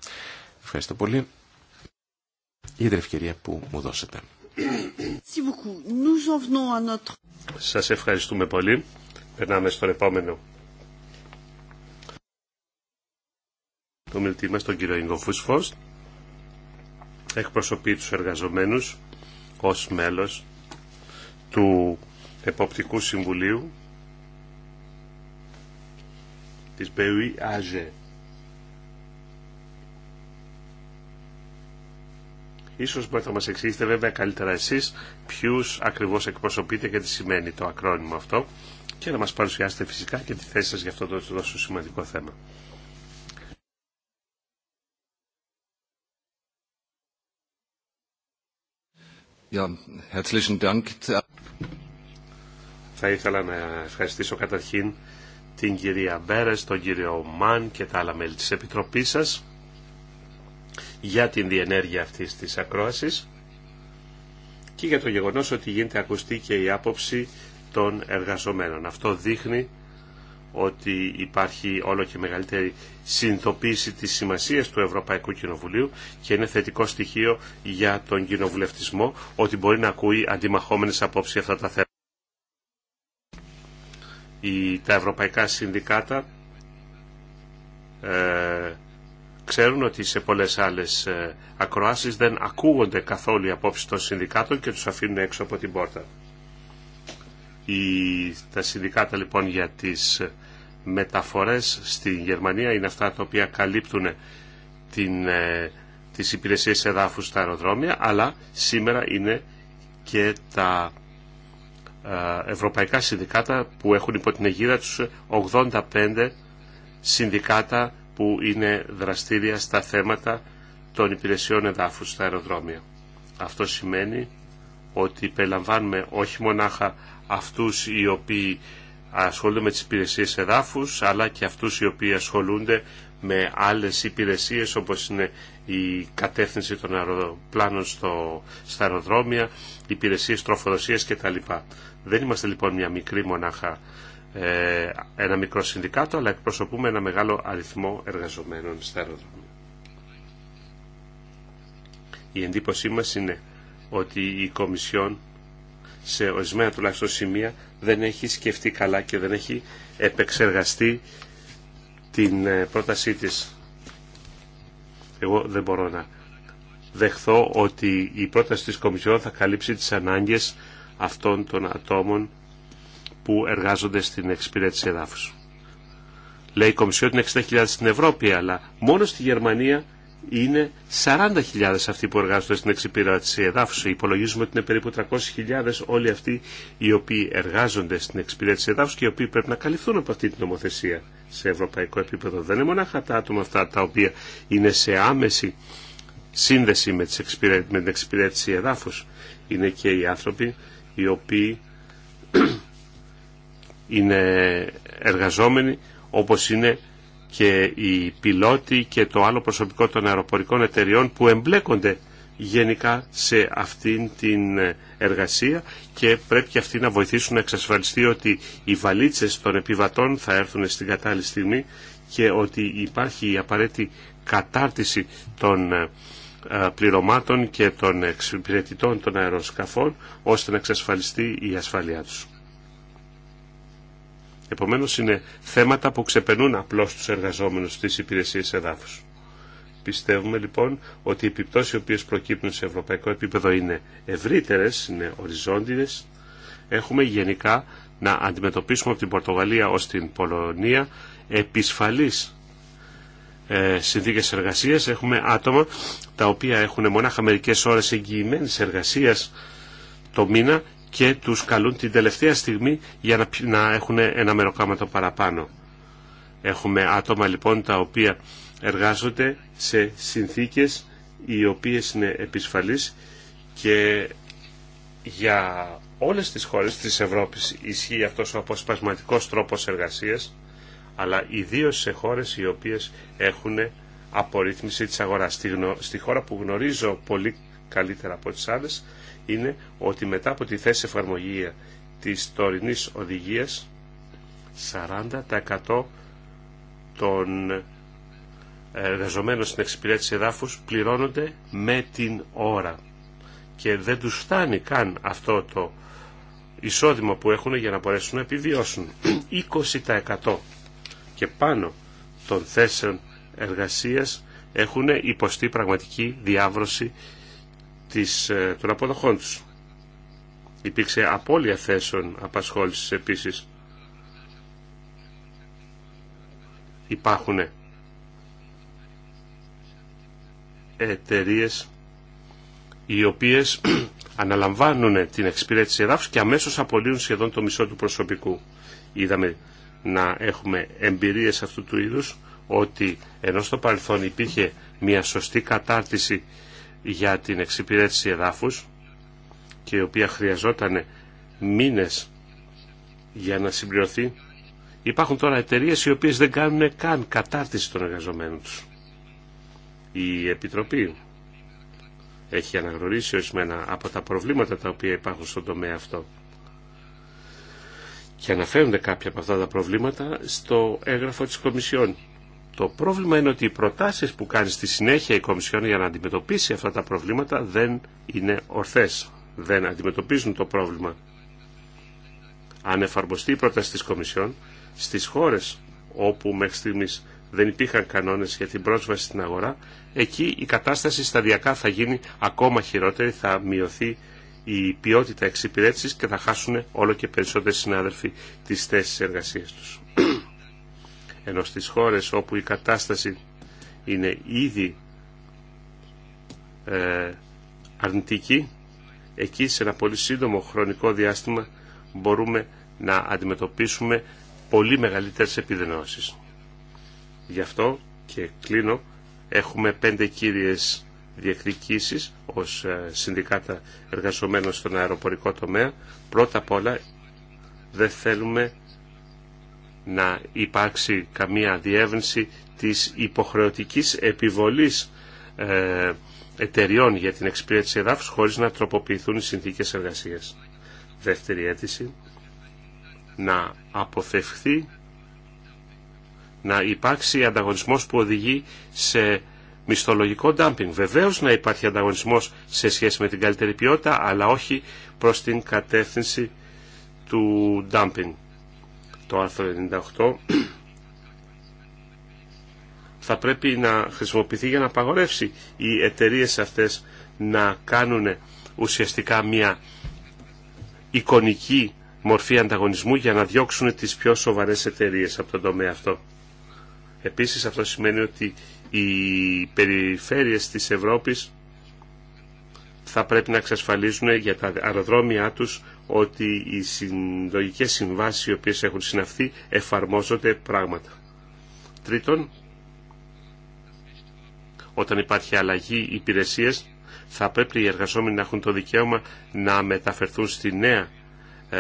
Ευχαριστώ πολύ για την ευκαιρία που μου δώσετε. Σας ευχαριστούμε πολύ. Περνάμε στον επόμενο. Το μιλτή μας, τον κύριο Ιγκο Φουσφος, εκπροσωπεί τους εργαζομένους ως μέλος του Εποπτικού Συμβουλίου της ΠΕΟΥ ΑΖΕ. Ίσως μπορείτε να μας εξηγήσετε βέβαια καλύτερα εσείς ποιους ακριβώς εκπροσωπείτε και τι σημαίνει το ακρόνιμο αυτό και να μας παρουσιάσετε φυσικά και τη θέση σας για αυτό το τόσο σημαντικό θέμα. Ja, herzlichen Dank. Θα ήθελα να ευχαριστήσω καταρχήν την κυρία Μπέρες, τον κύριο Μαν και τα άλλα μέλη της Επιτροπής σας για την διενέργεια αυτής της ακρόασης και για το γεγονός ότι γίνεται ακουστή και η άποψη των εργαζομένων. Αυτό δείχνει ότι υπάρχει όλο και μεγαλύτερη συνειδητοποίηση της σημασίας του Ευρωπαϊκού Κοινοβουλίου και είναι θετικό στοιχείο για τον κοινοβουλευτισμό ότι μπορεί να ακούει αντιμαχόμενες απόψεις αυτά τα θέματα οι, τα ευρωπαϊκά συνδικάτα ε, ξέρουν ότι σε πολλές άλλες ε, ακροάσεις δεν ακούγονται καθόλου οι απόψεις των συνδικάτων και τους αφήνουν έξω από την πόρτα. Η, τα συνδικάτα λοιπόν για τις μεταφορές στη Γερμανία είναι αυτά τα οποία καλύπτουν την, ε, τις υπηρεσίες εδάφους στα αεροδρόμια αλλά σήμερα είναι και τα ευρωπαϊκά συνδικάτα που έχουν υπό την αιγύδα τους 85 συνδικάτα που είναι δραστήρια στα θέματα των υπηρεσιών εδάφους στα αεροδρόμια. Αυτό σημαίνει ότι περιλαμβάνουμε όχι μονάχα αυτούς οι οποίοι ασχολούνται με τις υπηρεσίες εδάφους, αλλά και αυτούς οι οποίοι ασχολούνται με άλλες υπηρεσίες όπως είναι η κατεύθυνση των αεροπλάνων στο, στα αεροδρόμια, υπηρεσίες τροφοδοσίας κτλ. Δεν είμαστε λοιπόν μια μικρή μονάχα ε, ένα μικρό συνδικάτο, αλλά εκπροσωπούμε ένα μεγάλο αριθμό εργαζομένων στα αεροδρόμια. Η εντύπωσή μας είναι ότι η Κομισιόν σε ορισμένα τουλάχιστον σημεία δεν έχει σκεφτεί καλά και δεν έχει επεξεργαστεί την ε, πρότασή της. Εγώ δεν μπορώ να δεχθώ ότι η πρόταση της Κομισιόν θα καλύψει τις ανάγκες αυτών των ατόμων που εργάζονται στην εξυπηρέτηση εδάφου. Λέει η Κομισιόν ότι είναι 60.000 στην Ευρώπη, αλλά μόνο στη Γερμανία είναι 40.000 αυτοί που εργάζονται στην εξυπηρέτηση εδάφου. Υπολογίζουμε ότι είναι περίπου 300.000 όλοι αυτοί οι οποίοι εργάζονται στην εξυπηρέτηση εδάφους και οι οποίοι πρέπει να καλυφθούν από αυτή την νομοθεσία σε ευρωπαϊκό επίπεδο. Δεν είναι μονάχα τα άτομα αυτά τα οποία είναι σε άμεση σύνδεση με, την εξυπηρέτηση εδάφου, Είναι και οι άνθρωποι οι οποίοι [CLEARS THROAT] είναι εργαζόμενοι όπως είναι και οι πιλότοι και το άλλο προσωπικό των αεροπορικών εταιριών που εμπλέκονται γενικά σε αυτήν την εργασία και πρέπει και αυτοί να βοηθήσουν να εξασφαλιστεί ότι οι βαλίτσες των επιβατών θα έρθουν στην κατάλληλη στιγμή και ότι υπάρχει η απαραίτητη κατάρτιση των ε, πληρωμάτων και των εξυπηρετητών των αεροσκαφών ώστε να εξασφαλιστεί η ασφαλεία τους. Επομένως είναι θέματα που ξεπερνούν απλώς τους εργαζόμενους στις υπηρεσίες εδάφους. Πιστεύουμε λοιπόν ότι οι επιπτώσεις οι οποίες προκύπτουν σε ευρωπαϊκό επίπεδο είναι ευρύτερες, είναι οριζόντιες. Έχουμε γενικά να αντιμετωπίσουμε από την Πορτογαλία ως την Πολωνία επισφαλής ε, συνθήκες εργασίας. Έχουμε άτομα τα οποία έχουν μονάχα μερικέ ώρες εγγυημένη εργασίας το μήνα και τους καλούν την τελευταία στιγμή για να, να έχουν ένα μεροκάματο παραπάνω. Έχουμε άτομα λοιπόν τα οποία εργάζονται σε συνθήκες οι οποίες είναι επισφαλείς και για όλες τις χώρες της Ευρώπης ισχύει αυτός ο αποσπασματικός τρόπος εργασίας αλλά ιδίω σε χώρες οι οποίες έχουν απορρίθμιση της αγοράς. Στη, χώρα που γνωρίζω πολύ καλύτερα από τις άλλες είναι ότι μετά από τη θέση εφαρμογή της τωρινής οδηγίας 40% των ε, εργαζομένων στην εξυπηρέτηση εδάφους πληρώνονται με την ώρα και δεν τους φτάνει καν αυτό το εισόδημα που έχουν για να μπορέσουν να επιβιώσουν. 20% [CLEARS THROAT] και πάνω των θέσεων εργασίας έχουν υποστεί πραγματική διάβρωση της, ε, των αποδοχών τους. Υπήρξε απώλεια θέσεων απασχόλησης επίσης. Υπάρχουν εταιρείε οι οποίες [CLEARS THROAT] αναλαμβάνουν την εξυπηρέτηση εδάφους και αμέσως απολύουν σχεδόν το μισό του προσωπικού. Είδαμε να έχουμε εμπειρίες αυτού του είδους ότι ενώ στο παρελθόν υπήρχε μια σωστή κατάρτιση για την εξυπηρέτηση εδάφους και η οποία χρειαζόταν μήνες για να συμπληρωθεί υπάρχουν τώρα εταιρείες οι οποίες δεν κάνουν καν κατάρτιση των εργαζομένων τους. Η Επιτροπή έχει αναγνωρίσει ορισμένα από τα προβλήματα τα οποία υπάρχουν στον τομέα αυτό και αναφέρονται κάποια από αυτά τα προβλήματα στο έγγραφο της Κομισιόν. Το πρόβλημα είναι ότι οι προτάσεις που κάνει στη συνέχεια η Κομισιόν για να αντιμετωπίσει αυτά τα προβλήματα δεν είναι ορθές, δεν αντιμετωπίζουν το πρόβλημα. Αν εφαρμοστεί η πρόταση της Κομισιόν στις χώρες όπου μέχρι στιγμής δεν υπήρχαν κανόνες για την πρόσβαση στην αγορά, εκεί η κατάσταση σταδιακά θα γίνει ακόμα χειρότερη, θα μειωθεί η ποιότητα εξυπηρέτηση και θα χάσουν όλο και περισσότεροι συνάδελφοι τις θέσει εργασία τους. [CLEARS THROAT] Ενώ στι χώρες όπου η κατάσταση είναι ήδη ε, αρνητική, εκεί σε ένα πολύ σύντομο χρονικό διάστημα μπορούμε να αντιμετωπίσουμε πολύ μεγαλύτερες επιδενώσεις. Γι' αυτό και κλείνω, έχουμε πέντε κύριες διεκδικήσεις ως ε, συνδικάτα εργαζομένων στον αεροπορικό τομέα. Πρώτα απ' όλα δεν θέλουμε να υπάρξει καμία διεύρυνση της υποχρεωτικής επιβολής ε, εταιριών για την εξυπηρέτηση εδάφους χωρίς να τροποποιηθούν οι συνθήκες εργασίας. Δεύτερη αίτηση, να αποφευχθεί να υπάρξει ανταγωνισμός που οδηγεί σε μισθολογικό ντάμπινγκ. Βεβαίως να υπάρχει ανταγωνισμός σε σχέση με την καλύτερη ποιότητα, αλλά όχι προς την κατεύθυνση του ντάμπινγκ. Το άρθρο 98 θα πρέπει να χρησιμοποιηθεί για να απαγορεύσει οι εταιρείε αυτές να κάνουν ουσιαστικά μια εικονική μορφή ανταγωνισμού για να διώξουν τις πιο σοβαρές εταιρείε από τον τομέα αυτό. Επίσης αυτό σημαίνει ότι οι περιφέρειες της Ευρώπης θα πρέπει να εξασφαλίζουν για τα αεροδρόμια τους ότι οι συλλογικές συμβάσεις οι οποίες έχουν συναυθεί εφαρμόζονται πράγματα. Τρίτον, όταν υπάρχει αλλαγή υπηρεσίες θα πρέπει οι εργαζόμενοι να έχουν το δικαίωμα να μεταφερθούν στη νέα ε,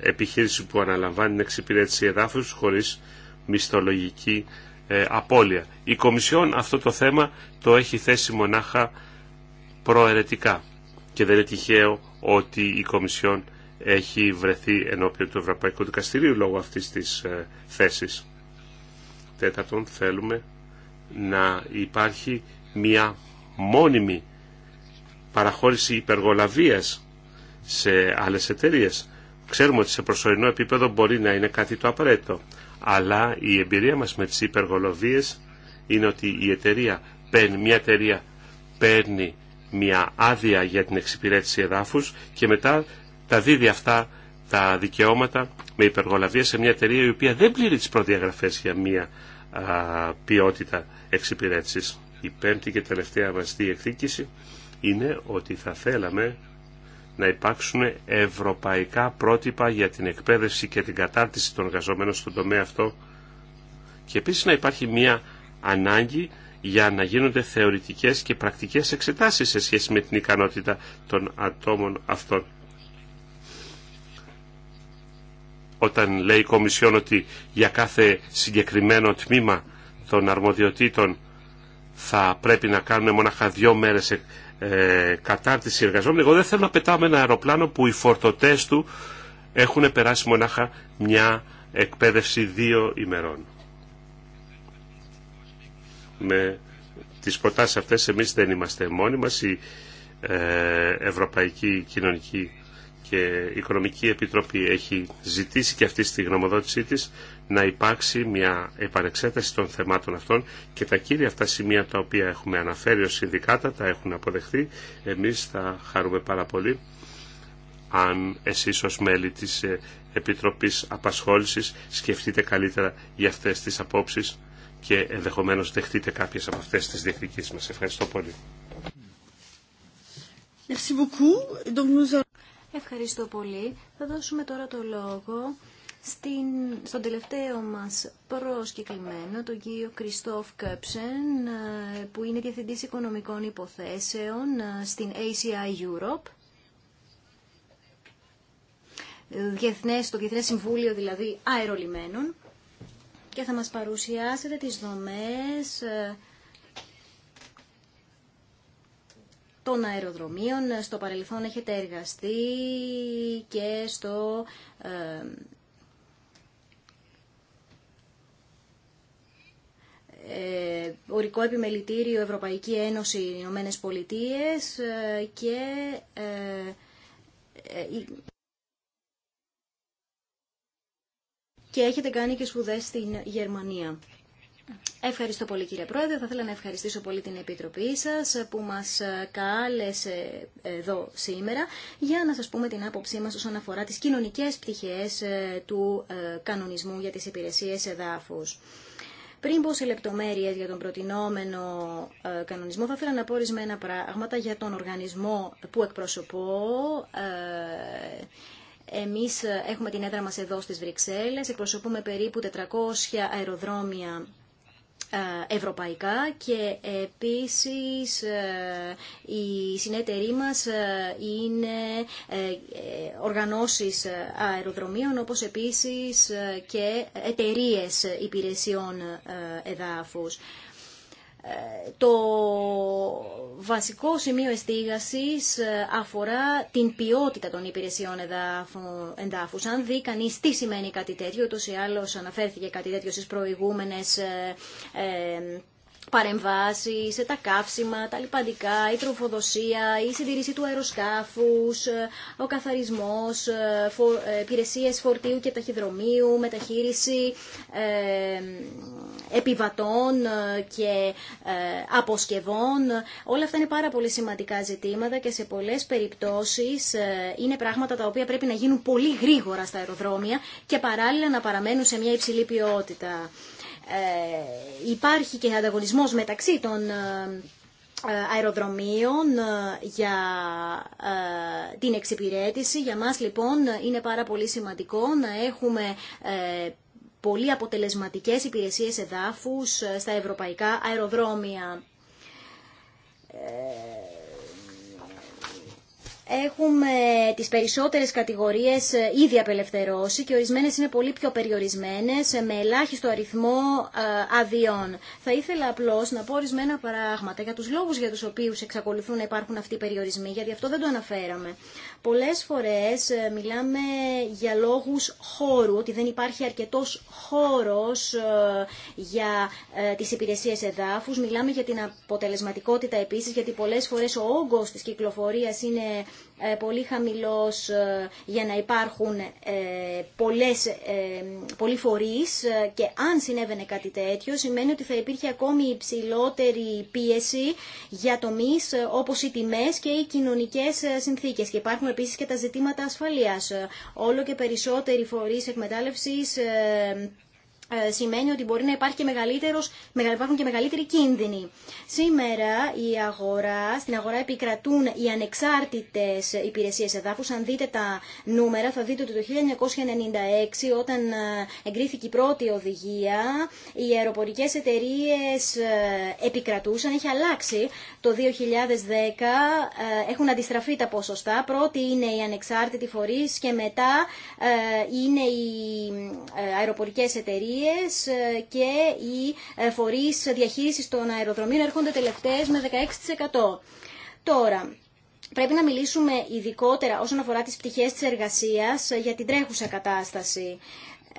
επιχείρηση που αναλαμβάνει την εξυπηρέτηση εδάφους χωρίς μισθολογική ε, απώλεια. Η Κομισιόν αυτό το θέμα το έχει θέσει μονάχα προαιρετικά και δεν είναι τυχαίο ότι η Κομισιόν έχει βρεθεί ενώπιον του Ευρωπαϊκού Δικαστηρίου λόγω αυτής της ε, θέσης. Τέταρτον, θέλουμε να υπάρχει μια μόνιμη παραχώρηση υπεργολαβίας σε άλλες εταιρείες. Ξέρουμε ότι σε προσωρινό επίπεδο μπορεί να είναι κάτι το απαραίτητο, αλλά η εμπειρία μας με τις υπεργολοβίες είναι ότι η εταιρεία παίρνει, μια εταιρεία παίρνει μια άδεια για την εξυπηρέτηση εδάφους και μετά τα δίδει αυτά τα δικαιώματα με υπεργολαβία σε μια εταιρεία η οποία δεν πλήρει τις προδιαγραφές για μια α, ποιότητα εξυπηρέτησης. Η πέμπτη και τελευταία βαστή εκδίκηση είναι ότι θα θέλαμε να υπάρξουν ευρωπαϊκά πρότυπα για την εκπαίδευση και την κατάρτιση των εργαζομένων στον τομέα αυτό και επίσης να υπάρχει μια ανάγκη για να γίνονται θεωρητικές και πρακτικές εξετάσεις σε σχέση με την ικανότητα των ατόμων αυτών. Όταν λέει η Κομισιόν ότι για κάθε συγκεκριμένο τμήμα των αρμοδιοτήτων θα πρέπει να κάνουν μονάχα δύο μέρες ε, κατάρτιση εργαζόμενων. Εγώ δεν θέλω να με ένα αεροπλάνο που οι φορτωτέ του έχουν περάσει μονάχα μια εκπαίδευση δύο ημερών. Με τις προτάσεις αυτές εμείς δεν είμαστε μόνοι μας. Η ε, Ευρωπαϊκή Κοινωνική και η Οικονομική Επιτροπή έχει ζητήσει και αυτή στη γνωμοδότησή της να υπάρξει μια επανεξέταση των θεμάτων αυτών και τα κύρια αυτά σημεία τα οποία έχουμε αναφέρει ως συνδικάτα τα έχουν αποδεχθεί. Εμείς θα χαρούμε πάρα πολύ αν εσείς ως μέλη της ε, Επιτροπής Απασχόλησης σκεφτείτε καλύτερα για αυτές τις απόψεις και ενδεχομένως δεχτείτε κάποιες από αυτές τις διεκδικήσεις μας. Ευχαριστώ πολύ. Merci beaucoup. Donc nous... Ευχαριστώ πολύ. Θα δώσουμε τώρα το λόγο στην, στον τελευταίο μας προσκεκλημένο, τον κύριο Κριστόφ Κέψεν, ε, που είναι Διευθυντής Οικονομικών Υποθέσεων ε, στην ACI Europe. Ε, διεθνές, το Διεθνές Συμβούλιο δηλαδή αερολιμένων και θα μας παρουσιάσετε τις δομές των αεροδρομίων. Στο παρελθόν έχετε εργαστεί και στο... Ε, ε, ορικό επιμελητήριο Ευρωπαϊκή Ένωση Ηνωμένε Πολιτείε ε, και και έχετε κάνει και σπουδές στην Γερμανία. Ευχαριστώ πολύ κύριε Πρόεδρε. Θα ήθελα να ευχαριστήσω πολύ την Επιτροπή σας που μας κάλεσε εδώ σήμερα για να σας πούμε την άποψή μας όσον αφορά τις κοινωνικές πτυχές ε, του ε, κανονισμού για τις υπηρεσίες εδάφους. Πριν πω σε λεπτομέρειες για τον προτινόμενο ε, κανονισμό, θα ήθελα να πω ορισμένα πράγματα για τον οργανισμό που εκπροσωπώ. Εμείς έχουμε την έδρα μας εδώ στις Βρυξέλλες, εκπροσωπούμε περίπου 400 αεροδρόμια ε, ευρωπαϊκά και επίσης ε, η συνέτεροι μας ε, είναι οργανώσεις αεροδρομίων όπως επίσης και εταιρείες υπηρεσιών εδάφους το βασικό σημείο εστίγασης ε, αφορά την ποιότητα των υπηρεσιών εντάφους. Αν δει κανείς τι σημαίνει κάτι τέτοιο, ούτως ή άλλως αναφέρθηκε κάτι τέτοιο στις προηγούμενες ε, ε, παρεμβάσεις, τα καύσιμα, τα λιπαντικά, η τροφοδοσία, η συντηρήση του αεροσκάφους, ο καθαρισμός, ε, ε, υπηρεσίε φορτίου και ταχυδρομείου, μεταχείριση ε, επιβατών και αποσκευών. Όλα αυτά είναι πάρα πολύ σημαντικά ζητήματα και σε πολλές περιπτώσεις είναι πράγματα τα οποία πρέπει να γίνουν πολύ γρήγορα στα αεροδρόμια και παράλληλα να παραμένουν σε μια υψηλή ποιότητα. Ε, υπάρχει και ανταγωνισμός μεταξύ των ε, ε, αεροδρομίων για την εξυπηρέτηση. Για μας λοιπόν είναι πάρα πολύ σημαντικό να έχουμε πολύ αποτελεσματικές υπηρεσίες εδάφους στα ευρωπαϊκά αεροδρόμια έχουμε τις περισσότερες κατηγορίες ε, ήδη απελευθερώσει και ορισμένες είναι πολύ πιο περιορισμένες ε, με ελάχιστο αριθμό ε, αδειών. Θα ήθελα απλώς να πω ορισμένα πράγματα για τους λόγους για τους οποίους εξακολουθούν να υπάρχουν αυτοί οι περιορισμοί, γιατί αυτό δεν το αναφέραμε. Πολλές φορές ε, μιλάμε για λόγους χώρου, ότι δεν υπάρχει αρκετός χώρος ε, για ε, τις υπηρεσίες εδάφους. Μιλάμε για την αποτελεσματικότητα επίσης, γιατί πολλές φορές ο όγκος της κυκλοφορίας είναι ε, πολύ χαμηλός ε, για να υπάρχουν ε, πολλές, πολλοί φορείς και αν συνέβαινε κάτι τέτοιο σημαίνει ότι θα υπήρχε ακόμη υψηλότερη πίεση για τομείς όπως οι τιμές και οι κοινωνικές συνθήκες και υπάρχουν επίσης και τα ζητήματα ασφαλείας. Όλο και περισσότεροι φορείς εκμετάλλευσης ε, σημαίνει ότι μπορεί να υπάρχει και μεγαλύτερος, υπάρχουν και μεγαλύτεροι κίνδυνοι. Σήμερα η αγορά, στην αγορά επικρατούν οι ανεξάρτητες υπηρεσίες εδάφους. Αν δείτε τα νούμερα θα δείτε ότι το 1996 όταν ε, εγκρίθηκε η πρώτη οδηγία οι αεροπορικές εταιρείες ε, επικρατούσαν, έχει αλλάξει το 2010, έχουν αντιστραφεί τα ποσοστά. Πρώτη είναι οι ανεξάρτητοι φορείς και μετά είναι οι αεροπορικές εταιρείες ε, και οι ε, φορεί διαχείριση των αεροδρομίων έρχονται τελευταίε με 16%. Τώρα, πρέπει να μιλήσουμε ειδικότερα όσον αφορά τις πτυχές της εργασίας ε, για την τρέχουσα κατάσταση.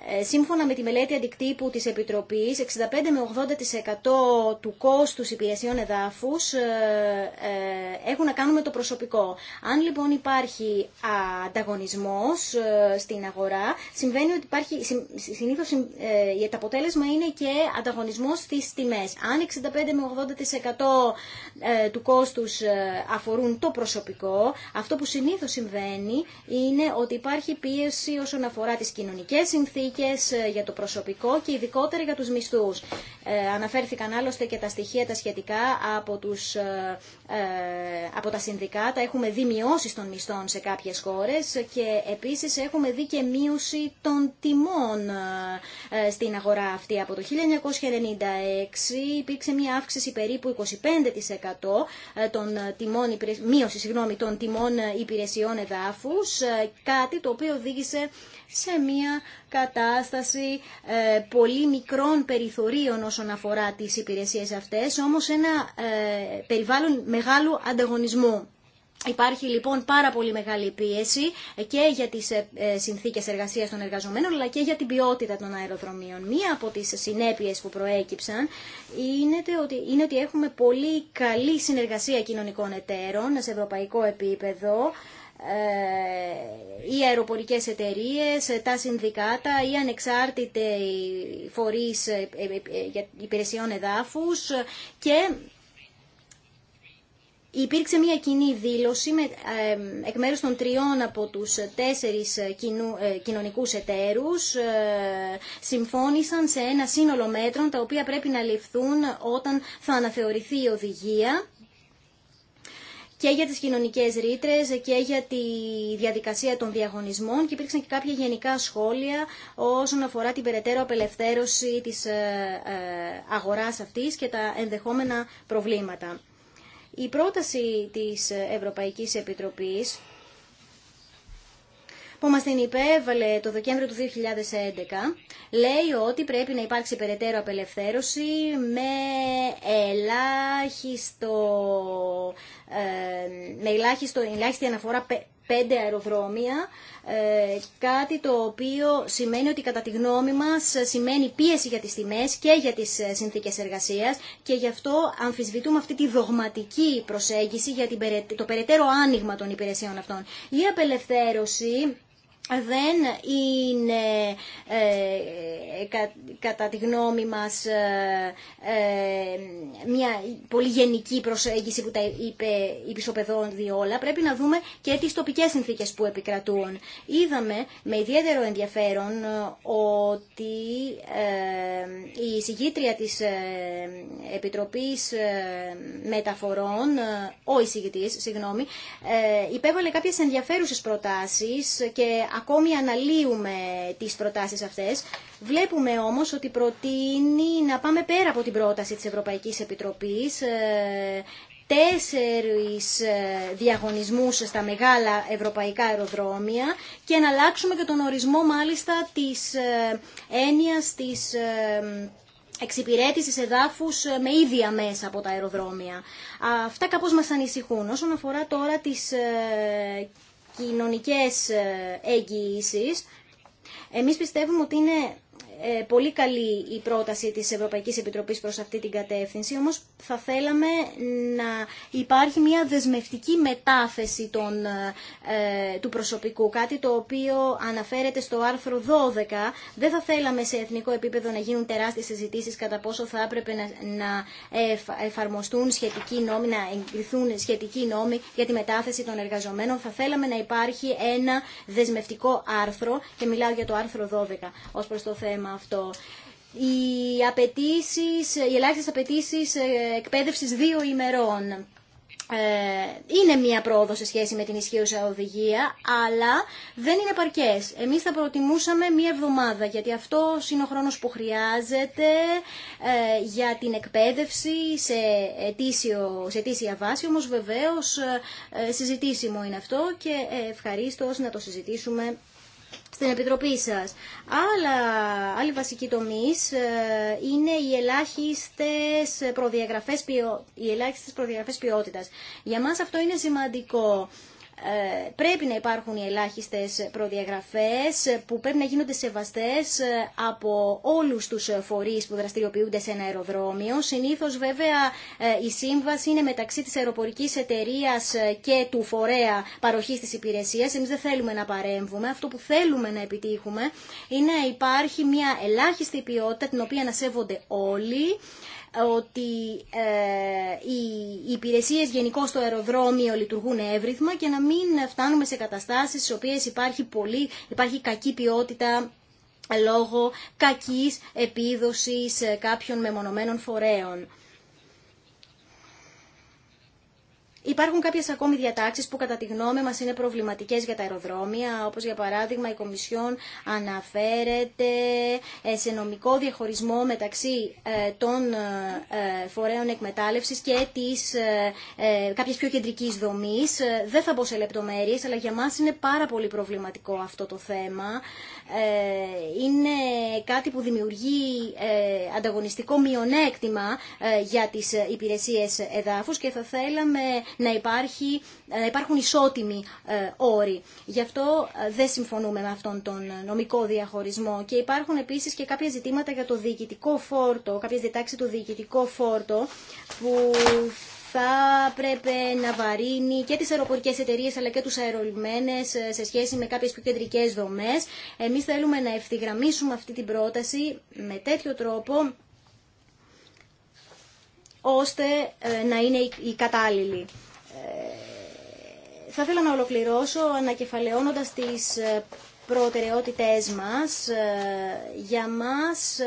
Ε, σύμφωνα με τη μελέτη αντικτύπου της Επιτροπής, 65 με 80% του κόστους υπηρεσιών εδάφους ε, ε, έχουν να κάνουν με το προσωπικό. Αν λοιπόν υπάρχει ανταγωνισμός στην αγορά, συμβαίνει ότι υπάρχει, συνήθως το αποτέλεσμα είναι και ανταγωνισμός στις τιμές. Αν 65 με 80% του κόστους αφορούν το προσωπικό, αυτό που συνήθως συμβαίνει είναι ότι υπάρχει πίεση όσον αφορά τις κοινωνικές συνθήκες, ε, για το προσωπικό και ειδικότερα για τους μισθούς. Ε, αναφέρθηκαν άλλωστε και τα στοιχεία τα σχετικά από, τους, ε, από τα συνδικάτα. Έχουμε δει μειώσεις των μισθών σε κάποιες χώρες και επίσης έχουμε δει και μείωση των τιμών στην αγορά αυτή. Από το 1996 υπήρξε μια αύξηση περίπου 25% των τιμών, των τιμών υπηρεσιών εδάφους, κάτι το οποίο οδήγησε σε μια κατάσταση ε, πολύ μικρών περιθωρίων όσον αφορά τις υπηρεσίες αυτές, όμως ένα ε, περιβάλλον μεγάλου ανταγωνισμού. Υπάρχει λοιπόν πάρα πολύ μεγάλη πίεση ε, και για τις συνθήκες εργασίας των εργαζομένων αλλά και για την ποιότητα των αεροδρομίων. Μία από τις συνέπειες που προέκυψαν είναι ότι, είναι ότι έχουμε πολύ καλή συνεργασία κοινωνικών εταίρων σε ευρωπαϊκό επίπεδο ε, οι αεροπορικές εταιρείες, ε, τα συνδικάτα, οι ανεξαρτητε φορείς ε, υπηρεσιών εδάφους και Υπήρξε μια κοινή δήλωση με, εκ μέρους των τριών από τους τέσσερις κοινού, ε, κοινωνικούς εταίρους. συμφώνησαν σε ένα σύνολο μέτρων τα οποία πρέπει να ληφθούν όταν θα αναθεωρηθεί η οδηγία και για τις κοινωνικές ρήτρε και για τη διαδικασία των διαγωνισμών και υπήρξαν και κάποια γενικά σχόλια όσον αφορά την περαιτέρω απελευθέρωση της ε, ε, αγοράς αυτής και τα ενδεχόμενα προβλήματα. Η πρόταση της Ευρωπαϊκής Επιτροπής που μας την υπέβαλε το Δεκέμβριο του 2011 λέει ότι πρέπει να υπάρξει περαιτέρω απελευθέρωση με ελάχιστο, ε, με ελάχιστο, ελάχιστη αναφορά πέντε αεροδρόμια, ε, κάτι το οποίο σημαίνει ότι κατά τη γνώμη μας σημαίνει πίεση για τις τιμές και για τις ε, συνθήκες εργασίας και γι' αυτό αμφισβητούμε αυτή τη δογματική προσέγγιση για το περαιτέρω άνοιγμα των υπηρεσιών αυτών. Η απελευθέρωση δεν είναι ε, κατά τη γνώμη μας ε, ε, μια πολύ γενική προσέγγιση που τα είπε η Πισοπεδόνδη Διόλα. Πρέπει να δούμε και τις τοπικές συνθήκες που επικρατούν. Είδαμε με ιδιαίτερο ενδιαφέρον ε, ότι η εισηγήτρια της Επιτροπής Μεταφορών, ο εισηγητής, συγγνώμη, υπέβαλε κάποιες ενδιαφέρουσες προτάσεις και ακόμη αναλύουμε τις προτάσεις αυτές. Βλέπουμε όμως ότι προτείνει να πάμε πέρα από την πρόταση της Ευρωπαϊκής Επιτροπής ε, τέσσερις ε, διαγωνισμούς στα μεγάλα ευρωπαϊκά αεροδρόμια και να αλλάξουμε και τον ορισμό μάλιστα της ε, έννοιας της εξυπηρέτησης εδάφους με ίδια μέσα από τα αεροδρόμια. Αυτά κάπως μας ανησυχούν. Όσον αφορά τώρα τις κοινωνικές ε, εγγυήσεις. Εμείς πιστεύουμε ότι είναι ε, πολύ καλή η πρόταση της Ευρωπαϊκής Επιτροπής προς αυτή την κατεύθυνση, όμως θα θέλαμε να υπάρχει μια δεσμευτική μετάθεση των, ε, του προσωπικού, κάτι το οποίο αναφέρεται στο άρθρο 12. Δεν θα θέλαμε σε εθνικό επίπεδο να γίνουν τεράστιες συζητήσεις κατά πόσο θα έπρεπε να, να εφαρμοστούν σχετικοί νόμοι, να εγκριθούν σχετικοί νόμοι για τη μετάθεση των εργαζομένων. Θα θέλαμε να υπάρχει ένα δεσμευτικό άρθρο και μιλάω για το άρθρο 12 ως προς το θέμα αυτό. Οι, απαιτήσεις, οι ελάχιστες απαιτήσει ε, εκπαίδευσης δύο ημερών ε, είναι μία πρόοδο σε σχέση με την ισχύουσα οδηγία, αλλά δεν είναι παρκές. Εμείς θα προτιμούσαμε μία εβδομάδα, γιατί αυτό είναι ο χρόνος που χρειάζεται ε, για την εκπαίδευση σε, σε αιτήσια βάση, όμως βεβαίως συζητήσιμο είναι αυτό και ευχαρίστως να το συζητήσουμε στην Επιτροπή σας. Αλλά βασική βασικοί τομείς ε, είναι οι ελάχιστες προδιαγραφές, οι ελάχιστες προδιαγραφές ποιότητας. Για μας αυτό είναι σημαντικό. Ε, πρέπει να υπάρχουν οι ελάχιστες προδιαγραφές που πρέπει να γίνονται σεβαστές ε, από όλους τους ε, φορείς που δραστηριοποιούνται σε ένα αεροδρόμιο. Συνήθως βέβαια η σύμβαση είναι μεταξύ της αεροπορικής εταιρείας και του φορέα παροχής της υπηρεσίας. Εμείς δεν θέλουμε να παρέμβουμε. Αυτό που θέλουμε να επιτύχουμε είναι να υπάρχει μια ελάχιστη ποιότητα την οποία να σέβονται όλοι ότι ε, οι υπηρεσίες γενικώ στο αεροδρόμιο λειτουργούν εύρυθμα και να μην φτάνουμε σε καταστάσεις στις οποίες υπάρχει, πολύ, υπάρχει κακή ποιότητα λόγω κακής επίδοσης κάποιων μεμονωμένων φορέων. Υπάρχουν κάποιες ακόμη διατάξεις που κατά τη γνώμη μας είναι προβληματικές για τα αεροδρόμια, όπως για παράδειγμα η Κομισιόν αναφέρεται ε, σε νομικό διαχωρισμό μεταξύ ε, των ε, φορέων εκμετάλλευσης και της κάποιες πιο κεντρικής δομής. Δεν θα μπω σε λεπτομέρειες, αλλά για μας είναι πάρα πολύ προβληματικό αυτό το θέμα. Είναι κάτι που δημιουργεί ανταγωνιστικό μειονέκτημα για τις υπηρεσίες εδάφους και θα θέλαμε να, υπάρχει, ε, να υπάρχουν ισότιμοι ε, όροι. Γι' αυτό ε, δεν συμφωνούμε με αυτόν τον νομικό διαχωρισμό. Και υπάρχουν επίσης και κάποια ζητήματα για το διοικητικό φόρτο, κάποιες διτάξεις του διοικητικό φόρτο που θα πρέπει να βαρύνει και τις αεροπορικές εταιρείες αλλά και τους αερολιμένες σε σχέση με κάποιες πιο κεντρικές δομές. Εμείς θέλουμε να ευθυγραμμίσουμε αυτή την πρόταση με τέτοιο τρόπο ώστε να είναι η κατάλληλη. Ε, θα ήθελα να ολοκληρώσω ανακεφαλαιώνοντας τις ε, προτεραιότητές μας. Ε, για μας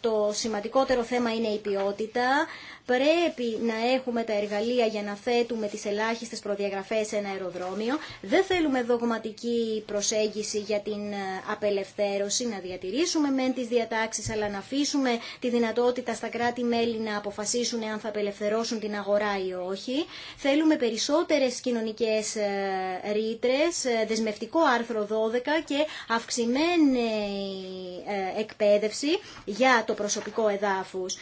το σημαντικότερο θέμα είναι η ποιότητα πρέπει να έχουμε τα εργαλεία για να θέτουμε τις ελάχιστες προδιαγραφές σε ένα αεροδρόμιο. Δεν θέλουμε δογματική προσέγγιση για την ε, απελευθέρωση, να διατηρήσουμε μεν τις διατάξεις, αλλά να αφήσουμε τη δυνατότητα στα κράτη-μέλη να αποφασίσουν αν θα απελευθερώσουν την αγορά ή όχι. Θέλουμε περισσότερες κοινωνικές ε, ρήτρε, ε, δεσμευτικό άρθρο 12 και αυξημένη εκπαίδευση για το προσωπικό εδάφους.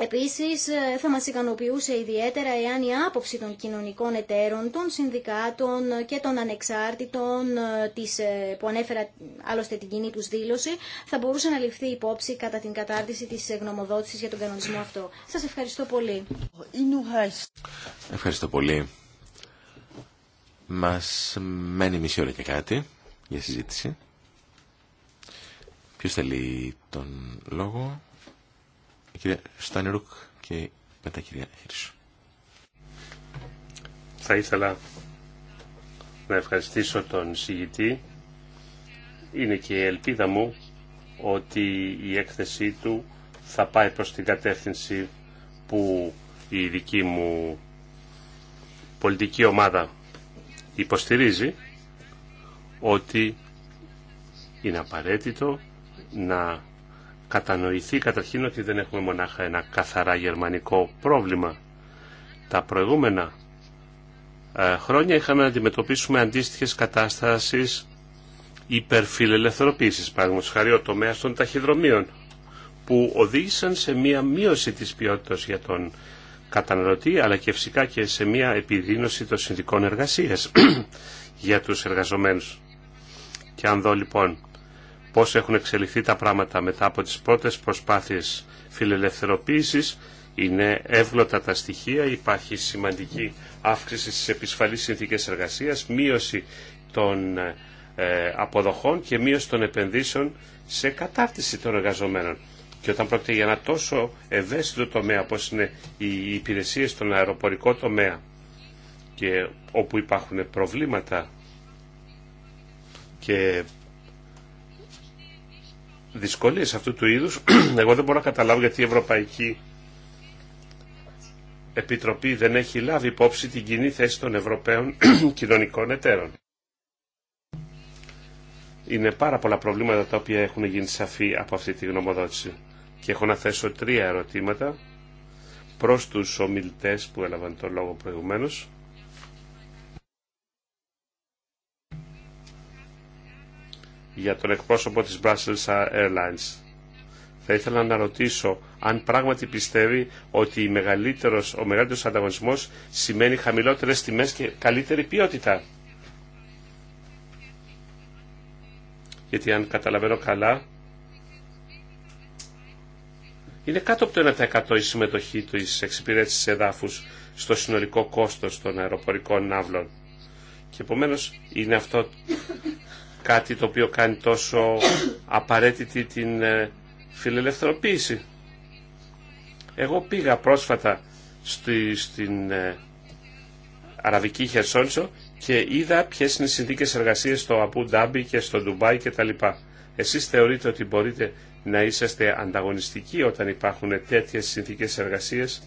Επίσης ε, θα μας ικανοποιούσε ιδιαίτερα εάν η άποψη των κοινωνικών εταίρων, των συνδικάτων και των ανεξάρτητων ε, της, ε, που ανέφερα άλλωστε την κοινή τους δήλωση θα μπορούσε να ληφθεί υπόψη κατά την κατάρτιση της γνωμοδότησης για τον κανονισμό αυτό. Σας ευχαριστώ πολύ. Ευχαριστώ πολύ. Μας μένει μισή ώρα και κάτι για συζήτηση. Ποιος θέλει τον λόγο, και μετά κυρία Θα ήθελα να ευχαριστήσω τον συγητή. Είναι και η ελπίδα μου ότι η έκθεσή του θα πάει προς την κατεύθυνση που η δική μου πολιτική ομάδα υποστηρίζει ότι είναι απαραίτητο να κατανοηθεί καταρχήν ότι δεν έχουμε μονάχα ένα καθαρά γερμανικό πρόβλημα. Τα προηγούμενα ε, χρόνια είχαμε να αντιμετωπίσουμε αντίστοιχες κατάστασεις υπερφιλελευθεροποίησης, παραδείγματος χαρή ο τομέας των ταχυδρομείων, που οδήγησαν σε μία μείωση της ποιότητας για τον καταναλωτή, αλλά και φυσικά και σε μία επιδείνωση των συνδικών εργασίας [CLEARS THROAT] για τους εργαζομένους. Και αν δω λοιπόν πώς έχουν εξελιχθεί τα πράγματα μετά από τις πρώτες προσπάθειες φιλελευθεροποίησης. Είναι εύγλωτα τα στοιχεία, υπάρχει σημαντική αύξηση στις επισφαλείς συνθήκες εργασίας, μείωση των ε, αποδοχών και μείωση των επενδύσεων σε κατάρτιση των εργαζομένων. Και όταν πρόκειται για ένα τόσο ευαίσθητο τομέα όπως είναι οι υπηρεσίες στον αεροπορικό τομέα και όπου υπάρχουν προβλήματα και δυσκολίες αυτού του είδους. [CLEARS THROAT] Εγώ δεν μπορώ να καταλάβω γιατί η Ευρωπαϊκή Επιτροπή δεν έχει λάβει υπόψη την κοινή θέση των Ευρωπαίων [CLEARS THROAT] κοινωνικών εταίρων. Είναι πάρα πολλά προβλήματα τα οποία έχουν γίνει σαφή από αυτή τη γνωμοδότηση. Και έχω να θέσω τρία ερωτήματα προς τους ομιλητές που έλαβαν τον λόγο προηγουμένως. για τον εκπρόσωπο της Brussels Airlines. Θα ήθελα να ρωτήσω αν πράγματι πιστεύει ότι ο μεγαλύτερος, ο μεγαλύτερος ανταγωνισμός σημαίνει χαμηλότερες τιμές και καλύτερη ποιότητα. Γιατί αν καταλαβαίνω καλά, είναι κάτω από το 1% η συμμετοχή τη εξυπηρέτηση εξυπηρέτησης στο συνολικό κόστος των αεροπορικών ναύλων. Και επομένως είναι αυτό κάτι το οποίο κάνει τόσο απαραίτητη την ε, φιλελευθερωποίηση. Εγώ πήγα πρόσφατα στη, στην ε, Αραβική Χερσόνησο και είδα ποιες είναι οι συνθήκες εργασίας στο Αμπού Ντάμπι και στο Ντουμπάι κτλ. Εσείς θεωρείτε ότι μπορείτε να είσαστε ανταγωνιστικοί όταν υπάρχουν τέτοιες συνθήκες εργασίας.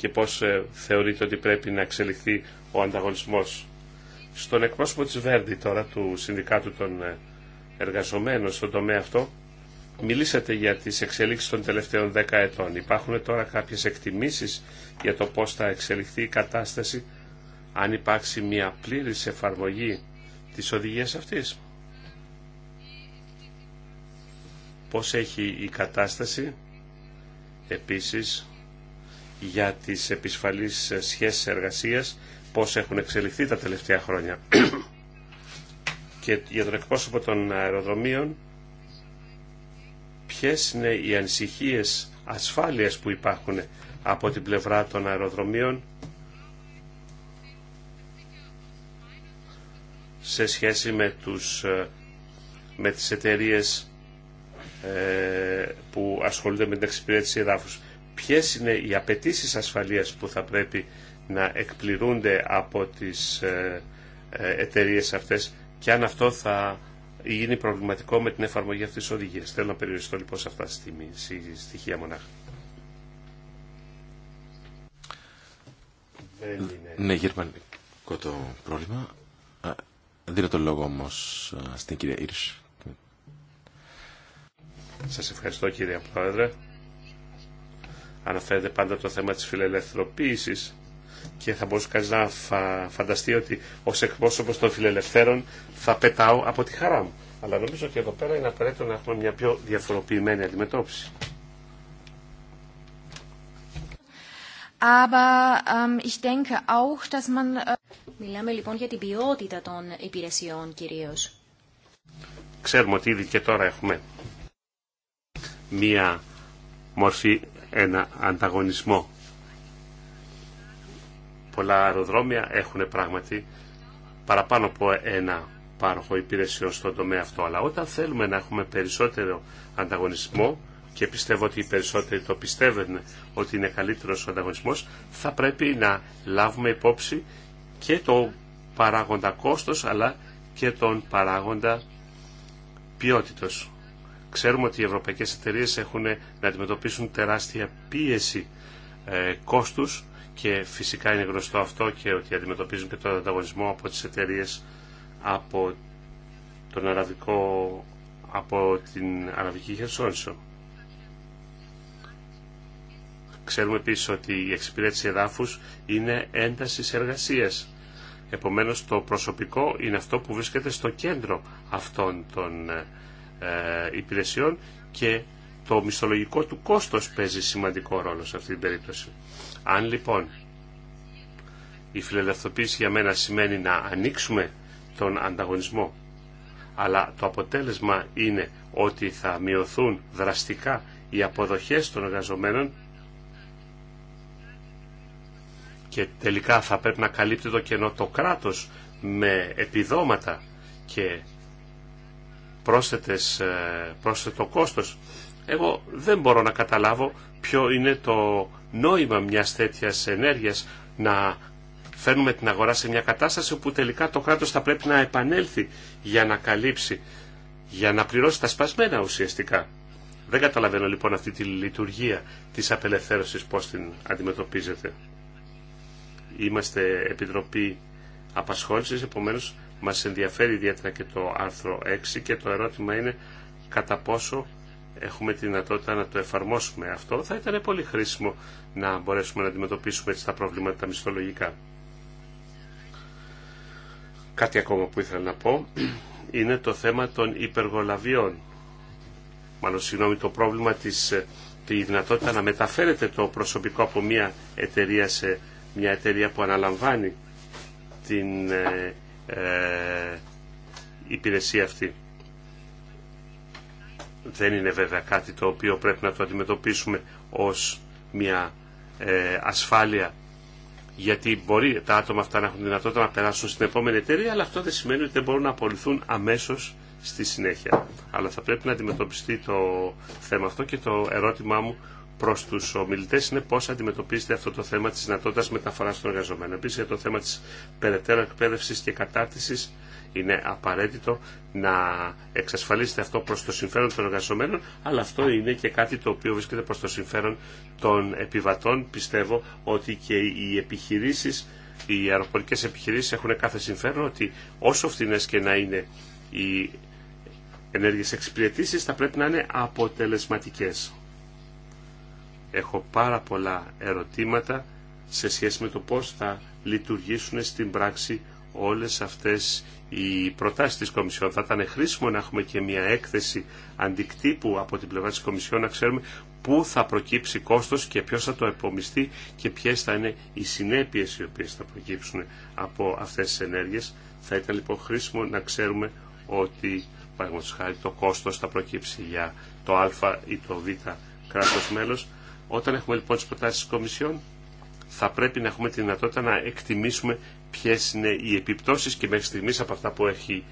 και πώς ε, θεωρείται ότι πρέπει να εξελιχθεί ο ανταγωνισμός. Στον εκπρόσωπο της Βέρντι τώρα, του Συνδικάτου των ε, Εργαζομένων στον τομέα αυτό, μιλήσατε για τις εξελίξεις των τελευταίων δέκα ετών. Υπάρχουν τώρα κάποιες εκτιμήσεις για το πώς θα εξελιχθεί η κατάσταση αν υπάρξει μια πλήρης εφαρμογή της οδηγίας αυτής. Πώς έχει η κατάσταση επίσης για τις επισφαλείς σχέσεις εργασίας, πώς έχουν εξελιχθεί τα τελευταία χρόνια. [CLEARS THROAT] και για τον εκπρόσωπο των αεροδρομίων, ποιες είναι οι ανησυχίες ασφάλειας που υπάρχουν από την πλευρά των αεροδρομίων σε σχέση με, τους, ε, με τις εταιρείες ε, που ασχολούνται με την εξυπηρέτηση εδάφους ποιες είναι οι απαιτήσει ασφαλείας που θα πρέπει να εκπληρούνται από τις ε, ε, εταιρείε αυτές και αν αυτό θα γίνει προβληματικό με την εφαρμογή αυτής της οδηγίας. Θέλω να περιοριστώ λοιπόν σε αυτά τα στοιχεία μονάχα. Ναι, γερμανικό το πρόβλημα. Δίνω το λόγο όμω στην κυρία Ήρς. Σας ευχαριστώ κύριε Πρόεδρε αναφέρεται πάντα το θέμα της φιλελευθερωποίησης και θα μπορούσε κανείς να φανταστεί ότι ως εκπρόσωπος των φιλελευθέρων θα πετάω από τη χαρά μου. Αλλά νομίζω ότι εδώ πέρα είναι απαραίτητο να έχουμε μια πιο διαφοροποιημένη αντιμετώπιση. Aber, ähm, ich denke auch, dass man... Äh, Μιλάμε λοιπόν για την ποιότητα των υπηρεσιών κυρίω. Ξέρουμε ότι ήδη και τώρα έχουμε μία μορφή ένα ανταγωνισμό. Πολλά αεροδρόμια έχουν πράγματι παραπάνω από ένα πάροχο υπηρεσιών στον τομέα αυτό. Αλλά όταν θέλουμε να έχουμε περισσότερο ανταγωνισμό, και πιστεύω ότι οι περισσότεροι το πιστεύουν ότι είναι καλύτερος ο ανταγωνισμός, θα πρέπει να λάβουμε υπόψη και το παράγοντα κόστος αλλά και τον παράγοντα ποιότητος. Ξέρουμε ότι οι ευρωπαϊκές εταιρείες έχουν να αντιμετωπίσουν τεράστια πίεση ε, κόστους και φυσικά είναι γνωστό αυτό και ότι αντιμετωπίζουν και τον ανταγωνισμό από τις εταιρείε από τον αραβικό από την Αραβική Χερσόνησο. Ξέρουμε επίσης ότι η εξυπηρέτηση εδάφους είναι ένταση εργασίας. Επομένως το προσωπικό είναι αυτό που βρίσκεται στο κέντρο αυτών των ε, ε, υπηρεσιών και το μισθολογικό του κόστος παίζει σημαντικό ρόλο σε αυτή την περίπτωση. Αν λοιπόν η φιλελευθοποίηση για μένα σημαίνει να ανοίξουμε τον ανταγωνισμό αλλά το αποτέλεσμα είναι ότι θα μειωθούν δραστικά οι αποδοχές των εργαζομένων και τελικά θα πρέπει να καλύπτει το κενό το κράτος με επιδόματα και πρόσθετες, ε, πρόσθετο κόστος. Εγώ δεν μπορώ να καταλάβω ποιο είναι το νόημα μιας τέτοιας ενέργειας να φέρνουμε την αγορά σε μια κατάσταση όπου τελικά το κράτος θα πρέπει να επανέλθει για να καλύψει, για να πληρώσει τα σπασμένα ουσιαστικά. Δεν καταλαβαίνω λοιπόν αυτή τη λειτουργία της απελευθέρωσης πώς την αντιμετωπίζετε. Είμαστε Επιτροπή Απασχόλησης, επομένως μας ενδιαφέρει ιδιαίτερα και το άρθρο 6 και το ερώτημα είναι κατά πόσο έχουμε τη δυνατότητα να το εφαρμόσουμε αυτό. Θα ήταν πολύ χρήσιμο να μπορέσουμε να αντιμετωπίσουμε έτσι τα προβλήματα τα μισθολογικά. Κάτι ακόμα που ήθελα να πω είναι το θέμα των υπεργολαβιών. Μάλλον, συγγνώμη, το πρόβλημα της ε, τη δυνατότητα να μεταφέρεται το προσωπικό από μια εταιρεία σε μια εταιρεία που αναλαμβάνει την ε, ε, υπηρεσία αυτή. Δεν είναι βέβαια κάτι το οποίο πρέπει να το αντιμετωπίσουμε ως μια ε, ασφάλεια γιατί μπορεί τα άτομα αυτά να έχουν δυνατότητα να περάσουν στην επόμενη εταιρεία, αλλά αυτό δεν σημαίνει ότι δεν μπορούν να απολυθούν αμέσως στη συνέχεια. Αλλά θα πρέπει να αντιμετωπιστεί το θέμα αυτό και το ερώτημά μου προ του ομιλητέ είναι πώ αντιμετωπίζεται αυτό το θέμα τη δυνατότητα μεταφορά των εργαζομένων. Επίση, για το θέμα τη περαιτέρω εκπαίδευση και κατάρτιση είναι απαραίτητο να εξασφαλίσετε αυτό προ το συμφέρον των εργαζομένων, αλλά αυτό είναι και κάτι το οποίο βρίσκεται προ το συμφέρον των επιβατών. Πιστεύω ότι και οι επιχειρήσει, οι αεροπορικέ επιχειρήσει έχουν κάθε συμφέρον ότι όσο φθηνέ και να είναι οι ενέργειες εξυπηρετήσει θα πρέπει να είναι αποτελεσματικέ έχω πάρα πολλά ερωτήματα σε σχέση με το πώς θα λειτουργήσουν στην πράξη όλες αυτές οι προτάσεις της Κομισιόν. Θα ήταν χρήσιμο να έχουμε και μια έκθεση αντικτύπου από την πλευρά της Κομισιόν να ξέρουμε πού θα προκύψει κόστος και ποιος θα το επομιστεί και ποιες θα είναι οι συνέπειες οι οποίες θα προκύψουν από αυτές τις ενέργειες. Θα ήταν λοιπόν χρήσιμο να ξέρουμε ότι το κόστος θα προκύψει για το α ή το β κράτος μέλος όταν έχουμε λοιπόν τι προτάσει τη Κομισιόν, θα πρέπει να έχουμε τη δυνατότητα να εκτιμήσουμε ποιε είναι οι επιπτώσει και μέχρι στιγμή από αυτά που έχει,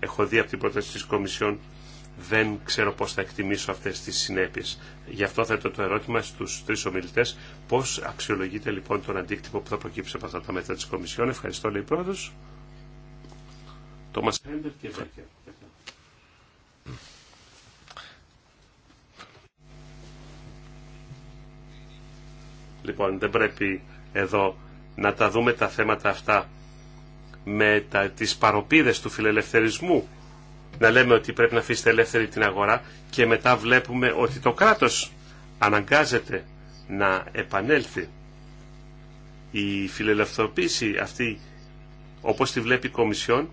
έχω δει από την πρόταση τη Κομισιόν δεν ξέρω πώ θα εκτιμήσω αυτέ τι συνέπειε. Γι' αυτό θέτω το ερώτημα στου τρει ομιλητέ. Πώ αξιολογείται λοιπόν τον αντίκτυπο που θα προκύψει από αυτά τα μέτρα τη Κομισιόν. Ευχαριστώ λέει πρόεδρος. Το Χέντερ και Λοιπόν, δεν πρέπει εδώ να τα δούμε τα θέματα αυτά με τα, τις παροπίδες του φιλελευθερισμού. Να λέμε ότι πρέπει να αφήσετε ελεύθερη την αγορά και μετά βλέπουμε ότι το κράτος αναγκάζεται να επανέλθει. Η φιλελευθερωποίηση αυτή, όπως τη βλέπει η Κομισιόν,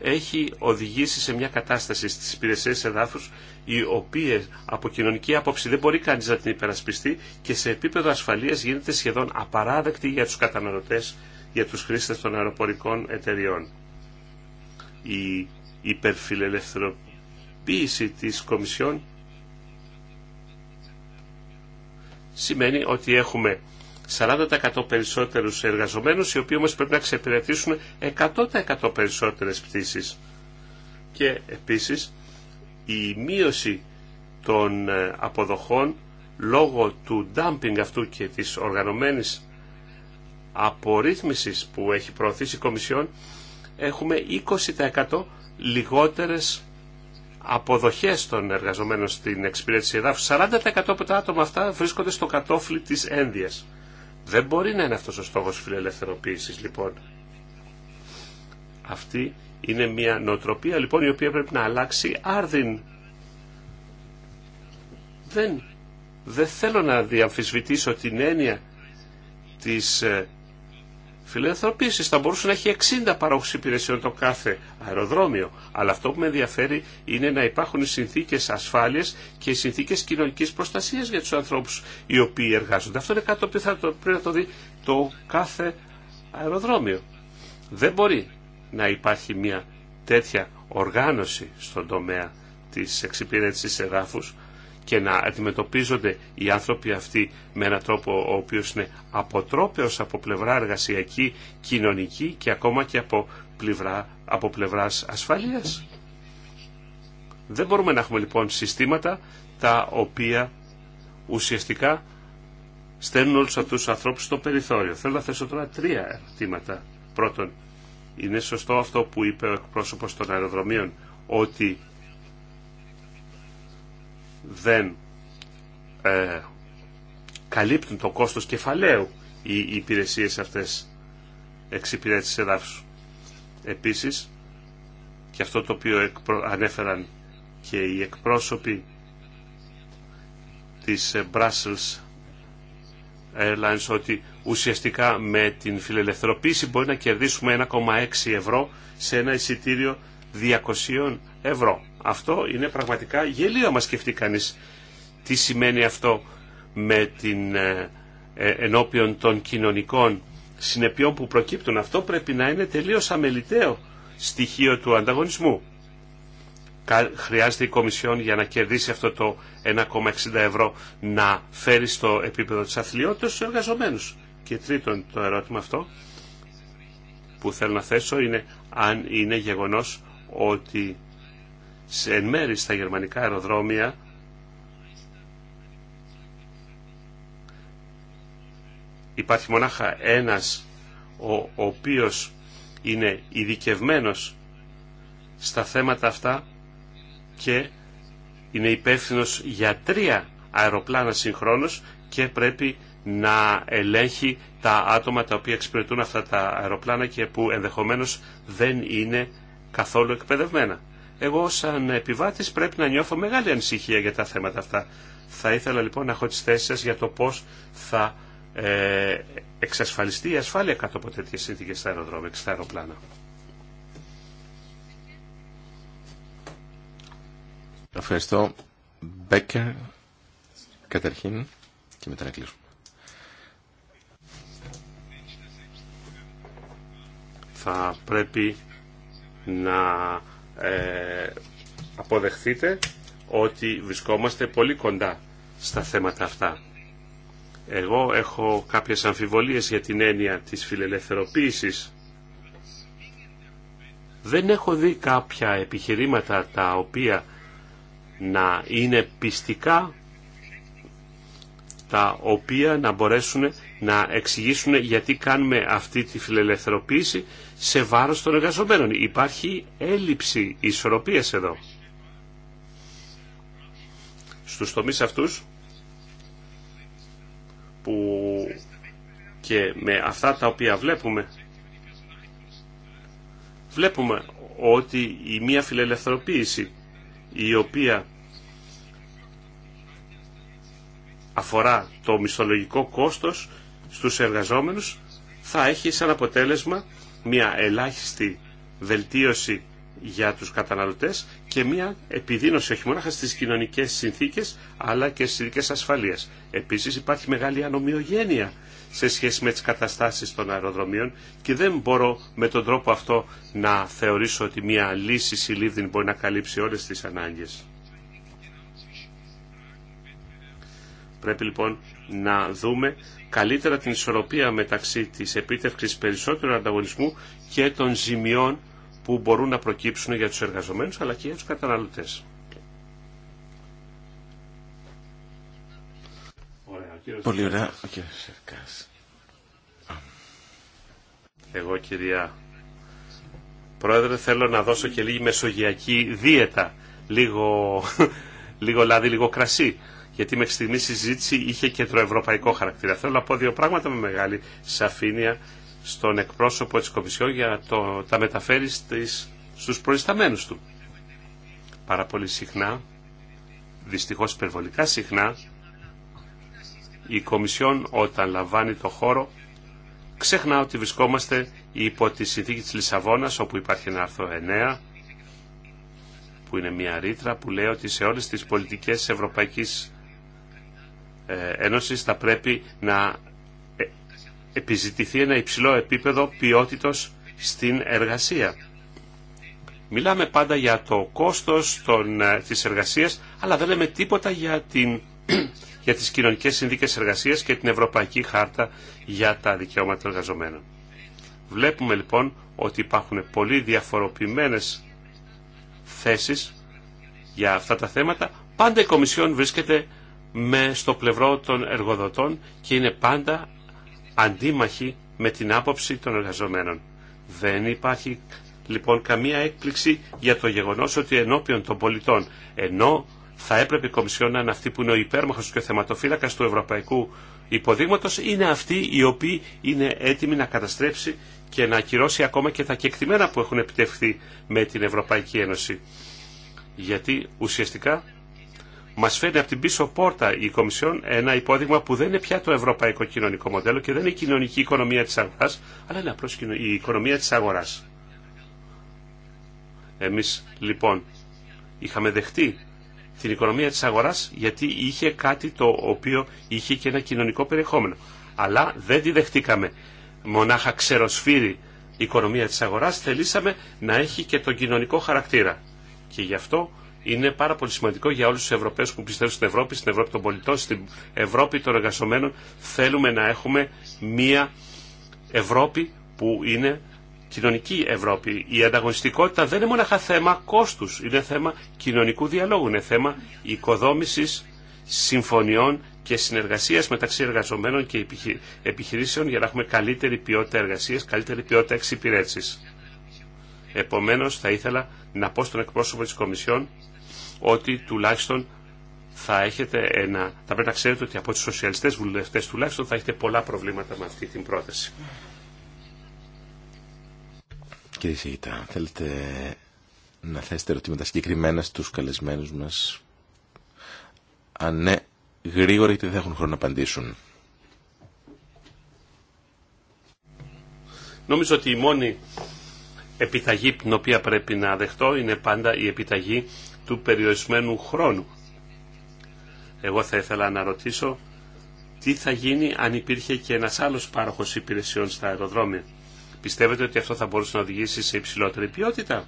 έχει οδηγήσει σε μια κατάσταση στις υπηρεσίες εδάφους οι οποίες από κοινωνική άποψη δεν μπορεί κανείς να την υπερασπιστεί και σε επίπεδο ασφαλείας γίνεται σχεδόν απαράδεκτη για τους καταναλωτές, για τους χρήστες των αεροπορικών εταιριών. Η υπερφιλελευθερωποίηση της Κομισιόν σημαίνει ότι έχουμε 40% περισσότερου εργαζομένου, οι οποίοι όμω πρέπει να ξεπηρετήσουν 100% περισσότερε πτήσει. Και επίσης η μείωση των ε, αποδοχών λόγω του dumping αυτού και τη οργανωμένης απορρίθμιση που έχει προωθήσει η Κομισιόν έχουμε 20% λιγότερες αποδοχές των εργαζομένων στην εξυπηρέτηση εδάφου. 40% από τα άτομα αυτά βρίσκονται στο κατόφλι τη ένδυας. Δεν μπορεί να είναι αυτός ο στόχος φιλελευθεροποίησης λοιπόν. Αυτή είναι μια νοοτροπία λοιπόν η οποία πρέπει να αλλάξει άρδιν. Δεν, δεν θέλω να διαμφισβητήσω την έννοια της ε, φιλανθρωπήσει. Θα μπορούσε να έχει 60 παρόχου υπηρεσιών το κάθε αεροδρόμιο. Αλλά αυτό που με ενδιαφέρει είναι να υπάρχουν οι συνθήκες ασφάλειας και οι συνθήκες κοινωνικής προστασίας για τους ανθρώπους οι οποίοι εργάζονται. Αυτό είναι κάτι που θα το, πρέπει να το δει το κάθε αεροδρόμιο. Δεν μπορεί να υπάρχει μια τέτοια οργάνωση στον τομέα της εξυπηρέτησης εδάφους και να αντιμετωπίζονται οι άνθρωποι αυτοί με έναν τρόπο ο οποίος είναι αποτρόπαιος από πλευρά εργασιακή, κοινωνική και ακόμα και από, πλευρά, από πλευράς ασφαλείας. Δεν μπορούμε να έχουμε λοιπόν συστήματα τα οποία ουσιαστικά στέλνουν όλους αυτούς τους ανθρώπους στο περιθώριο. Θέλω να θέσω τώρα τρία ερωτήματα. Πρώτον, είναι σωστό αυτό που είπε ο εκπρόσωπος των αεροδρομίων ότι δεν ε, καλύπτουν το κόστος κεφαλαίου οι, οι υπηρεσίες αυτές εξυπηρέτησης εδάφους. Επίσης, και αυτό το οποίο ανέφεραν και οι εκπρόσωποι της ε, Brussels Airlines ότι ουσιαστικά με την φιλελευθερωποίηση μπορεί να κερδίσουμε 1,6 ευρώ σε ένα εισιτήριο 200 ευρώ. Αυτό είναι πραγματικά γελίο μας σκεφτεί κανείς τι σημαίνει αυτό με την ε, ε, ενώπιον των κοινωνικών συνεπειών που προκύπτουν. Αυτό πρέπει να είναι τελείως αμεληταίο στοιχείο του ανταγωνισμού. Χρειάζεται η Κομισιόν για να κερδίσει αυτό το 1,60 ευρώ να φέρει στο επίπεδο της αθλειότητας του εργαζομένους. Και τρίτον το ερώτημα αυτό που θέλω να θέσω είναι αν είναι γεγονός ότι σε εν μέρη στα γερμανικά αεροδρόμια υπάρχει μονάχα ένας ο οποίος είναι ειδικευμένο στα θέματα αυτά και είναι υπεύθυνο για τρία αεροπλάνα συγχρόνως και πρέπει να ελέγχει τα άτομα τα οποία εξυπηρετούν αυτά τα αεροπλάνα και που ενδεχομένως δεν είναι καθόλου εκπαιδευμένα εγώ σαν επιβάτης πρέπει να νιώθω μεγάλη ανησυχία για τα θέματα αυτά. Θα ήθελα λοιπόν να έχω τις θέσεις σας για το πώς θα ε, εξασφαλιστεί η ασφάλεια κάτω από τέτοιες συνθήκες στα αεροδρόμια και στα αεροπλάνα. Ευχαριστώ. Μπέκερ, καταρχήν και μετά να κλείσουμε. Θα πρέπει να ε, αποδεχθείτε ότι βρισκόμαστε πολύ κοντά στα θέματα αυτά. Εγώ έχω κάποιες αμφιβολίες για την έννοια της φιλελευθεροποίησης. Δεν έχω δει κάποια επιχειρήματα τα οποία να είναι πιστικά, τα οποία να μπορέσουν να εξηγήσουν γιατί κάνουμε αυτή τη φιλελευθεροποίηση σε βάρος των εργαζομένων. Υπάρχει έλλειψη ισορροπίας εδώ. Στους τομείς αυτούς που και με αυτά τα οποία βλέπουμε βλέπουμε ότι η μία φιλελευθερωποίηση η οποία αφορά το μισθολογικό κόστος στους εργαζόμενους θα έχει σαν αποτέλεσμα μια ελάχιστη βελτίωση για τους καταναλωτές και μια επιδείνωση όχι μόνο στις κοινωνικές συνθήκες αλλά και στις ειδικέ ασφαλείας. Επίσης υπάρχει μεγάλη ανομοιογένεια σε σχέση με τις καταστάσεις των αεροδρομίων και δεν μπορώ με τον τρόπο αυτό να θεωρήσω ότι μια λύση συλλήφδη μπορεί να καλύψει όλες τις ανάγκες. Πρέπει λοιπόν να δούμε καλύτερα την ισορροπία μεταξύ της επίτευξης περισσότερου ανταγωνισμού και των ζημιών που μπορούν να προκύψουν για τους εργαζομένους αλλά και για τους καταναλωτές. Πολύ ωραία. Εγώ κυρία Πρόεδρε θέλω να δώσω και λίγη μεσογειακή δίαιτα. Λίγο, [LAUGHS] λίγο λάδι, λίγο κρασί γιατί μέχρι στιγμή η συζήτηση είχε κεντροευρωπαϊκό χαρακτήρα. Θέλω να πω δύο πράγματα με μεγάλη σαφήνεια στον εκπρόσωπο της Κομισιόν για το, τα μεταφέρει στις, στους προϊσταμένους του. Πάρα πολύ συχνά, δυστυχώς υπερβολικά συχνά, η Κομισιόν όταν λαμβάνει το χώρο ξεχνά ότι βρισκόμαστε υπό τη συνθήκη της Λισαβόνας όπου υπάρχει ένα άρθρο 9 που είναι μια ρήτρα που λέει ότι σε όλες τις πολιτικές Ευρωπαϊκής ε, ένωσης θα πρέπει να ε, επιζητηθεί ένα υψηλό επίπεδο ποιότητος στην εργασία. Μιλάμε πάντα για το κόστος των, ε, της εργασίας, αλλά δεν λέμε τίποτα για, την, [CLEARS THROAT] για τις κοινωνικές συνδίκες εργασίας και την Ευρωπαϊκή Χάρτα για τα δικαιώματα των εργαζομένων. Βλέπουμε λοιπόν ότι υπάρχουν πολύ διαφοροποιημένες θέσεις για αυτά τα θέματα. Πάντα η Κομισιόν βρίσκεται με στο πλευρό των εργοδοτών και είναι πάντα αντίμαχοι με την άποψη των εργαζομένων. Δεν υπάρχει λοιπόν καμία έκπληξη για το γεγονός ότι ενώπιον των πολιτών, ενώ θα έπρεπε η Κομισιόν να είναι αυτή που είναι ο υπέρμαχος και ο θεματοφύλακας του ευρωπαϊκού υποδείγματος, είναι αυτή η οποία είναι έτοιμη να καταστρέψει και να ακυρώσει ακόμα και τα κεκτημένα που έχουν επιτευχθεί με την Ευρωπαϊκή Ένωση. Γιατί ουσιαστικά Μα φέρνει από την πίσω πόρτα η Κομισιόν ένα υπόδειγμα που δεν είναι πια το ευρωπαϊκό κοινωνικό μοντέλο και δεν είναι η κοινωνική οικονομία τη αγορά, αλλά είναι απλώ η οικονομία τη αγορά. Εμεί, λοιπόν είχαμε δεχτεί την οικονομία της αγοράς γιατί είχε κάτι το οποίο είχε και ένα κοινωνικό περιεχόμενο. Αλλά δεν τη δεχτήκαμε μονάχα ξεροσφύρι οικονομία της αγοράς, θελήσαμε να έχει και τον κοινωνικό χαρακτήρα. Και γι' αυτό είναι πάρα πολύ σημαντικό για όλους τους Ευρωπαίους που πιστεύουν στην Ευρώπη, στην Ευρώπη των πολιτών, στην Ευρώπη των εργασομένων. Θέλουμε να έχουμε μία Ευρώπη που είναι κοινωνική Ευρώπη. Η ανταγωνιστικότητα δεν είναι μόνο θέμα κόστους, είναι θέμα κοινωνικού διαλόγου, είναι θέμα οικοδόμησης συμφωνιών και συνεργασίας μεταξύ εργαζομένων και επιχειρήσεων για να έχουμε καλύτερη ποιότητα εργασίας, καλύτερη ποιότητα εξυπηρέτηση. Επομένως, θα ήθελα να πω στον εκπρόσωπο της Κομισιόν ότι τουλάχιστον θα, έχετε ένα, θα πρέπει να ξέρετε ότι από τους σοσιαλιστές βουλευτές τουλάχιστον θα έχετε πολλά προβλήματα με αυτή την πρόταση. Κύριε Σιγητά, θέλετε να θέσετε ερωτήματα συγκεκριμένα στους καλεσμένους μας. Αν ναι, γρήγορα γιατί δεν έχουν χρόνο να απαντήσουν. Νομίζω ότι η μόνη επιταγή την οποία πρέπει να δεχτώ είναι πάντα η επιταγή του περιορισμένου χρόνου. Εγώ θα ήθελα να ρωτήσω τι θα γίνει αν υπήρχε και ένας άλλος πάροχος υπηρεσιών στα αεροδρόμια. Πιστεύετε ότι αυτό θα μπορούσε να οδηγήσει σε υψηλότερη ποιότητα.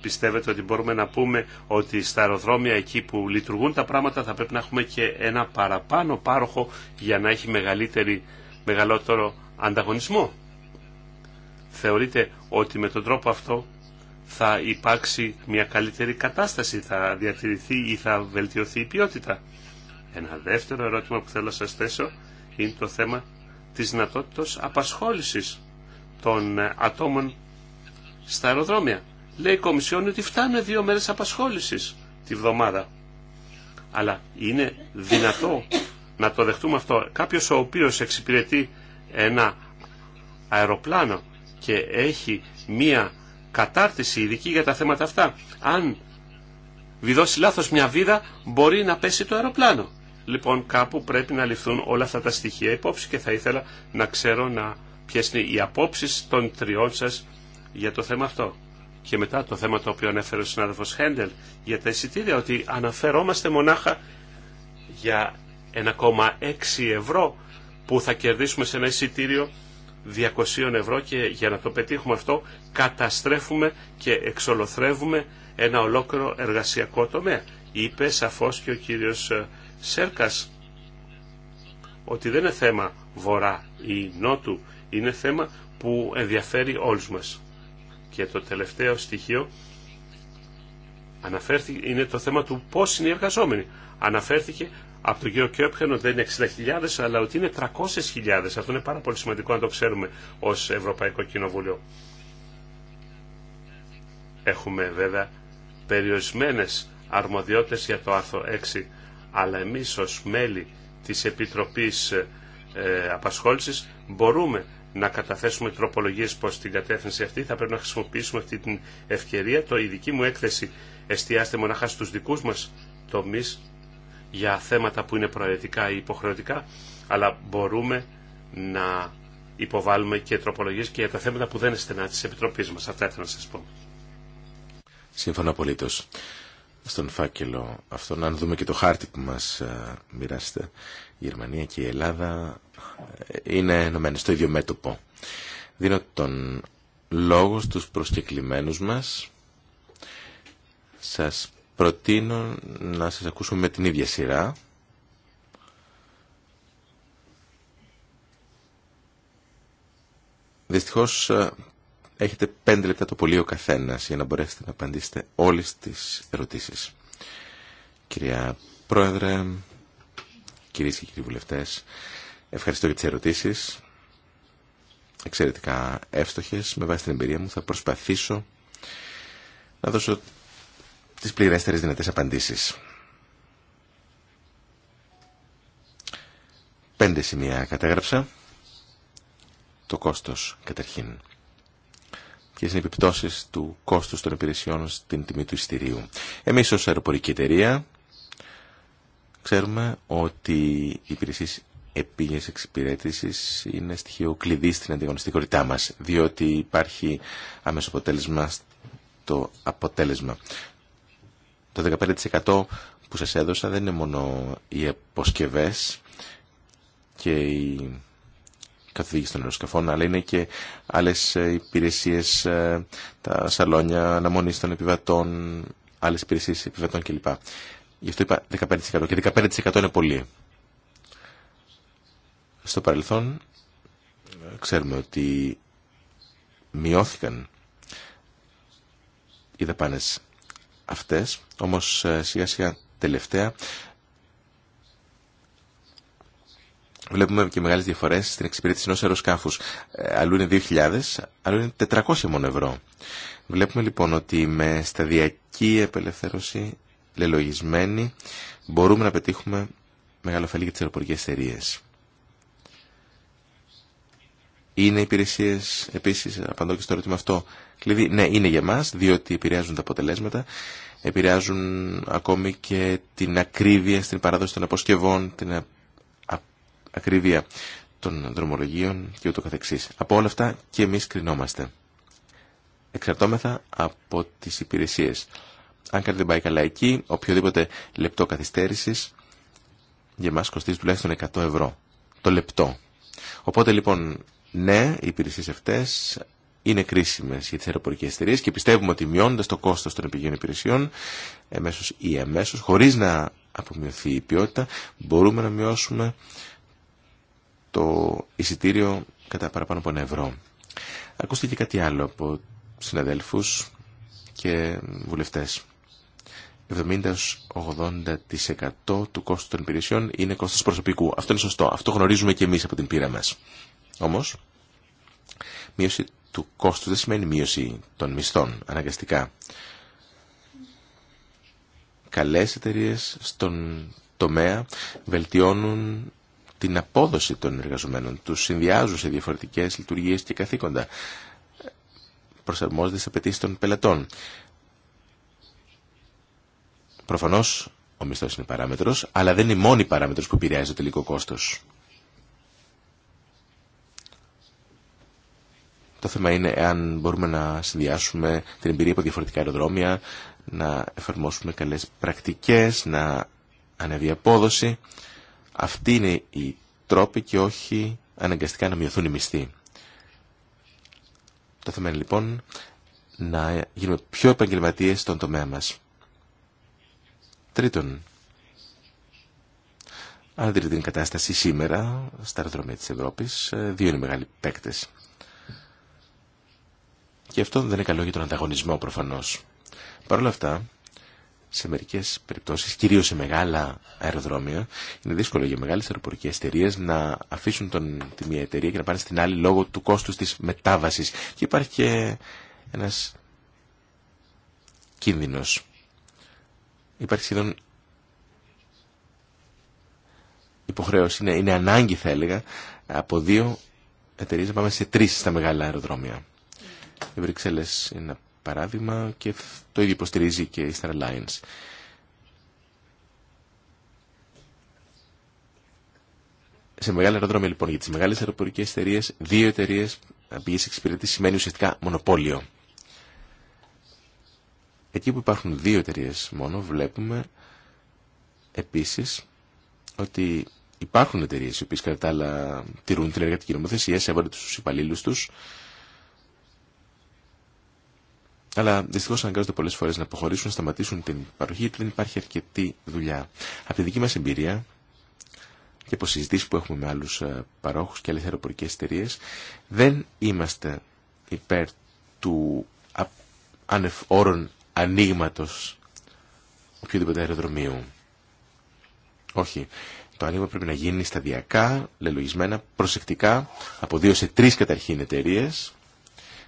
Πιστεύετε ότι μπορούμε να πούμε ότι στα αεροδρόμια εκεί που λειτουργούν τα πράγματα θα πρέπει να έχουμε και ένα παραπάνω πάροχο για να έχει μεγαλύτερη, μεγαλότερο ανταγωνισμό. Θεωρείτε ότι με τον τρόπο αυτό θα υπάρξει μια καλύτερη κατάσταση, θα διατηρηθεί ή θα βελτιωθεί η ποιότητα. Ένα δεύτερο ερώτημα που θέλω να σας θέσω είναι το θέμα της δυνατότητας απασχόλησης των ε, ατόμων στα αεροδρόμια. Λέει η Κομισιόν ότι φτάνουν δύο μέρες απασχόλησης τη βδομάδα. Αλλά είναι δυνατό να το δεχτούμε αυτό. Κάποιος ο οποίος εξυπηρετεί ένα αεροπλάνο και έχει μία κατάρτιση ειδική για τα θέματα αυτά. Αν βιδώσει λάθος μια βίδα, μπορεί να πέσει το αεροπλάνο. Λοιπόν, κάπου πρέπει να ληφθούν όλα αυτά τα στοιχεία υπόψη και θα ήθελα να ξέρω να ποιες είναι οι απόψεις των τριών σας για το θέμα αυτό. Και μετά το θέμα το οποίο ανέφερε ο συνάδελφος Χέντελ για τα εισιτήρια, ότι αναφερόμαστε μονάχα για 1,6 ευρώ που θα κερδίσουμε σε ένα εισιτήριο 200 ευρώ και για να το πετύχουμε αυτό καταστρέφουμε και εξολοθρεύουμε ένα ολόκληρο εργασιακό τομέα. Είπε σαφώς και ο κύριος ε, Σέρκας ότι δεν είναι θέμα βορρά ή νότου, είναι θέμα που ενδιαφέρει όλους μας. Και το τελευταίο στοιχείο αναφέρθηκε, είναι το θέμα του πώς είναι οι εργαζόμενοι. Αναφέρθηκε από τον κύριο Κιόπχεν δεν είναι 60.000 αλλά ότι είναι 300.000. Αυτό είναι πάρα πολύ σημαντικό να το ξέρουμε ως Ευρωπαϊκό Κοινοβούλιο. Έχουμε βέβαια περιορισμένες αρμοδιότητες για το άρθρο 6 αλλά εμείς ως μέλη της Επιτροπής ε, Απασχόλησης μπορούμε να καταθέσουμε τροπολογίες προ την κατεύθυνση αυτή. Θα πρέπει να χρησιμοποιήσουμε αυτή την ευκαιρία. Το, η δική μου έκθεση εστιάζεται μονάχα στους δικούς μας τομείς για θέματα που είναι προαιρετικά ή υποχρεωτικά, αλλά μπορούμε να υποβάλουμε και τροπολογίες και για τα θέματα που δεν είναι στενά της Επιτροπής μας. Αυτά ήθελα να σας πω. Σύμφωνα απολύτως. Στον φάκελο αυτόν αν δούμε και το χάρτη που μας ε, μοιράσετε, η Γερμανία και η Ελλάδα ε, είναι ενωμένε στο ίδιο μέτωπο. Δίνω τον λόγο στους προσκεκλημένους μας. Σας προτείνω να σας ακούσουμε με την ίδια σειρά. Δυστυχώς ε, έχετε πέντε λεπτά το πολύ ο καθένας για να μπορέσετε να απαντήσετε όλες τις ερωτήσεις. Κυρία Πρόεδρε, κυρίες και κύριοι βουλευτές, ευχαριστώ για τις ερωτήσεις. Εξαιρετικά εύστοχες, με βάση την εμπειρία μου θα προσπαθήσω να δώσω τις πληρέστερες δυνατές απαντήσεις. Πέντε σημεία κατέγραψα. Το κόστος καταρχήν. και είναι οι επιπτώσεις του κόστους των υπηρεσιών στην τιμή του ειστηρίου. Εμείς ως αεροπορική εταιρεία ξέρουμε ότι οι υπηρεσίες επίγειες εξυπηρέτησης είναι στοιχείο κλειδί στην αντιγωνιστικότητά μας, διότι υπάρχει αμέσως αποτέλεσμα το αποτέλεσμα. Το 15% που σας έδωσα δεν είναι μόνο οι αποσκευές και η καθοδήγηση των αεροσκαφών, αλλά είναι και άλλες ε, υπηρεσίες, ε, τα σαλόνια αναμονή των επιβατών, άλλες υπηρεσίες επιβατών κλπ. Γι' αυτό είπα 15% και 15% είναι πολύ. Στο παρελθόν ε, ξέρουμε ότι μειώθηκαν οι δαπάνες αυτές, όμως ε, σιγά σιγά τελευταία βλέπουμε και μεγάλες διαφορές στην εξυπηρέτηση ενός αεροσκάφους. Ε, αλλού είναι 2.000, αλλού είναι 400 μόνο ευρώ. Βλέπουμε λοιπόν ότι με σταδιακή επελευθέρωση, λελογισμένη, μπορούμε να πετύχουμε μεγάλο φαλή για τις αεροπορικές εταιρείε. Είναι υπηρεσίες, επίσης, απαντώ και στο ερώτημα αυτό, κλειδί. Ναι, είναι για μας, διότι επηρεάζουν τα αποτελέσματα, επηρεάζουν ακόμη και την ακρίβεια στην παράδοση των αποσκευών, την ακρίβεια των δρομολογίων και ούτω καθεξής. Από όλα αυτά και εμείς κρινόμαστε. Εξαρτώμεθα από τις υπηρεσίες. Αν κάτι δεν πάει καλά εκεί, οποιοδήποτε λεπτό καθυστέρησης για μας κοστίζει τουλάχιστον 100 ευρώ. Το λεπτό. Οπότε λοιπόν, ναι, οι υπηρεσίες αυτές είναι κρίσιμε για τι αεροπορικέ εταιρείε και πιστεύουμε ότι μειώνοντα το κόστος των πηγών υπηρεσιών εμέσως ή εμέσως, χωρί να απομειωθεί η ποιότητα, μπορούμε να μειώσουμε το εισιτήριο κατά παραπάνω από ένα ευρώ. Ακούστε και κάτι άλλο από συναδέλφους και βουλευτές. 70-80% του κόστου των υπηρεσιών είναι κόστο προσωπικού. Αυτό είναι σωστό. Αυτό γνωρίζουμε και εμεί από την πείρα μα. Όμω, μείωση του κόστου δεν σημαίνει μείωση των μισθών αναγκαστικά. Καλές εταιρείε στον τομέα βελτιώνουν την απόδοση των εργαζομένων, τους συνδυάζουν σε διαφορετικές λειτουργίες και καθήκοντα, προσαρμόζονται σε απαιτήσει των πελατών. Προφανώς ο μισθός είναι παράμετρος, αλλά δεν είναι η μόνη παράμετρος που επηρεάζει το τελικό κόστος. Το θέμα είναι εάν μπορούμε να συνδυάσουμε την εμπειρία από διαφορετικά αεροδρόμια, να εφαρμόσουμε καλές πρακτικές, να ανέβει η απόδοση. Αυτοί είναι οι τρόποι και όχι αναγκαστικά να μειωθούν οι μισθοί. Το θέμα είναι λοιπόν να γίνουμε πιο επαγγελματίες στον τομέα μας. Τρίτον, αν δείτε την κατάσταση σήμερα στα αεροδρομία της Ευρώπης, ε, δύο είναι μεγάλοι και αυτό δεν είναι καλό για τον ανταγωνισμό προφανώς. Παρ' όλα αυτά, σε μερικές περιπτώσεις, κυρίως σε μεγάλα αεροδρόμια, είναι δύσκολο για μεγάλες αεροπορικές εταιρείε να αφήσουν τον, τη μία εταιρεία και να πάνε στην άλλη λόγω του κόστου της μετάβασης. Και υπάρχει και ένας κίνδυνος. Υπάρχει σχεδόν υποχρέωση, είναι, είναι ανάγκη θα έλεγα, από δύο εταιρείε να πάμε σε τρει στα μεγάλα αεροδρόμια. Οι Βρυξέλλες είναι ένα παράδειγμα και το ίδιο υποστηρίζει και η Star Alliance. Σε μεγάλα αεροδρόμια λοιπόν για τις μεγάλες αεροπορικές εταιρείε, δύο εταιρείε πηγή εξυπηρετή σημαίνει ουσιαστικά μονοπόλιο. Εκεί που υπάρχουν δύο εταιρείε μόνο βλέπουμε επίσης ότι υπάρχουν εταιρείε οι οποίες κατά τα άλλα τηρούν την εργατική νομοθεσία, σέβονται τους υπαλλήλους τους αλλά δυστυχώ αναγκάζονται πολλέ φορέ να αποχωρήσουν, να σταματήσουν την παροχή γιατί δεν υπάρχει αρκετή δουλειά. Από τη δική μα εμπειρία και από συζητήσει που έχουμε με άλλου ε, παρόχου και άλλε αεροπορικέ εταιρείε, δεν είμαστε υπέρ του ανεφόρων όρων ανοίγματο οποιοδήποτε αεροδρομίου. Όχι. Το άνοιγμα πρέπει να γίνει σταδιακά, λελογισμένα, προσεκτικά, από δύο σε τρει καταρχήν εταιρείε,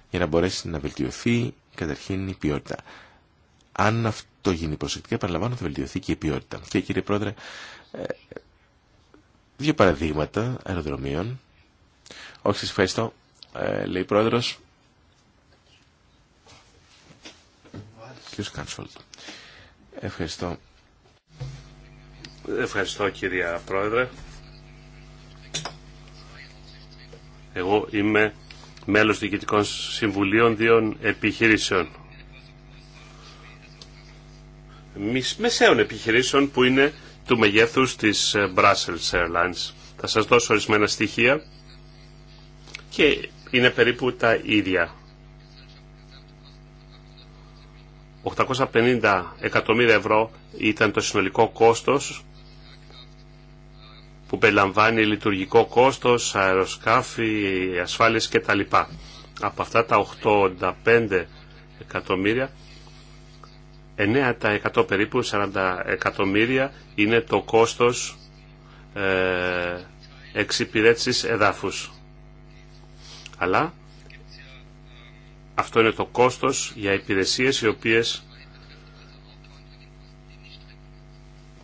για να μπορέσει να βελτιωθεί καταρχήν η ποιότητα. Αν αυτό γίνει προσεκτικά, παραλαμβάνω, θα βελτιωθεί και η ποιότητα. Και κύριε Πρόεδρε, ε, δύο παραδείγματα αεροδρομίων. Όχι, σα ευχαριστώ, ε, λέει πρόεδρο. Πρόεδρος. Κύριος Ευχαριστώ. Ευχαριστώ κυρία Πρόεδρε. Εγώ είμαι μέλος διοικητικών συμβουλίων δύο επιχειρήσεων. Μεσαίων επιχειρήσεων που είναι του μεγέθους της ε, Brussels Airlines. Θα σας δώσω ορισμένα στοιχεία και είναι περίπου τα ίδια. 850 εκατομμύρια ευρώ ήταν το συνολικό κόστος που περιλαμβάνει λειτουργικό κόστος, αεροσκάφη, ασφάλειες κτλ. Από αυτά τα 85 εκατομμύρια, 9% περίπου, 40 εκατομμύρια είναι το κόστος ε, εξυπηρέτησης εδάφους. Αλλά αυτό είναι το κόστος για υπηρεσίες οι οποίες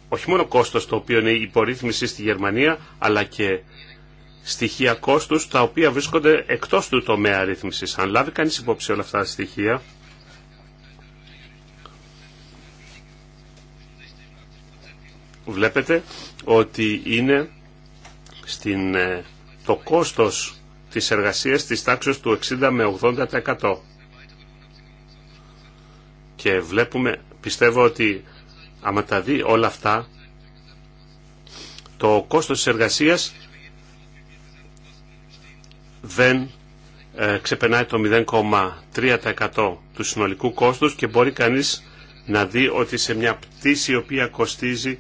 όχι μόνο κόστος το οποίο είναι η υπορρύθμιση στη Γερμανία, αλλά και στοιχεία κόστους τα οποία βρίσκονται εκτός του τομέα ρύθμισης. Αν λάβει κανείς υπόψη όλα αυτά τα στοιχεία, βλέπετε ότι είναι στην, ε, το κόστος της εργασίας της τάξης του 60 με 80%. Και βλέπουμε, πιστεύω ότι άμα τα δει όλα αυτά, το κόστος της εργασίας δεν ε, ξεπερνάει το 0,3% του συνολικού κόστους και μπορεί κανείς να δει ότι σε μια πτήση η οποία κοστίζει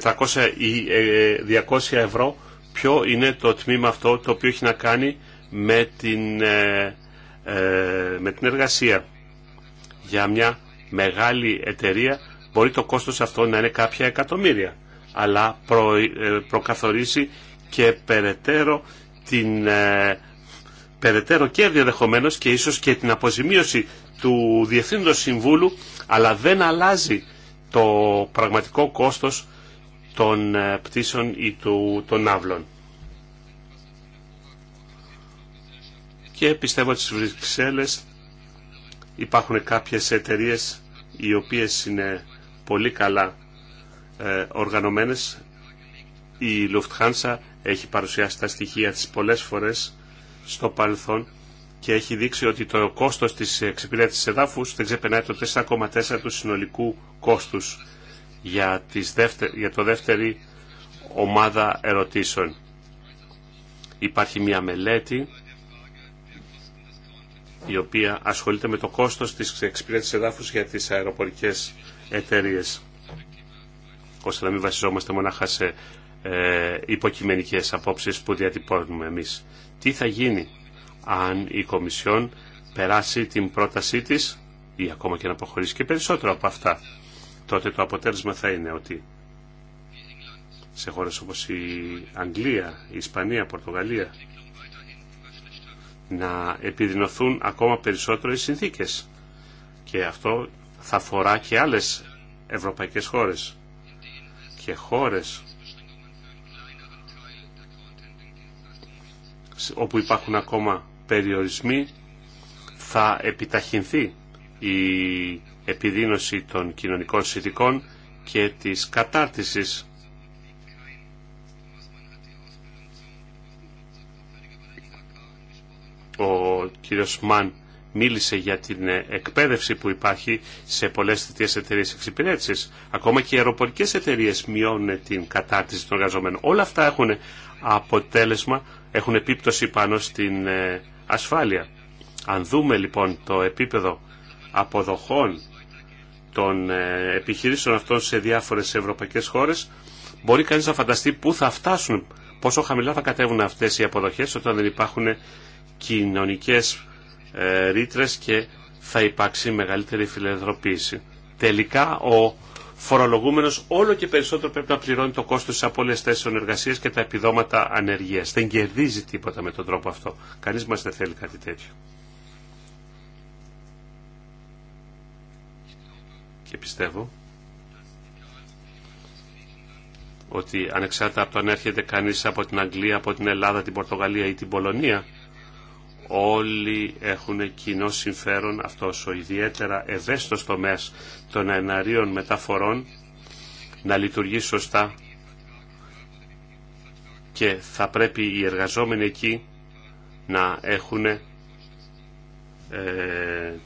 400 ή 200 ε, ευρώ ποιο είναι το τμήμα αυτό το οποίο έχει να κάνει με την, ε, με την εργασία. Για μια μεγάλη εταιρεία Μπορεί το κόστος αυτό να είναι κάποια εκατομμύρια, αλλά προ, ε, προκαθορίζει και περαιτέρω την ε, περαιτέρω κέρδη και ίσως και την αποζημίωση του Διευθύνοντος Συμβούλου, αλλά δεν αλλάζει το πραγματικό κόστος των ε, πτήσεων ή του, των ναύλων. Και πιστεύω ότι στις Βρυξέλλες υπάρχουν κάποιες εταιρείες οι οποίες είναι πολύ καλά ε, οργανωμένες. Η Lufthansa έχει παρουσιάσει τα στοιχεία της πολλές φορές στο παρελθόν και έχει δείξει ότι το κόστος της εξυπηρέτησης εδάφους δεν ξεπερνάει το 4,4 του συνολικού κόστους για, τις δεύτε, για το δεύτερη ομάδα ερωτήσεων. Υπάρχει μια μελέτη η οποία ασχολείται με το κόστος της εξυπηρέτησης εδάφους για τις αεροπορικές εταιρείε, ώστε να μην βασιζόμαστε μονάχα σε ε, υποκειμενικές απόψεις που διατυπώνουμε εμείς. Τι θα γίνει αν η Κομισιόν περάσει την πρότασή της ή ακόμα και να αποχωρήσει και περισσότερο από αυτά. Τότε το αποτέλεσμα θα είναι ότι σε χώρες όπως η Αγγλία, η Ισπανία, η Πορτογαλία να επιδεινωθούν ακόμα περισσότερο οι συνθήκες. Και αυτό θα αφορά και άλλες ευρωπαϊκές χώρες και χώρες όπου υπάρχουν ακόμα περιορισμοί θα επιταχυνθεί η επιδείνωση των κοινωνικών συνθηκών και της κατάρτισης ο κύριος μίλησε για την ε, εκπαίδευση που υπάρχει σε πολλές θετικές εταιρείες εξυπηρέτησης. Ακόμα και οι αεροπορικές εταιρείες μειώνουν την κατάρτιση των εργαζομένων. Όλα αυτά έχουν αποτέλεσμα, έχουν επίπτωση πάνω στην ε, ασφάλεια. Αν δούμε λοιπόν το επίπεδο αποδοχών των ε, επιχειρήσεων αυτών σε διάφορες ευρωπαϊκές χώρες, μπορεί κανείς να φανταστεί πού θα φτάσουν, πόσο χαμηλά θα κατέβουν αυτές οι αποδοχές όταν δεν υπάρχουν κοινωνικές ε, ρήτρε και θα υπάρξει μεγαλύτερη φιλεδροποίηση Τελικά ο φορολογούμενο όλο και περισσότερο πρέπει να πληρώνει το κόστο τη απώλεια θέσεων εργασία και τα επιδόματα ανεργία. Δεν κερδίζει τίποτα με τον τρόπο αυτό. Κανεί μα δεν θέλει κάτι τέτοιο. Και πιστεύω ότι ανεξάρτητα από το αν έρχεται κανείς από την Αγγλία, από την Ελλάδα, την Πορτογαλία ή την Πολωνία, όλοι έχουν κοινό συμφέρον αυτός ο ιδιαίτερα ευαίσθητος τομέας των εναρίων μεταφορών να λειτουργεί σωστά και θα πρέπει οι εργαζόμενοι εκεί να έχουν ε,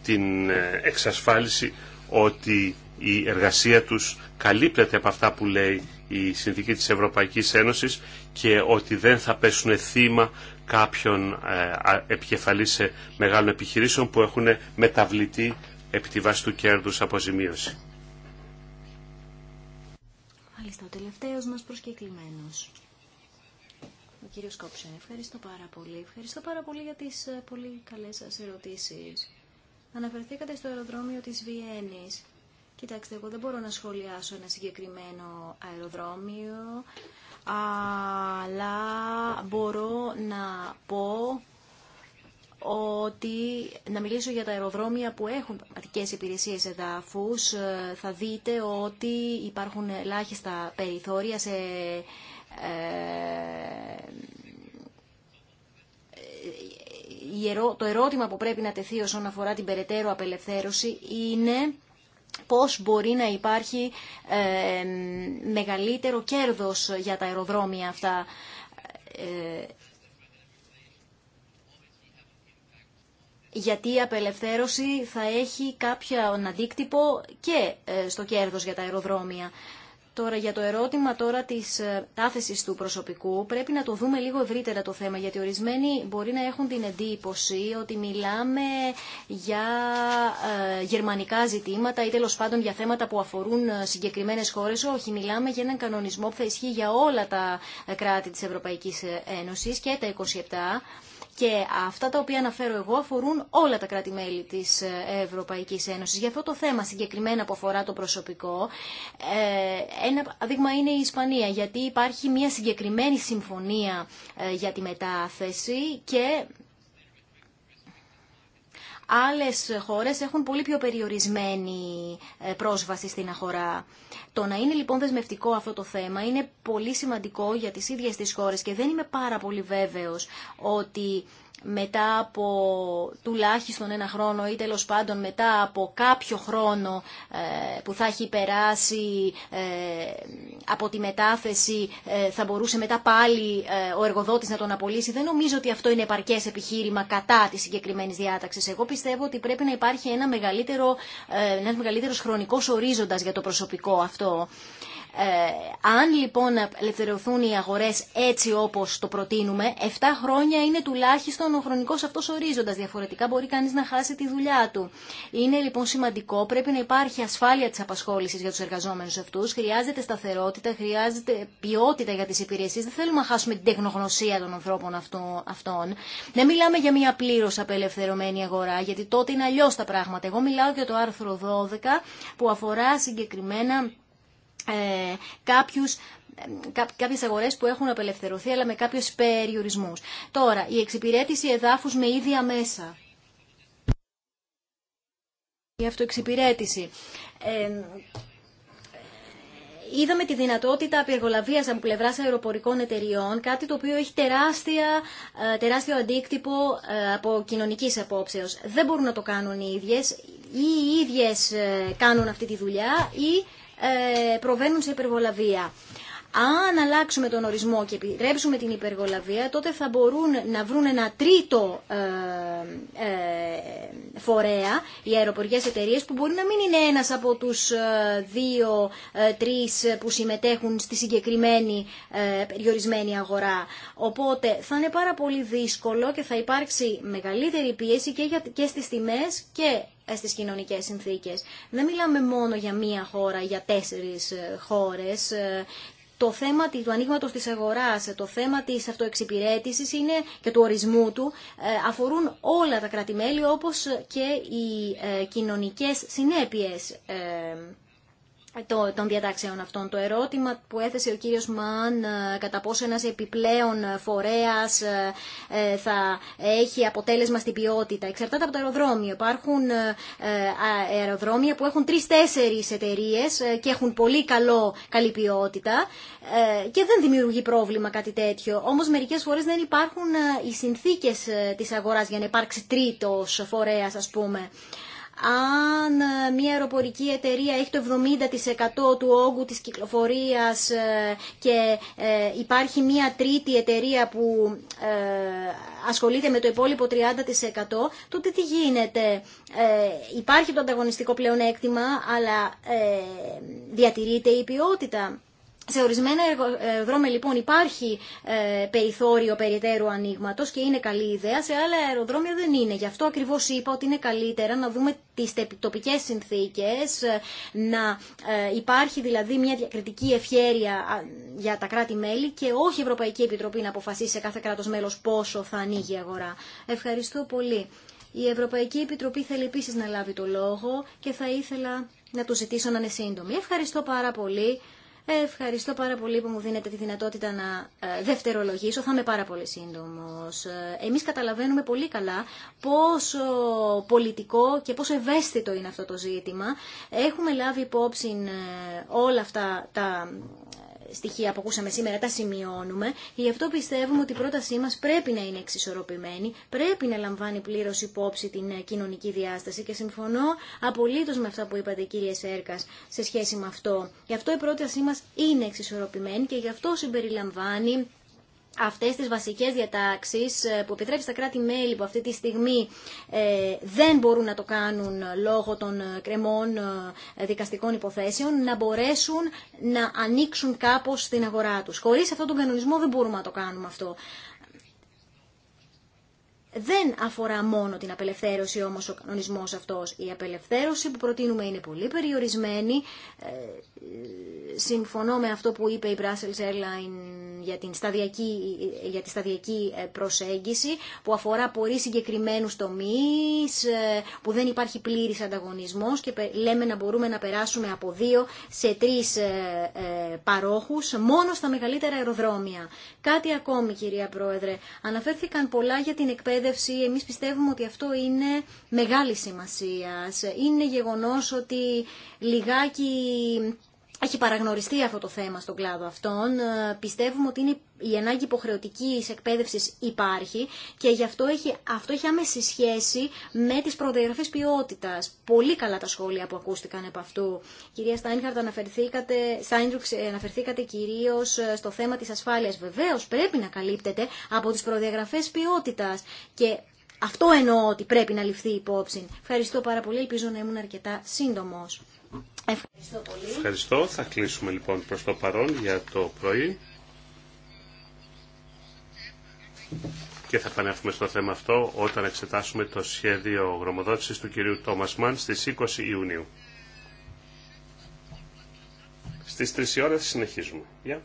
την εξασφάλιση ότι η εργασία τους καλύπτεται από αυτά που λέει η Συνθήκη της Ευρωπαϊκής Ένωσης και ότι δεν θα πέσουν θύμα κάποιων ε, επικεφαλής μεγάλων επιχειρήσεων που έχουν μεταβλητή επί τη βάση του κέρδους αποζημίωση. Μάλιστα, ο τελευταίος μας προσκεκλημένος. Ο κύριος Κόψεν, ευχαριστώ πάρα πολύ. Ευχαριστώ πάρα πολύ για τις ε, πολύ καλές σας ερωτήσεις. Αναφερθήκατε στο αεροδρόμιο της Βιέννης. Κοιτάξτε, εγώ δεν μπορώ να σχολιάσω ένα συγκεκριμένο αεροδρόμιο αλλά μπορώ να πω ότι να μιλήσω για τα αεροδρόμια που έχουν πραγματικές υπηρεσίες εδάφους, ε, θα δείτε ότι υπάρχουν ελάχιστα περιθώρια σε ε, ε, το ερώτημα που πρέπει να τεθεί όσον αφορά την περαιτέρω απελευθέρωση είναι πώς μπορεί να υπάρχει ε, μεγαλύτερο κέρδος για τα αεροδρόμια αυτά. Ε, γιατί η απελευθέρωση θα έχει κάποιο αντίκτυπο και ε, στο κέρδος για τα αεροδρόμια. Τώρα για το ερώτημα τώρα της ε, άθεσης του προσωπικού πρέπει να το δούμε λίγο ευρύτερα το θέμα γιατί ορισμένοι μπορεί να έχουν την εντύπωση ότι μιλάμε για ε, γερμανικά ζητήματα ή τέλο πάντων για θέματα που αφορούν ε, συγκεκριμένες χώρες. Όχι, μιλάμε για έναν κανονισμό που θα ισχύει για όλα τα κράτη της Ευρωπαϊκής Ένωσης και τα 27 και αυτά τα οποία αναφέρω εγώ αφορούν όλα τα κράτη-μέλη της ε, Ευρωπαϊκής Ένωσης. Για αυτό το θέμα συγκεκριμένα που αφορά το προσωπικό, ε, ένα δείγμα είναι η Ισπανία, γιατί υπάρχει μια συγκεκριμένη συμφωνία ε, για τη μετάθεση και Άλλες χώρες έχουν πολύ πιο περιορισμένη ε, πρόσβαση στην αγορά. Το να είναι λοιπόν δεσμευτικό αυτό το θέμα είναι πολύ σημαντικό για τις ίδιες τις χώρες και δεν είμαι πάρα πολύ βέβαιος ότι μετά από τουλάχιστον ένα χρόνο ή τέλος πάντων μετά από κάποιο χρόνο ε, που θα έχει περάσει ε, από τη μετάθεση ε, θα μπορούσε μετά πάλι ο εργοδότης να τον απολύσει. Δεν νομίζω ότι αυτό είναι επαρκές επιχείρημα κατά της συγκεκριμένη διάταξης. Εγώ πιστεύω ότι πρέπει να υπάρχει ένα μεγαλύτερο, ένας μεγαλύτερος χρονικός ορίζοντας για το προσωπικό αυτό. Ε, αν λοιπόν απελευθερωθούν οι αγορές έτσι όπως το προτείνουμε, 7 χρόνια είναι τουλάχιστον ο χρονικός αυτός ορίζοντας. Διαφορετικά μπορεί κανείς να χάσει τη δουλειά του. Είναι λοιπόν σημαντικό, πρέπει να υπάρχει ασφάλεια της απασχόλησης για τους εργαζόμενους αυτούς. Χρειάζεται σταθερότητα, χρειάζεται ποιότητα για τις υπηρεσίες. Δεν θέλουμε να χάσουμε την τεχνογνωσία των ανθρώπων αυτών. Δεν μιλάμε για μια πλήρω απελευθερωμένη αγορά, γιατί τότε είναι αλλιώ τα πράγματα. Εγώ μιλάω για το άρθρο 12 που αφορά συγκεκριμένα ε, κάποιους ε, κάποιες αγορές που έχουν απελευθερωθεί αλλά με κάποιους περιορισμούς. Τώρα, η εξυπηρέτηση εδάφους με ίδια μέσα. Η αυτοεξυπηρέτηση. Ε, είδαμε τη δυνατότητα απεργολαβία από πλευρά αεροπορικών εταιριών, κάτι το οποίο έχει τεράστια, ε, τεράστιο αντίκτυπο από κοινωνική απόψεω. Δεν μπορούν να το κάνουν οι ίδιε. Ή οι κάνουν αυτή τη δουλειά ή ε, προβαίνουν σε υπερβολαβία. Αν αλλάξουμε τον ορισμό και επιτρέψουμε την υπεργολαβία, τότε θα μπορούν να βρουν ένα τρίτο ε, ε, φορέα, οι αεροπορικές εταιρείες, που μπορεί να μην είναι ένας από τους ε, δύο, ε, τρεις που συμμετέχουν στη συγκεκριμένη περιορισμένη αγορά. Οπότε θα είναι πάρα πολύ δύσκολο και θα υπάρξει μεγαλύτερη πίεση και, για, και στις τιμές και στις κοινωνικές συνθήκες. Δεν μιλάμε μόνο για μία χώρα, για τέσσερις χώρες το θέμα του ανοίγματο τη αγορά, το θέμα της αυτοεξυπηρέτησης είναι, και του ορισμού του ε, αφορούν όλα τα κρατημέλη όπως και οι ε, κοινωνικές συνέπειες ε, των διατάξεων αυτών. Το ερώτημα που έθεσε ο κύριος Μαν ε, κατά πόσο ένας επιπλέον φορέας ε, ε, θα έχει αποτέλεσμα στην ποιότητα εξαρτάται από το αεροδρόμιο. Υπάρχουν αεροδρόμια που έχουν τρεις-τέσσερις εταιρείε και έχουν πολύ καλό, καλή ποιότητα και δεν δημιουργεί πρόβλημα κάτι τέτοιο. Όμως μερικές φορές δεν υπάρχουν οι συνθήκες της αγοράς για να υπάρξει τρίτος φορέας ας πούμε αν ε, μια αεροπορική εταιρεία έχει το 70% του όγκου της κυκλοφορίας ε, και ε, υπάρχει μια τρίτη εταιρεία που ασχολείται με το υπόλοιπο 30% τότε τι γίνεται υπάρχει το ανταγωνιστικό πλεονέκτημα αλλά διατηρείται η ποιότητα σε ορισμένα αεροδρόμια ε, λοιπόν υπάρχει ε, περιθώριο περιτέρου ανοίγματο και είναι καλή ιδέα, σε άλλα αεροδρόμια δεν είναι. Γι' αυτό ακριβώ είπα ότι είναι καλύτερα να δούμε τι τοπικέ συνθήκε, ε, να υπάρχει δηλαδή μια διακριτική ευχέρεια για τα κράτη-μέλη και όχι η Ευρωπαϊκή Επιτροπή να αποφασίσει σε κάθε κράτο μέλο πόσο θα ανοίγει η αγορά. Ευχαριστώ πολύ. Η Ευρωπαϊκή Επιτροπή θέλει επίση να λάβει το λόγο και θα ήθελα να του ζητήσω να είναι σύντομη. Ευχαριστώ πάρα πολύ. Ευχαριστώ πάρα πολύ που μου δίνετε τη δυνατότητα να ε, δευτερολογήσω. Θα είμαι πάρα πολύ σύντομο. Ε, εμείς καταλαβαίνουμε πολύ καλά πόσο πολιτικό και πόσο ευαίσθητο είναι αυτό το ζήτημα. Έχουμε λάβει υπόψη ε, όλα αυτά τα στοιχεία που ακούσαμε σήμερα τα σημειώνουμε. Γι' αυτό πιστεύουμε ότι η πρότασή μα πρέπει να είναι εξισορροπημένη, πρέπει να λαμβάνει πλήρω υπόψη την ε, κοινωνική διάσταση και συμφωνώ απολύτω με αυτά που είπατε κύριε Σέρκας σε σχέση με αυτό. Γι' αυτό η πρότασή μα είναι εξισορροπημένη και γι' αυτό συμπεριλαμβάνει αυτές τις βασικές διατάξεις ε, που επιτρέπει στα κράτη-μέλη που αυτή τη στιγμή ε, δεν μπορούν να το κάνουν λόγω των ε, κρεμών δικαστικών υποθέσεων να μπορέσουν να ανοίξουν κάπως την αγορά τους. Χωρίς αυτόν τον κανονισμό δεν μπορούμε να το κάνουμε αυτό. Δεν αφορά μόνο την απελευθέρωση όμως ο κανονισμός αυτός. Η απελευθέρωση που προτείνουμε είναι πολύ περιορισμένη. Ε, συμφωνώ με αυτό που είπε η Brussels Airline για, την σταδιακή, για τη σταδιακή ε, προσέγγιση που αφορά πολύ συγκεκριμένους τομείς ε, που δεν υπάρχει πλήρης ανταγωνισμός και λέμε να μπορούμε να περάσουμε από δύο σε τρει παρόχους μόνο στα μεγαλύτερα αεροδρόμια. Κάτι ακόμη κυρία Πρόεδρε. Αναφέρθηκαν πολλά για την εκπαίδευση εκπαίδευση, εμείς πιστεύουμε ότι αυτό είναι μεγάλη σημασία. Είναι γεγονός ότι λιγάκι έχει παραγνωριστεί αυτό το θέμα στον κλάδο αυτών. Ε, πιστεύουμε ότι η ανάγκη υποχρεωτική εκπαίδευση υπάρχει και γι' αυτό έχει, αυτό έχει άμεση σχέση με τι προδιαγραφέ ποιότητα. Πολύ καλά τα σχόλια που ακούστηκαν από αυτού. Κυρία Στάινχαρτ, αναφερθήκατε, Στάινρουξ, ε, αναφερθήκατε κυρίω ε, στο θέμα τη ασφάλεια. Βεβαίω πρέπει να καλύπτεται από τι προδιαγραφέ ποιότητα. Και αυτό εννοώ ότι πρέπει να ληφθεί υπόψη. Ευχαριστώ πάρα πολύ. Ελπίζω να ήμουν αρκετά σύντομο. Ευχαριστώ πολύ. Ευχαριστώ. Θα κλείσουμε λοιπόν προς το παρόν για το πρωί. Και θα επανέλθουμε στο θέμα αυτό όταν εξετάσουμε το σχέδιο γρομοδότησης του κυρίου Τόμας Μαν στις 20 Ιουνίου. Στις 3 ώρες συνεχίζουμε.